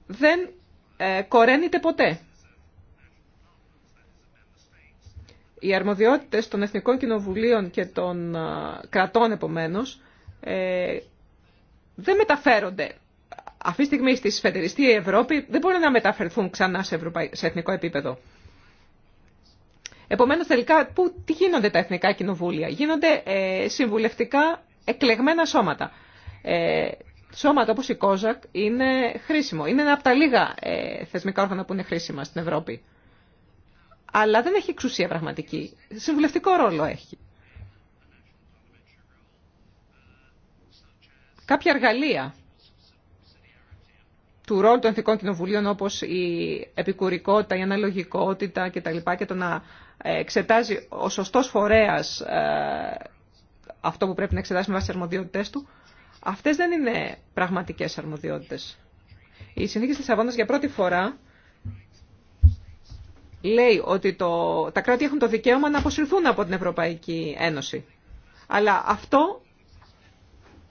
δεν ε, κοραίνεται ποτέ. Οι αρμοδιότητες των Εθνικών Κοινοβουλίων και των κρατών, επομένως, δεν μεταφέρονται αυτή τη στιγμή στη σφετεριστή Ευρώπη δεν μπορούν να μεταφερθούν ξανά σε, εθνικό επίπεδο. Επομένω, τελικά, πού, τι γίνονται τα εθνικά κοινοβούλια. Γίνονται ε, συμβουλευτικά εκλεγμένα σώματα. Ε, σώματα όπως η ΚΟΖΑΚ είναι χρήσιμο. Είναι ένα από τα λίγα ε, θεσμικά όργανα που είναι χρήσιμα στην Ευρώπη. Αλλά δεν έχει εξουσία πραγματική. Συμβουλευτικό ρόλο έχει. Κάποια εργαλεία του ρόλου των εθνικών κοινοβουλίων όπως η επικουρικότητα, η αναλογικότητα κτλ. και το να εξετάζει ο σωστός φορέας ε, αυτό που πρέπει να εξετάσει με βάση τις αρμοδιότητες του, αυτές δεν είναι πραγματικές αρμοδιότητες. Η συνθήκη της Λισαβόνας για πρώτη φορά λέει ότι τα κράτη έχουν το δικαίωμα να αποσυρθούν από την Ευρωπαϊκή Ένωση. Αλλά αυτό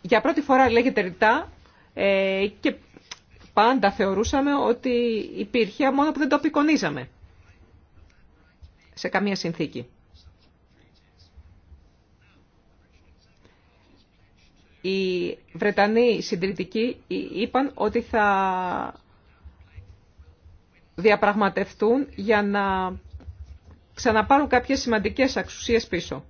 για πρώτη φορά λέγεται ρητά ε, και πάντα θεωρούσαμε ότι υπήρχε, μόνο που δεν το απεικονίζαμε σε καμία συνθήκη. Οι Βρετανοί συντηρητικοί είπαν ότι θα διαπραγματευτούν για να ξαναπάρουν κάποιες σημαντικές αξουσίες πίσω,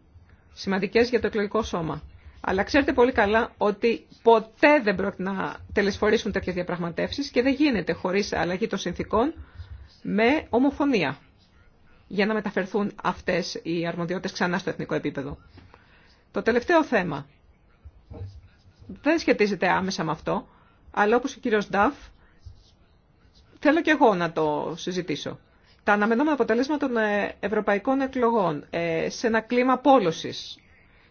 σημαντικές για το εκλογικό σώμα. Αλλά ξέρετε πολύ καλά ότι ποτέ δεν πρόκειται να τελεσφορήσουν τέτοιε διαπραγματεύσει και δεν γίνεται χωρί αλλαγή των συνθήκων με ομοφωνία για να μεταφερθούν αυτές οι αρμοδιότητες ξανά στο εθνικό επίπεδο. Το τελευταίο θέμα δεν σχετίζεται άμεσα με αυτό, αλλά όπως ο κύριος Νταφ, θέλω και εγώ να το συζητήσω. Τα αναμενόμενα αποτελέσματα των ε, ευρωπαϊκών εκλογών ε, σε ένα κλίμα πόλωσης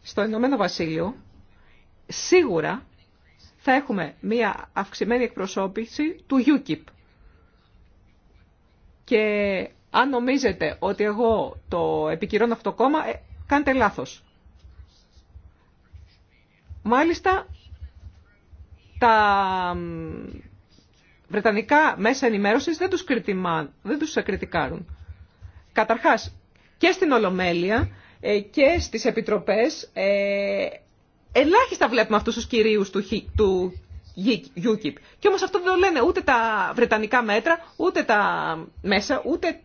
στο Ηνωμένο Βασίλειο σίγουρα θα έχουμε μία αυξημένη εκπροσώπηση του UKIP. Και αν νομίζετε ότι εγώ το επικυρώνω αυτό το κόμμα, ε, κάντε λάθος. Μάλιστα, τα βρετανικά μέσα ενημέρωσης δεν τους, κριτιμά, δεν τους κριτικάρουν. Καταρχάς, και στην Ολομέλεια ε, και στις επιτροπές ε, ελάχιστα βλέπουμε αυτούς τους κυρίους του, του UKIP. Και όμως αυτό δεν το λένε ούτε τα βρετανικά μέτρα, ούτε τα μέσα, ούτε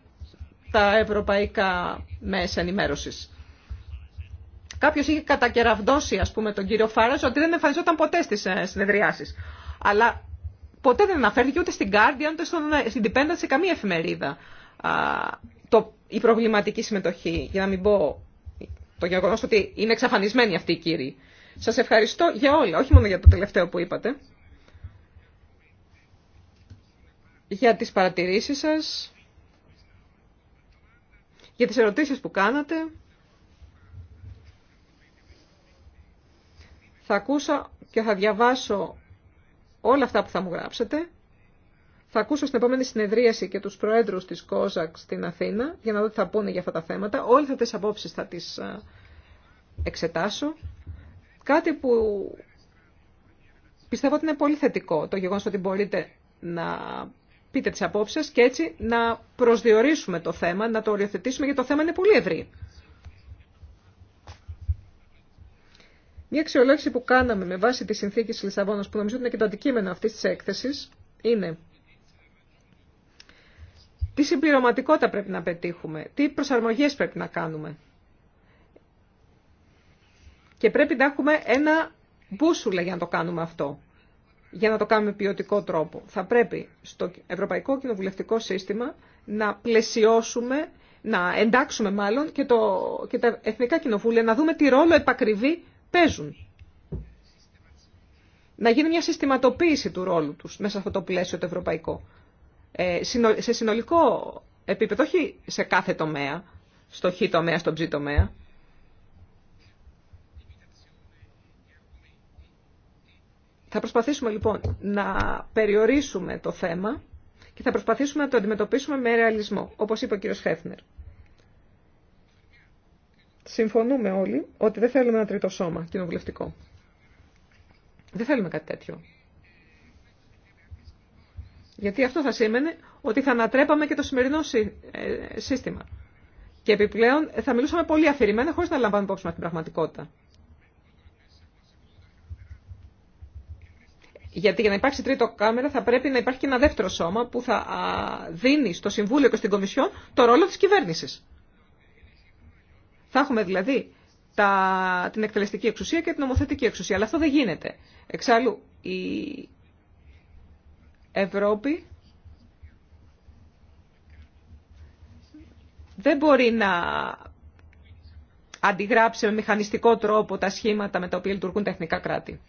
τα ευρωπαϊκά μέσα ενημέρωσης. Κάποιος είχε κατακεραυντώσει ας πούμε, τον κύριο Φάρας ότι δεν εμφανιζόταν ποτέ στις ε, συνεδριάσεις. Αλλά ποτέ δεν αναφέρθηκε ούτε στην Guardian, ούτε στον, στην Dependent, σε καμία εφημερίδα. το, η προβληματική συμμετοχή, για να μην πω το γεγονό ότι είναι εξαφανισμένοι αυτοί οι κύριοι. Σας ευχαριστώ για όλα, όχι μόνο για το τελευταίο που είπατε. Για τις παρατηρήσεις σας, για τις ερωτήσεις που κάνατε. Θα ακούσω και θα διαβάσω όλα αυτά που θα μου γράψετε. Θα ακούσω στην επόμενη συνεδρίαση και τους προέδρους της ΚΟΖΑΚ στην Αθήνα για να δω τι θα πούνε για αυτά τα θέματα. Όλες αυτές τις απόψεις θα τις εξετάσω. Κάτι που πιστεύω ότι είναι πολύ θετικό το γεγονός ότι μπορείτε να πείτε τις απόψεις σας και έτσι να προσδιορίσουμε το θέμα, να το οριοθετήσουμε γιατί το θέμα είναι πολύ ευρύ. Μια αξιολόγηση που κάναμε με βάση τη συνθήκη της Λισαβόνας που νομίζω ότι είναι και το αντικείμενο αυτή τη έκθεση είναι τι συμπληρωματικότητα πρέπει να πετύχουμε, τι προσαρμογές πρέπει να κάνουμε. Και πρέπει να έχουμε ένα μπούσουλα για να το κάνουμε αυτό, για να το κάνουμε ποιοτικό τρόπο. Θα πρέπει στο Ευρωπαϊκό Κοινοβουλευτικό Σύστημα να πλαισιώσουμε, να εντάξουμε μάλλον και, το, και τα Εθνικά Κοινοβούλια, να δούμε τι ρόλο επακριβή παίζουν. Να γίνει μια συστηματοποίηση του ρόλου τους μέσα σε αυτό το πλαίσιο το ευρωπαϊκό. Ε, σε συνολικό επίπεδο, όχι σε κάθε τομέα, στο χ τομέα, στο ψ τομέα. Θα προσπαθήσουμε λοιπόν να περιορίσουμε το θέμα και θα προσπαθήσουμε να το αντιμετωπίσουμε με ρεαλισμό, όπως είπε ο κύριος Χέφνερ. Συμφωνούμε όλοι ότι δεν θέλουμε ένα τρίτο σώμα κοινοβουλευτικό. Δεν θέλουμε κάτι τέτοιο. Γιατί αυτό θα σήμαινε ότι θα ανατρέπαμε και το σημερινό ε, σύστημα. Και επιπλέον ε, θα μιλούσαμε πολύ αφηρημένα χωρίς να λαμβάνουμε υπόψη μας την πραγματικότητα. Γιατί για να υπάρξει τρίτο κάμερα θα πρέπει να υπάρχει και ένα δεύτερο σώμα που θα δίνει στο Συμβούλιο και στην Κομισιόν το ρόλο της κυβέρνησης. Θα έχουμε δηλαδή τα, την εκτελεστική εξουσία και την νομοθετική εξουσία. Αλλά αυτό δεν γίνεται. Εξάλλου, η Ευρώπη δεν μπορεί να αντιγράψει με μηχανιστικό τρόπο τα σχήματα με τα οποία λειτουργούν τα εθνικά κράτη.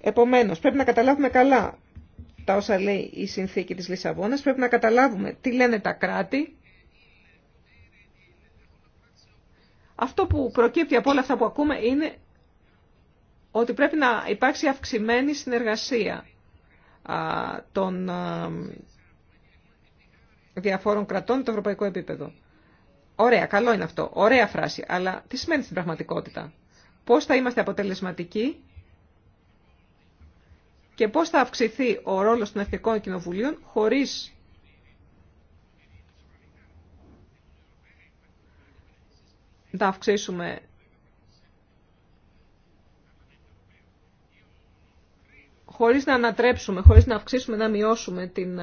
Επομένως, πρέπει να καταλάβουμε καλά τα όσα λέει η συνθήκη της Λισαβόνας, πρέπει να καταλάβουμε τι λένε τα κράτη. Αυτό που προκύπτει από όλα αυτά που ακούμε είναι ότι πρέπει να υπάρξει αυξημένη συνεργασία των διαφόρων κρατών το ευρωπαϊκό επίπεδο. Ωραία, καλό είναι αυτό. Ωραία φράση. Αλλά τι σημαίνει στην πραγματικότητα. Πώς θα είμαστε αποτελεσματικοί και πώς θα αυξηθεί ο ρόλος των εθνικών κοινοβουλίων χωρίς να αυξήσουμε χωρίς να ανατρέψουμε, χωρίς να αυξήσουμε, να μειώσουμε την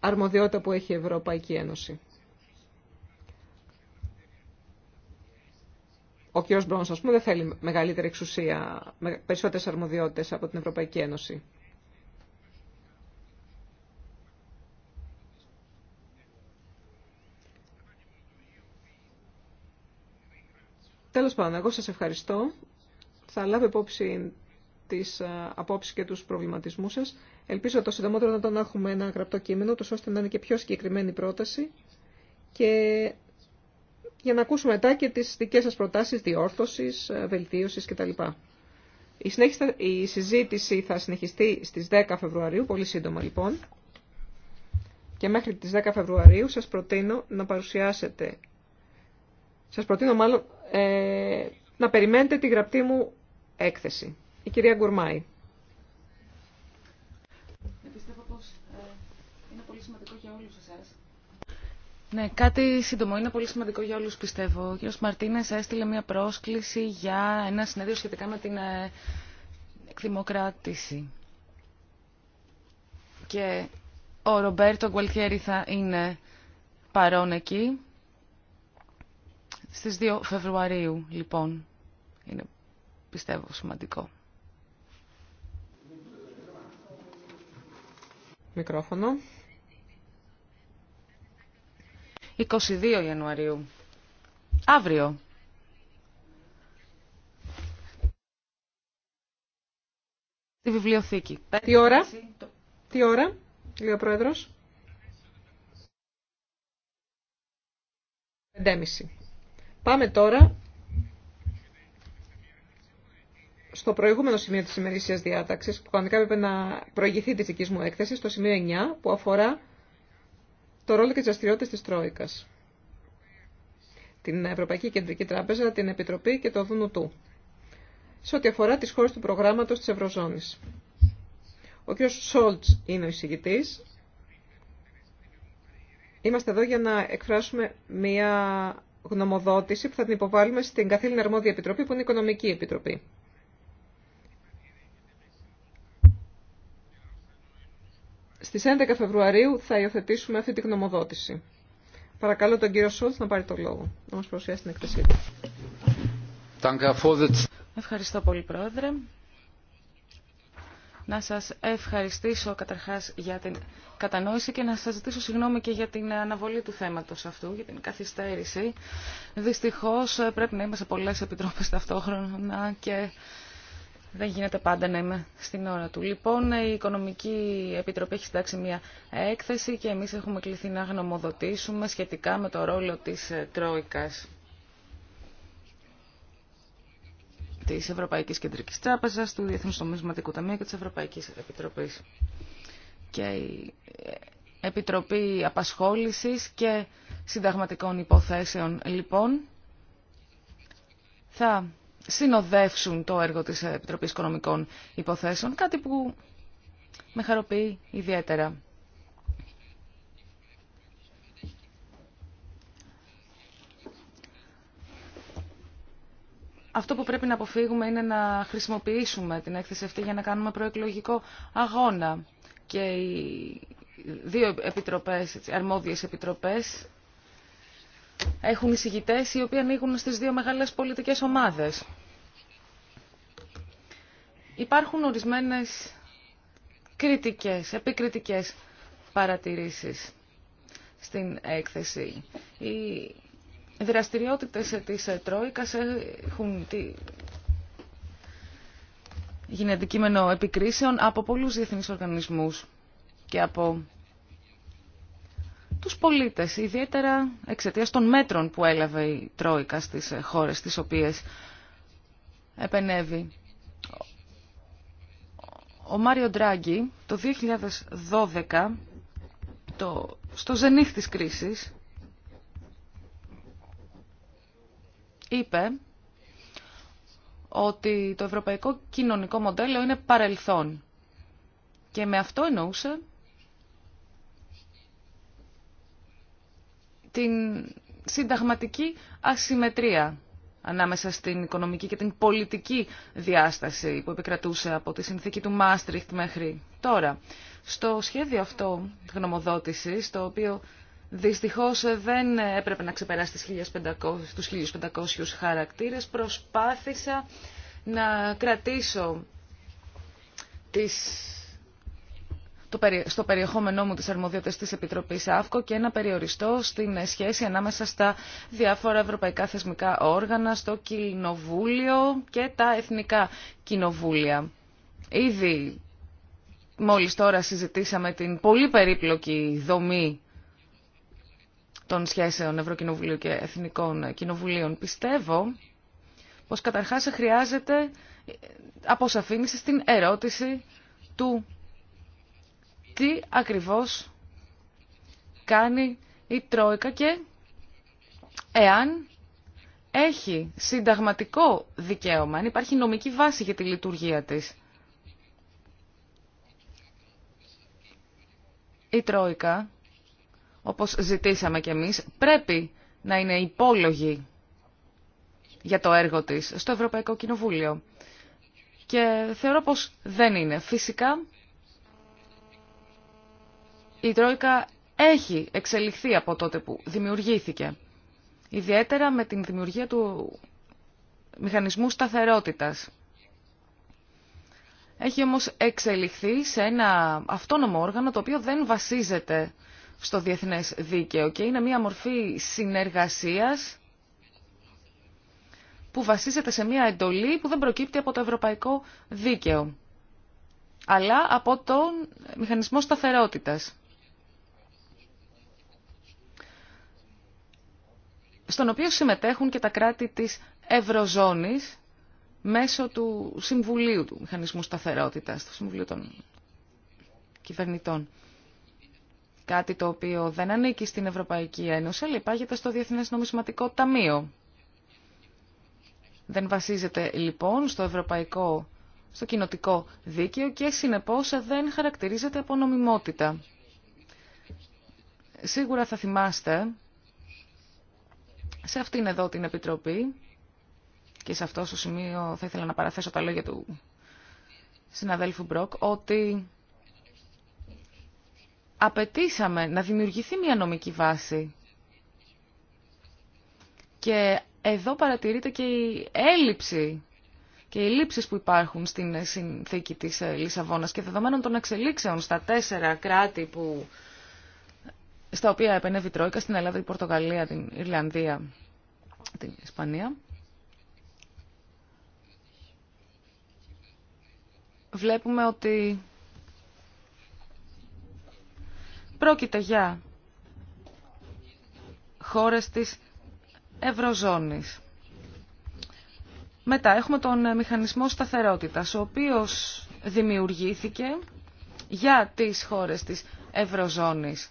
αρμοδιότητα που έχει η Ευρωπαϊκή Ένωση. Ο κ. Μπρόνς, ας πούμε, δεν θέλει μεγαλύτερη εξουσία, περισσότερες αρμοδιότητες από την Ευρωπαϊκή Ένωση. Τέλος πάντων, εγώ σας ευχαριστώ. Θα λάβω υπόψη τις ε, απόψεις και τους προβληματισμούς σας. Ελπίζω το συντομότερο να τον έχουμε ένα γραπτό κείμενο, ώστε να είναι και πιο συγκεκριμένη πρόταση και για να ακούσουμε μετά και τις δικές σας προτάσεις διόρθωσης, ε, βελτίωσης κτλ. Η, η συζήτηση θα συνεχιστεί στις 10 Φεβρουαρίου, πολύ σύντομα λοιπόν. Και μέχρι τις 10 Φεβρουαρίου σας προτείνω να παρουσιάσετε, σας προτείνω μάλλον ε, να περιμένετε τη γραπτή μου έκθεση η κυρία Γκουρμάη. Πιστεύω πως ε, είναι πολύ σημαντικό για όλους εσάς. Ναι, κάτι σύντομο. Είναι πολύ σημαντικό για όλους, πιστεύω. Ο κύριος Μαρτίνες έστειλε μια πρόσκληση για ένα συνέδριο σχετικά με την ε, εκδημοκράτηση. Και ο Ρομπέρτο Γκουαλτιέρη θα είναι παρόν εκεί. Στις 2 Φεβρουαρίου, λοιπόν. Είναι, πιστεύω, σημαντικό. Μικρόφωνο. 22 Ιανουαρίου. Αύριο. Στη βιβλιοθήκη. Τι ώρα? Τι ώρα, λέει ο Πρόεδρος. 5.30. Πάμε τώρα στο προηγούμενο σημείο της ημερήσιας διάταξης, που κανονικά έπρεπε να προηγηθεί της δική μου έκθεσης, το σημείο 9, που αφορά το ρόλο και τις δραστηριότητες της Τρόικας. Την Ευρωπαϊκή Κεντρική Τράπεζα, την Επιτροπή και το Δουνουτού. Σε ό,τι αφορά τις χώρες του προγράμματος της Ευρωζώνης. Ο κ. Σόλτς είναι ο εισηγητής. Είμαστε εδώ για να εκφράσουμε μία γνωμοδότηση που θα την υποβάλουμε στην καθήλυνα αρμόδια επιτροπή που είναι η Οικονομική Επιτροπή. Στι 11 Φεβρουαρίου θα υιοθετήσουμε αυτή τη γνωμοδότηση. Παρακαλώ τον κύριο Σόλτ να πάρει το λόγο, να μας παρουσιάσει την εκθεσή του. Ευχαριστώ πολύ, Πρόεδρε. Να σας ευχαριστήσω καταρχάς για την κατανόηση και να σας ζητήσω συγγνώμη και για την αναβολή του θέματος αυτού, για την καθυστέρηση. Δυστυχώς ε, πρέπει να είμαστε πολλές επιτρόπες ταυτόχρονα και δεν γίνεται πάντα να είμαι στην ώρα του. Λοιπόν, η Οικονομική Επιτροπή έχει συντάξει μια έκθεση και εμείς έχουμε κληθεί να γνωμοδοτήσουμε σχετικά με το ρόλο της ε, Τρόικας της Ευρωπαϊκής Κεντρικής Τράπεζας, του Διεθνούς Νομισματικού Ταμείου και της Ευρωπαϊκής Επιτροπής. Και η ε, Επιτροπή Απασχόλησης και Συνταγματικών Υποθέσεων, λοιπόν, θα συνοδεύσουν το έργο της Επιτροπής Οικονομικών Υποθέσεων, κάτι που με χαροποιεί ιδιαίτερα. Αυτό που πρέπει να αποφύγουμε είναι να χρησιμοποιήσουμε την έκθεση αυτή για να κάνουμε προεκλογικό αγώνα. Και οι δύο επιτροπές, αρμόδιες επιτροπές έχουν εισηγητές οι οποίοι ανοίγουν στις δύο μεγάλες πολιτικές ομάδες. Υπάρχουν ορισμένες κριτικές, επικριτικές παρατηρήσεις στην έκθεση. Οι δραστηριότητες της Τρόικας έχουν γίνει αντικείμενο επικρίσεων από πολλούς διεθνείς οργανισμούς και από τους πολίτες, ιδιαίτερα εξαιτίας των μέτρων που έλαβε η Τρόικα στις ε, χώρες τις οποίες επενεύει. Ο Μάριο Ντράγκη το 2012, το, στο ζενίχ της κρίσης, είπε ότι το ευρωπαϊκό κοινωνικό μοντέλο είναι παρελθόν. Και με αυτό εννοούσε την συνταγματική ασυμμετρία ανάμεσα στην οικονομική και την πολιτική διάσταση που επικρατούσε από τη συνθήκη του Μάστριχτ μέχρι τώρα. Στο σχέδιο αυτό γνωμοδότησης, το οποίο δυστυχώς δεν έπρεπε να ξεπεράσει τους 1500 χαρακτήρες, προσπάθησα να κρατήσω τις στο περιεχόμενό μου της αρμοδιότητας της Επιτροπής ΑΦΚΟ και να περιοριστώ στην σχέση ανάμεσα στα διάφορα ευρωπαϊκά θεσμικά όργανα, στο Κοινοβούλιο και τα Εθνικά Κοινοβούλια. Ήδη μόλις τώρα συζητήσαμε την πολύ περίπλοκη δομή των σχέσεων Ευρωκοινοβουλίου και Εθνικών Κοινοβουλίων. Πιστεύω πως καταρχάς χρειάζεται αποσαφήνιση στην ερώτηση του τι ακριβώς κάνει η Τρόικα και εάν έχει συνταγματικό δικαίωμα, αν υπάρχει νομική βάση για τη λειτουργία της. Η Τρόικα, όπως ζητήσαμε κι εμείς, πρέπει να είναι υπόλογη για το έργο της στο Ευρωπαϊκό Κοινοβούλιο. Και θεωρώ πως δεν είναι. Φυσικά η Τρόικα έχει εξελιχθεί από τότε που δημιουργήθηκε. Ιδιαίτερα με την δημιουργία του μηχανισμού σταθερότητας. Έχει όμως εξελιχθεί σε ένα αυτόνομο όργανο το οποίο δεν βασίζεται στο διεθνές δίκαιο και είναι μια μορφή συνεργασίας που βασίζεται σε μια εντολή που δεν προκύπτει από το ευρωπαϊκό δίκαιο αλλά από τον μηχανισμό σταθερότητας. στον οποίο συμμετέχουν και τα κράτη της Ευρωζώνης μέσω του Συμβουλίου του Μηχανισμού Σταθερότητας, του Συμβουλίου των Κυβερνητών. Κάτι το οποίο δεν ανήκει στην Ευρωπαϊκή Ένωση, αλλά υπάγεται στο Διεθνές Νομισματικό Ταμείο. Δεν βασίζεται λοιπόν στο ευρωπαϊκό, στο κοινοτικό δίκαιο και συνεπώς δεν χαρακτηρίζεται από νομιμότητα. Σίγουρα θα θυμάστε σε αυτήν εδώ την Επιτροπή και σε αυτό το σημείο θα ήθελα να παραθέσω τα λόγια του συναδέλφου Μπροκ ότι απαιτήσαμε να δημιουργηθεί μια νομική βάση και εδώ παρατηρείται και η έλλειψη και οι λήψεις που υπάρχουν στην συνθήκη της ε, Λισαβόνας και δεδομένων των εξελίξεων στα τέσσερα κράτη που στα οποία επενεύει η Τρόικα στην Ελλάδα, την Πορτογαλία, την Ιρλανδία, την Ισπανία. Βλέπουμε ότι πρόκειται για χώρες της Ευρωζώνης. Μετά έχουμε τον μηχανισμό σταθερότητας, ο οποίος δημιουργήθηκε για τις χώρες της Ευρωζώνης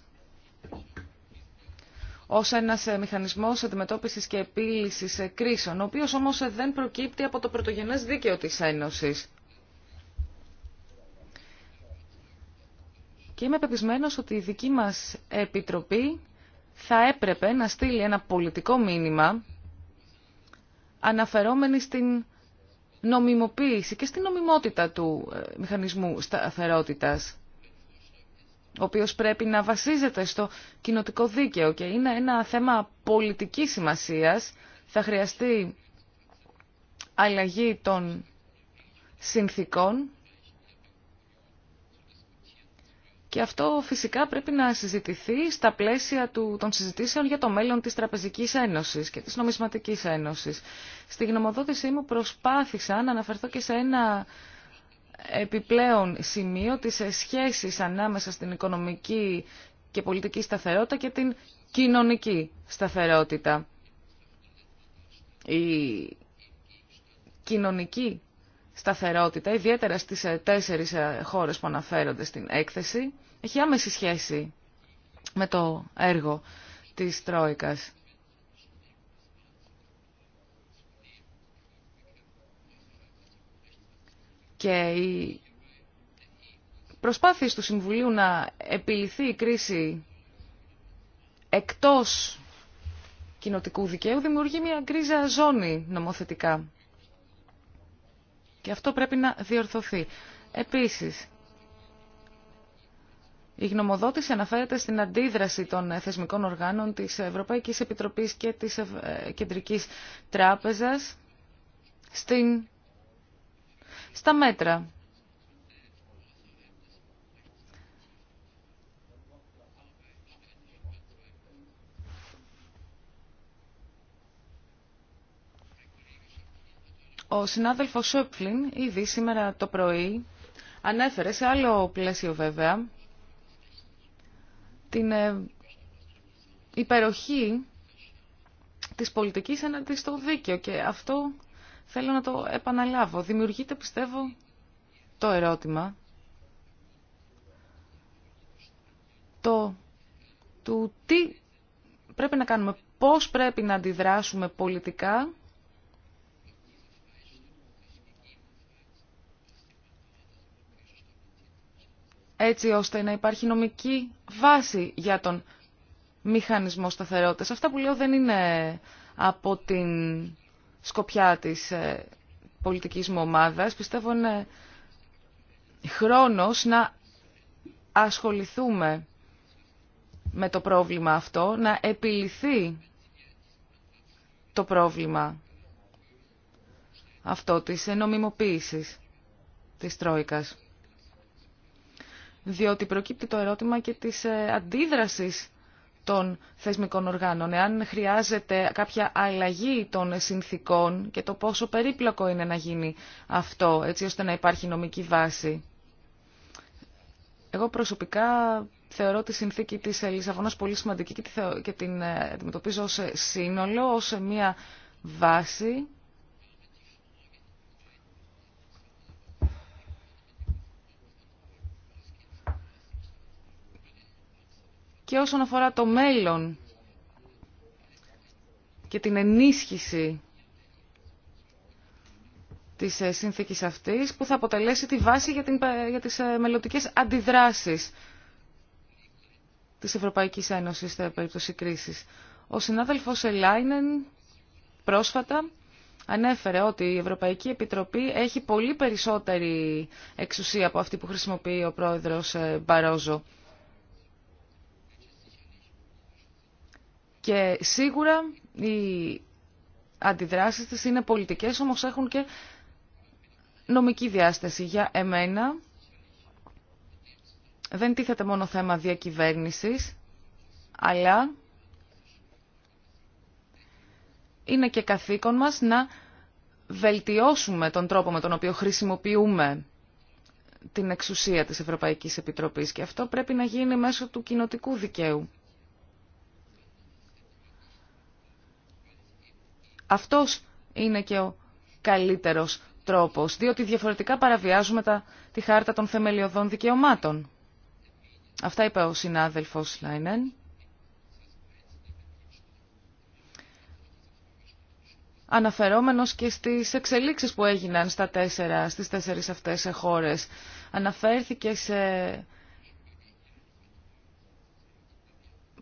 ω ένα ε, μηχανισμό αντιμετώπιση και επίλυση ε, κρίσεων, ο οποίο όμως ε, δεν προκύπτει από το πρωτογενέ δίκαιο της Ένωση. Και είμαι πεπισμένο ότι η δική μας Επιτροπή θα έπρεπε να στείλει ένα πολιτικό μήνυμα αναφερόμενη στην νομιμοποίηση και στην νομιμότητα του μηχανισμού σταθερότητας ο οποίος πρέπει να βασίζεται στο κοινοτικό δίκαιο και είναι ένα θέμα πολιτικής σημασίας. Θα χρειαστεί αλλαγή των συνθήκων και αυτό φυσικά πρέπει να συζητηθεί στα πλαίσια του, των συζητήσεων για το μέλλον της Τραπεζικής Ένωσης και της Νομισματικής Ένωσης. Στη γνωμοδότησή μου προσπάθησα να αναφερθώ και σε ένα επιπλέον σημείο της σχέσης ανάμεσα στην οικονομική και πολιτική σταθερότητα και την κοινωνική σταθερότητα. Η κοινωνική σταθερότητα, ιδιαίτερα στις τέσσερις χώρες που αναφέρονται στην έκθεση, έχει άμεση σχέση με το έργο της Τρόικας. και οι προσπάθειες του Συμβουλίου να επιληθεί η κρίση εκτός κοινοτικού δικαίου δημιουργεί μια γκρίζα ζώνη νομοθετικά. Και αυτό πρέπει να διορθωθεί. Επίσης, η γνωμοδότηση αναφέρεται στην αντίδραση των θεσμικών οργάνων της Ευρωπαϊκής Επιτροπής και της ε, Κεντρικής Τράπεζας στην στα μέτρα. Ο συνάδελφος Σόπφλιν ήδη σήμερα το πρωί ανέφερε σε άλλο πλαίσιο βέβαια την ε, υπεροχή της πολιτικής έναντι στο δίκαιο και αυτό Θέλω να το επαναλάβω. Δημιουργείται, πιστεύω, το ερώτημα το του τι πρέπει να κάνουμε, πώς πρέπει να αντιδράσουμε πολιτικά έτσι ώστε να υπάρχει νομική βάση για τον μηχανισμό σταθερότητας. Αυτά που λέω δεν είναι από την σκοπιά της ε, πολιτικής μου ομάδας. Πιστεύω είναι χρόνος να ασχοληθούμε με το πρόβλημα αυτό, να επιληθεί το πρόβλημα αυτό της ε, νομιμοποίησης της Τρόικας. Διότι προκύπτει το ερώτημα και της ε, αντίδρασης των θεσμικών οργάνων. Εάν χρειάζεται κάποια αλλαγή των συνθήκων και το πόσο περίπλοκο είναι να γίνει αυτό, έτσι ώστε να υπάρχει νομική βάση. Εγώ προσωπικά θεωρώ τη συνθήκη της Ελισαβόνας πολύ σημαντική και την ε, αντιμετωπίζω ως ε, σύνολο, ως ε, μια βάση και όσον αφορά το μέλλον και την ενίσχυση της ε, σύνθηκης αυτής που θα αποτελέσει τη βάση για, την, ε, για τις ε, μελλοντικές αντιδράσεις της Ευρωπαϊκής Ένωσης σε περίπτωση κρίσης. Ο συνάδελφος Ελάινεν πρόσφατα ανέφερε ότι η Ευρωπαϊκή Επιτροπή έχει πολύ περισσότερη εξουσία από αυτή που χρησιμοποιεί ο πρόεδρος Μπαρόζο. Και σίγουρα οι αντιδράσεις της είναι πολιτικές, όμως έχουν και νομική διάσταση. Για εμένα δεν τίθεται μόνο θέμα διακυβέρνησης, αλλά είναι και καθήκον μας να βελτιώσουμε τον τρόπο με τον οποίο χρησιμοποιούμε την εξουσία της Ευρωπαϊκής Επιτροπής και αυτό πρέπει να γίνει μέσω του κοινοτικού δικαίου. Αυτός είναι και ο καλύτερος τρόπος, διότι διαφορετικά παραβιάζουμε τα, τη χάρτα των θεμελιωδών δικαιωμάτων. Αυτά είπε ο συνάδελφος Λάινεν. αναφερόμενος και στις εξελίξεις που έγιναν στα τέσσερα, στις τέσσερις αυτές χώρες. Αναφέρθηκε σε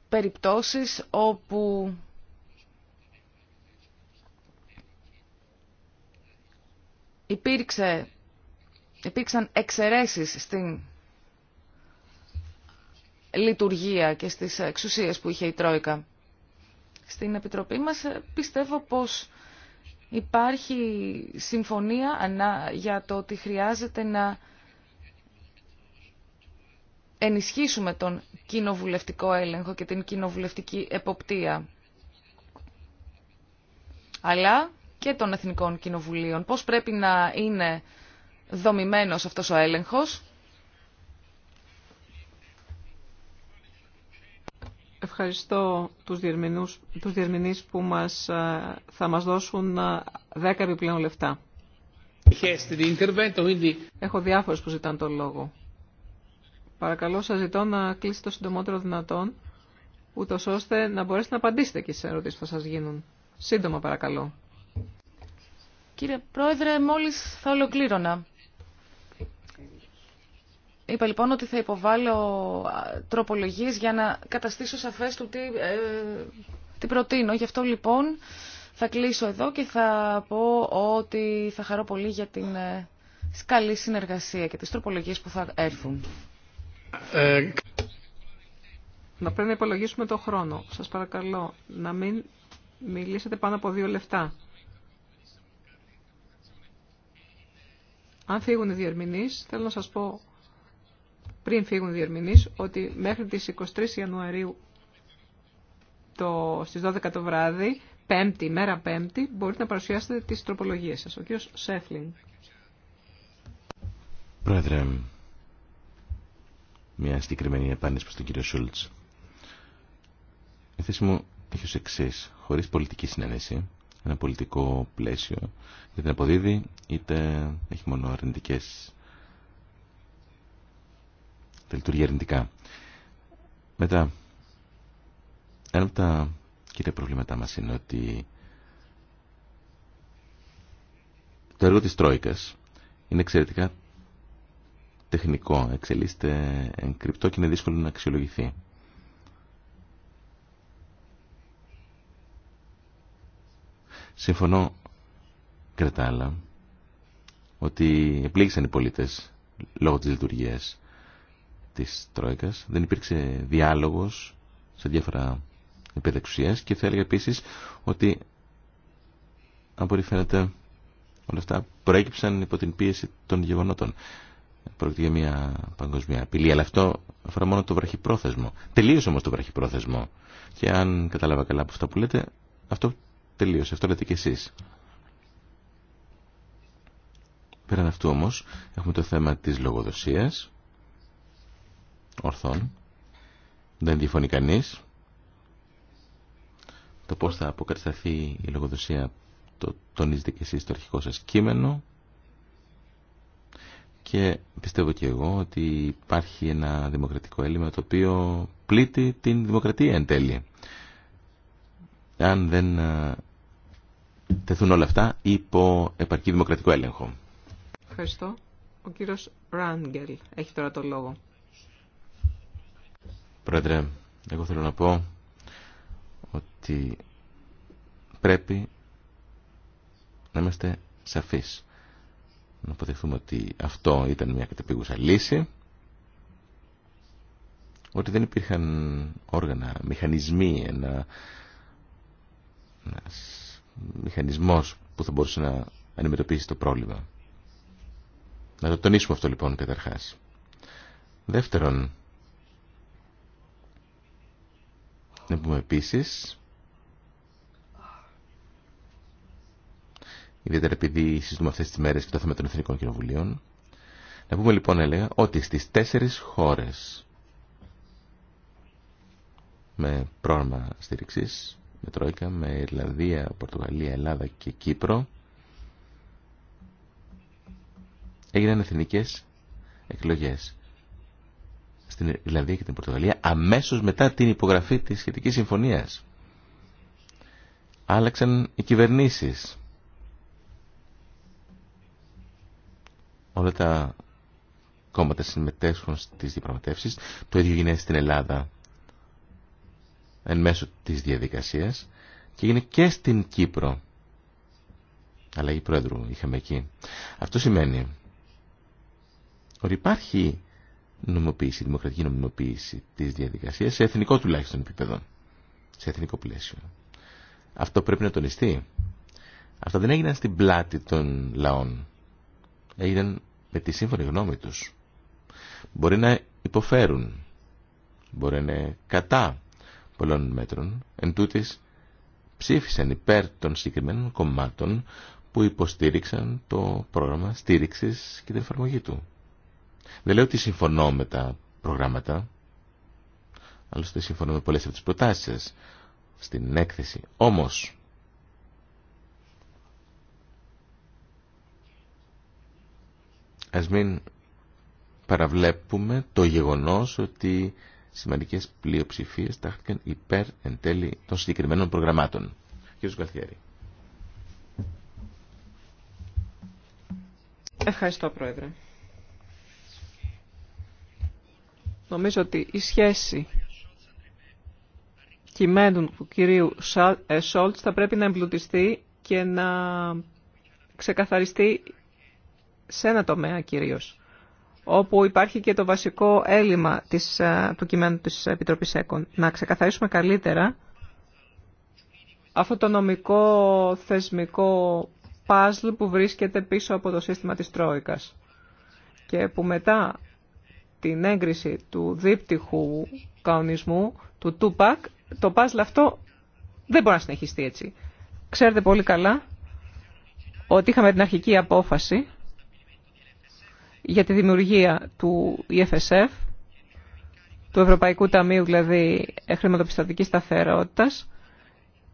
περιπτώσεις όπου υπήρξε, υπήρξαν εξαιρέσει στην λειτουργία και στις εξουσίες που είχε η Τρόικα. Στην Επιτροπή μας ε, πιστεύω πως υπάρχει συμφωνία για το ότι χρειάζεται να ενισχύσουμε τον κοινοβουλευτικό έλεγχο και την κοινοβουλευτική εποπτεία. Αλλά και των Εθνικών Κοινοβουλίων. Πώς πρέπει να είναι δομημένος αυτός ο έλεγχος. Ευχαριστώ τους, διερμηνούς, τους διερμηνείς που μας, ε, θα μας δώσουν 10 ε, επιπλέον λεφτά. Έχω διάφορες που ζητάνε τον λόγο. Παρακαλώ σας ζητώ να κλείσετε το συντομότερο δυνατόν, ούτω ώστε να μπορέσετε να απαντήσετε και στις ερωτήσεις που θα σας γίνουν. Σύντομα παρακαλώ. Κύριε Πρόεδρε, μόλις θα ολοκλήρωνα. Είπα λοιπόν ότι θα υποβάλω τροπολογίες για να καταστήσω σαφές του ε, τι, προτείνω. Γι' αυτό λοιπόν θα κλείσω εδώ και θα πω ότι θα χαρώ πολύ για την ε, καλή συνεργασία και τις τροπολογίες που θα έρθουν. Ε, να πρέπει να υπολογίσουμε το χρόνο. Σας παρακαλώ να μην μιλήσετε πάνω από δύο λεφτά. Αν φύγουν οι διερμηνείς, θέλω να σας πω πριν φύγουν οι διερμηνείς, ότι μέχρι τις 23 Ιανουαρίου το, στις 12 το βράδυ, πέμπτη, μέρα πέμπτη, μπορείτε να παρουσιάσετε τις τροπολογίες σας. Ο κύριος Σέφλιν. Πρόεδρε, μια συγκεκριμένη απάντηση προς τον κύριο Σούλτς. Η θέση μου έχει ως εξής. Χωρίς πολιτική συνένεση, ένα πολιτικό πλαίσιο είτε αποδίδει είτε έχει μόνο αρνητικές τα λειτουργεί αρνητικά μετά ένα από τα κύρια προβλήματά μας είναι ότι το έργο της Τρόικας είναι εξαιρετικά τεχνικό, εξελίσσεται κρυπτό και είναι δύσκολο να αξιολογηθεί. Συμφωνώ κρετάλα ότι επλήγησαν οι πολίτες λόγω της λειτουργίας της Τρόικας. Δεν υπήρξε διάλογος σε διάφορα επίδεξουσία και θα έλεγα επίσης ότι αν μπορεί φαίνεται όλα αυτά προέκυψαν υπό την πίεση των γεγονότων. Πρόκειται για μια παγκοσμία απειλή, αλλά αυτό αφορά μόνο το βραχυπρόθεσμο. Τελείωσε όμως το βραχυπρόθεσμο. Και αν κατάλαβα καλά από αυτά που λέτε, αυτό τελείωσε. Αυτό λέτε κι εσείς. Πέραν αυτού όμως έχουμε το θέμα της λογοδοσία Ορθών. Δεν διαφωνεί κανεί. Το πώ θα αποκατασταθεί η λογοδοσία το τονίζετε κι εσεί στο αρχικό σα κείμενο. Και πιστεύω και εγώ ότι υπάρχει ένα δημοκρατικό έλλειμμα το οποίο πλήττει την δημοκρατία εν τέλει. Αν δεν ε, τεθούν όλα αυτά υπό επαρκή δημοκρατικό έλεγχο. Ευχαριστώ. Ο κύριος Ράνγκελ έχει τώρα το λόγο. Πρόεδρε, εγώ θέλω να πω ότι πρέπει να είμαστε σαφείς. Να αποδεχθούμε ότι αυτό ήταν μια κατεπίγουσα λύση, ότι δεν υπήρχαν όργανα, μηχανισμοί, ένα, ένας μηχανισμός που θα μπορούσε να αντιμετωπίσει το πρόβλημα. Να το τονίσουμε αυτό λοιπόν καταρχά. Δεύτερον, να πούμε επίσης, ιδιαίτερα επειδή συζητούμε αυτές τις μέρες και το θέμα των Εθνικών Κοινοβουλίων, να πούμε λοιπόν έλεγα ότι στις τέσσερις χώρες με πρόγραμμα στήριξης με Τρόικα, με Ιρλανδία, Πορτογαλία, Ελλάδα και Κύπρο έγιναν εθνικές εκλογές στην Ιρλανδία και την Πορτογαλία αμέσως μετά την υπογραφή της σχετικής συμφωνίας. Άλλαξαν οι κυβερνήσεις. Όλα τα κόμματα συμμετέσχουν στις διαπραγματεύσεις. Το ίδιο γίνεται στην Ελλάδα εν μέσω της διαδικασίας και έγινε και στην Κύπρο. Αλλαγή πρόεδρου είχαμε εκεί. Αυτό σημαίνει ότι υπάρχει νομιμοποίηση, δημοκρατική νομιμοποίηση της διαδικασίας σε εθνικό τουλάχιστον επίπεδο, σε εθνικό πλαίσιο. Αυτό πρέπει να τονιστεί. Αυτά δεν έγιναν στην πλάτη των λαών. Έγιναν με τη σύμφωνη γνώμη τους. Μπορεί να υποφέρουν. Μπορεί να είναι κατά πολλών μέτρων, εν τούτης, ψήφισαν υπέρ των συγκεκριμένων κομμάτων που υποστήριξαν το πρόγραμμα στήριξης και την εφαρμογή του. Δεν λέω ότι συμφωνώ με τα προγράμματα, άλλωστε συμφωνώ με πολλές από τις προτάσεις σας στην έκθεση. Όμως, ας μην παραβλέπουμε το γεγονός ότι σημαντικές πλειοψηφίες τάχθηκαν υπέρ εν τέλει των συγκεκριμένων προγραμμάτων. Κύριος Ευχαριστώ, Πρόεδρε. Νομίζω ότι η σχέση κειμένου του κυρίου ε, Σόλτ θα πρέπει να εμπλουτιστεί και να ξεκαθαριστεί σε ένα τομέα κυρίως όπου υπάρχει και το βασικό έλλειμμα της, ε, του κειμένου της Επιτροπής ΕΚΟΝ. Να ξεκαθαρίσουμε καλύτερα αυτό το νομικό θεσμικό παζλ που βρίσκεται πίσω από το σύστημα της Τρόικας και που μετά την έγκριση του δίπτυχου καονισμού του Τούπακ, το παζλ αυτό δεν μπορεί να συνεχιστεί έτσι. Ξέρετε πολύ καλά ότι είχαμε την αρχική απόφαση για τη δημιουργία του EFSF, του Ευρωπαϊκού Ταμείου δηλαδή ε, Χρηματοπιστωτικής Σταθερότητας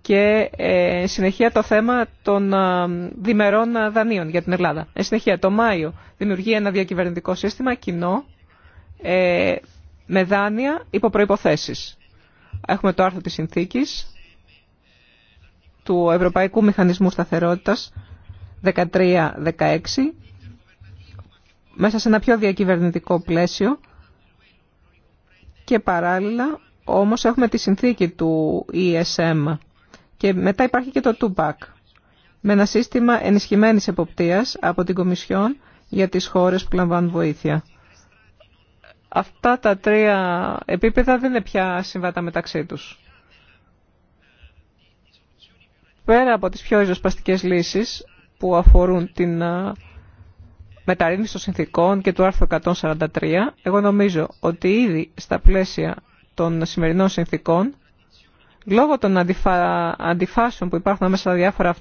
και ε, συνεχεία το θέμα των ε, διμερών δανείων για την Ελλάδα. συνεχεία, το Μάιο δημιουργεί ένα διακυβερνητικό σύστημα κοινό ε, με δάνεια υπό προϋποθέσεις. Έχουμε το άρθρο της συνθήκης του Ευρωπαϊκού Μηχανισμού Σταθερότητας 13-16 μέσα σε ένα πιο διακυβερνητικό πλαίσιο και παράλληλα όμως έχουμε τη συνθήκη του ESM και μετά υπάρχει και το 2 με ένα σύστημα ενισχυμένης εποπτείας από την Κομισιόν για τις χώρες που λαμβάνουν βοήθεια. Αυτά τα τρία επίπεδα δεν είναι πια συμβατά μεταξύ τους. Πέρα από τις πιο ριζοσπαστικές λύσεις που αφορούν την μεταρρύθμιση των συνθήκων και του άρθρου 143, εγώ νομίζω ότι ήδη στα πλαίσια των σημερινών συνθήκων, λόγω των αντιφάσεων που υπάρχουν μέσα στα διάφορα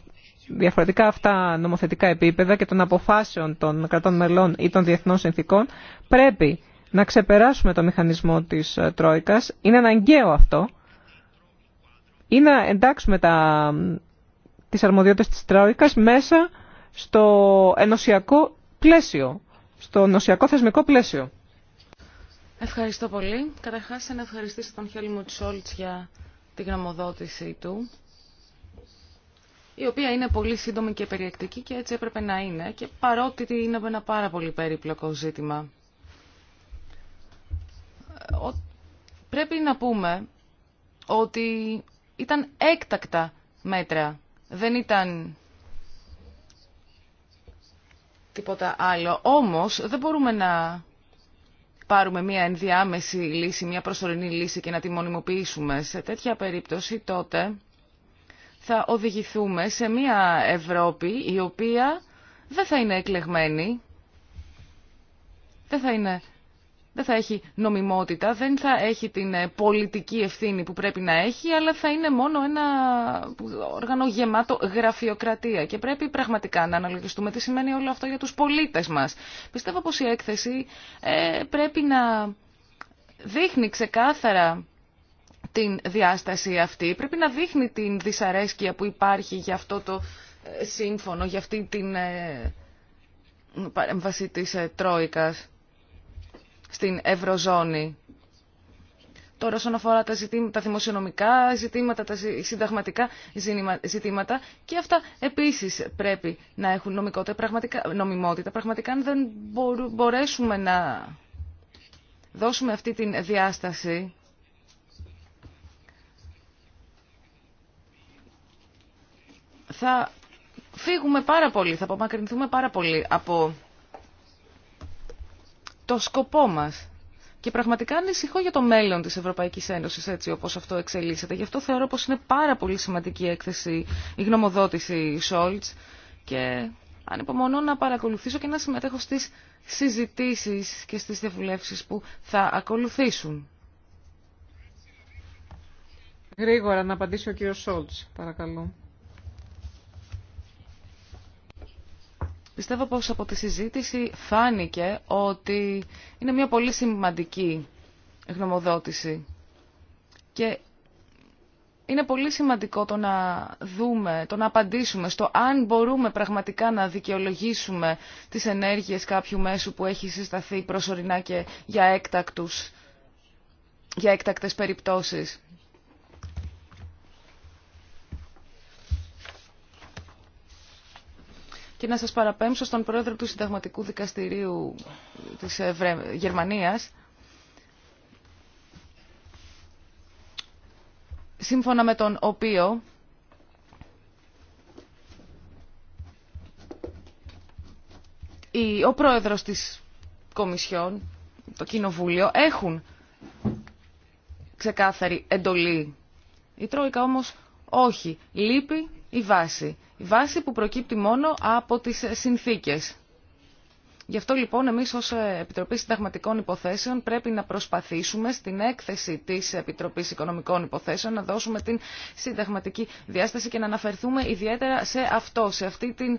διαφορετικά αυτά νομοθετικά επίπεδα και των αποφάσεων των κρατών μελών ή των διεθνών συνθήκων, πρέπει να ξεπεράσουμε το μηχανισμό της ε, Τρόικας. Είναι αναγκαίο αυτό. Ή να εντάξουμε τα, τις αρμοδιότητες της Τρόικας μέσα στο ενωσιακό πλαίσιο, στο νοσιακό θεσμικό πλαίσιο. Ευχαριστώ πολύ. Καταρχάς, να ευχαριστήσω τον Χέλμου τσόλτ για τη γραμμοδότησή του, η οποία είναι πολύ σύντομη και περιεκτική και έτσι έπρεπε να είναι και παρότι είναι ένα πάρα πολύ περίπλοκο ζήτημα. Πρέπει να πούμε ότι ήταν έκτακτα μέτρα. Δεν ήταν τίποτα άλλο. Όμως δεν μπορούμε να πάρουμε μια ενδιάμεση λύση, μια προσωρινή λύση και να τη μονιμοποιήσουμε. Σε τέτοια περίπτωση τότε θα οδηγηθούμε σε μια Ευρώπη η οποία δεν θα είναι εκλεγμένη, δεν θα είναι δεν θα έχει νομιμότητα, δεν θα έχει την ε, πολιτική ευθύνη που πρέπει να έχει, αλλά θα είναι μόνο ένα όργανο γεμάτο γραφειοκρατία. Και πρέπει πραγματικά να αναλογιστούμε τι σημαίνει όλο αυτό για τους πολίτες μας. Πιστεύω πως η έκθεση ε, πρέπει να δείχνει ξεκάθαρα την διάσταση αυτή, πρέπει να δείχνει την δυσαρέσκεια που υπάρχει για αυτό το ε, σύμφωνο, για αυτή την παρέμβαση της Τρόικας στην Ευρωζώνη. Τώρα όσον αφορά τα, ζητήματα, δημοσιονομικά ζητήματα, τα συνταγματικά ζητήματα και αυτά επίσης πρέπει να έχουν νομικότητα, πραγματικά, νομιμότητα. Πραγματικά αν δεν μπορέσουμε να δώσουμε αυτή τη διάσταση θα φύγουμε πάρα πολύ, θα απομακρυνθούμε πάρα πολύ από το σκοπό μας. Και πραγματικά ανησυχώ για το μέλλον της Ευρωπαϊκής Ένωσης έτσι όπως αυτό εξελίσσεται. Γι' αυτό θεωρώ πως είναι πάρα πολύ σημαντική η έκθεση, η γνωμοδότηση Σόλτς και ανυπομονώ να παρακολουθήσω και να συμμετέχω στις συζητήσεις και στις διαβουλεύσεις που θα ακολουθήσουν. Γρήγορα να απαντήσει ο κύριος Σόλτς, παρακαλώ. Πιστεύω πως από τη συζήτηση φάνηκε ότι είναι μια πολύ σημαντική γνωμοδότηση και είναι πολύ σημαντικό το να δούμε, το να απαντήσουμε στο αν μπορούμε πραγματικά να δικαιολογήσουμε τις ενέργειες κάποιου μέσου που έχει συσταθεί προσωρινά και για, έκτακτους, για έκτακτες περιπτώσεις. και να σας παραπέμψω στον πρόεδρο του Συνταγματικού Δικαστηρίου της ε, Γερμανίας. Σύμφωνα με τον οποίο ο πρόεδρος της Κομισιόν, το Κοινοβούλιο, έχουν ξεκάθαρη εντολή. Η Τρόικα όμως όχι. Λείπει η βάση. Η βάση που προκύπτει μόνο από τις συνθήκες. Γι' αυτό λοιπόν εμείς ως Επιτροπή Συνταγματικών Υποθέσεων πρέπει να προσπαθήσουμε στην έκθεση της Επιτροπής Οικονομικών Υποθέσεων να δώσουμε την συνταγματική διάσταση και να αναφερθούμε ιδιαίτερα σε αυτό, σε αυτή την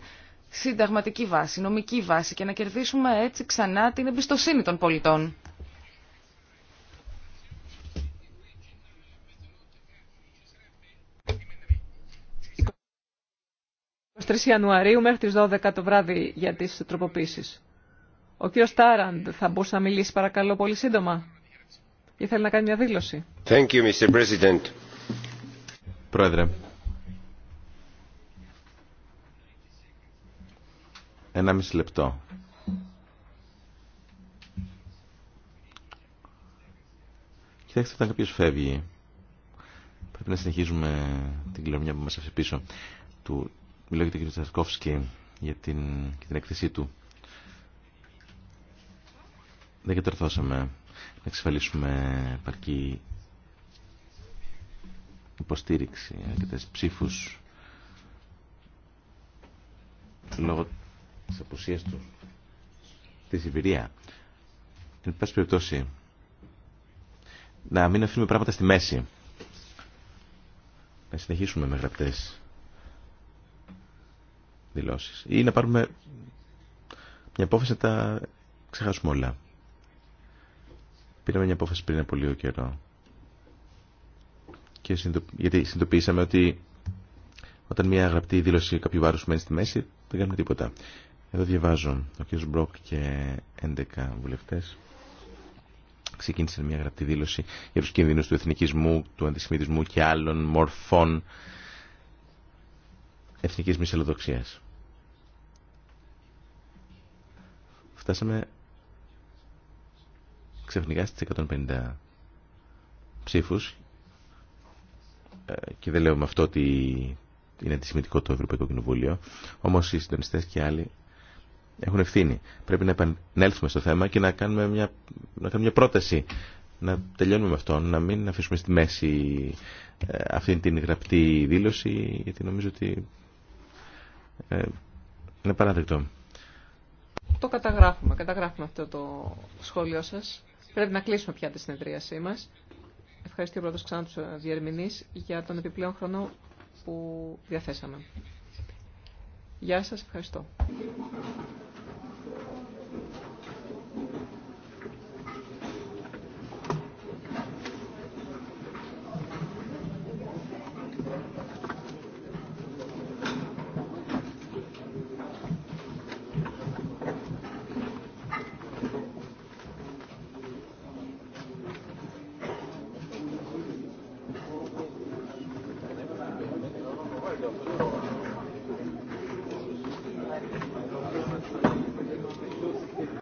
συνταγματική βάση, νομική βάση και να κερδίσουμε έτσι ξανά την εμπιστοσύνη των πολιτών. 23 Ιανουαρίου μέχρι τις 12 το βράδυ για τις τροποποίησεις. Ο κύριος Τάραντ θα μπορούσε να μιλήσει παρακαλώ πολύ σύντομα. Ήθελε να κάνει μια δήλωση. Thank you, Mr. President. Πρόεδρε. Ένα μισή λεπτό. Κοιτάξτε, όταν κάποιος φεύγει, πρέπει να συνεχίζουμε την κληρονομιά που μας άφησε πίσω του Μιλώ για τον κύριο Τσαρκόφσκι για την, για την εκθεσή του. Δεν καταρθώσαμε να εξασφαλίσουμε επαρκή υποστήριξη, αρκετές ψήφου λόγω της απουσίας του στη Σιβηρία. Εν πάση περιπτώσει, να μην αφήνουμε πράγματα στη μέση. Να συνεχίσουμε με γραπτές δηλώσει. ή να πάρουμε μια απόφαση να τα ξεχάσουμε όλα. Πήραμε μια απόφαση πριν από λίγο καιρό. Και Γιατί συνειδητοποιήσαμε ότι όταν μια γραπτή δήλωση κάποιου βάρου μένει στη μέση δεν κάνουμε τίποτα. Εδώ διαβάζω ο κ. Μπροκ και 11 βουλευτέ ξεκίνησαν μια γραπτή δήλωση για του κινδύνου του εθνικισμού, του αντισημιτισμού και άλλων μορφών εθνική μυσαλλοδοξία. φτάσαμε ξαφνικά στις 150 ψήφους ε, και δεν λέω με αυτό ότι είναι αντισημιτικό το Ευρωπαϊκό Κοινοβούλιο, όμως οι συντονιστές και άλλοι έχουν ευθύνη. Πρέπει να επανέλθουμε στο θέμα και να κάνουμε μια, να κάνουμε μια πρόταση, να τελειώνουμε με αυτό, να μην αφήσουμε στη μέση ε, αυτή την γραπτή δήλωση, γιατί νομίζω ότι ε, είναι παράδεκτο το καταγράφουμε. Καταγράφουμε αυτό το σχόλιο σας. Πρέπει να κλείσουμε πια τη συνεδρίασή μας. Ευχαριστώ πρώτα ξανά του ε, διερμηνείς για τον επιπλέον χρόνο που διαθέσαμε. Γεια σας, ευχαριστώ.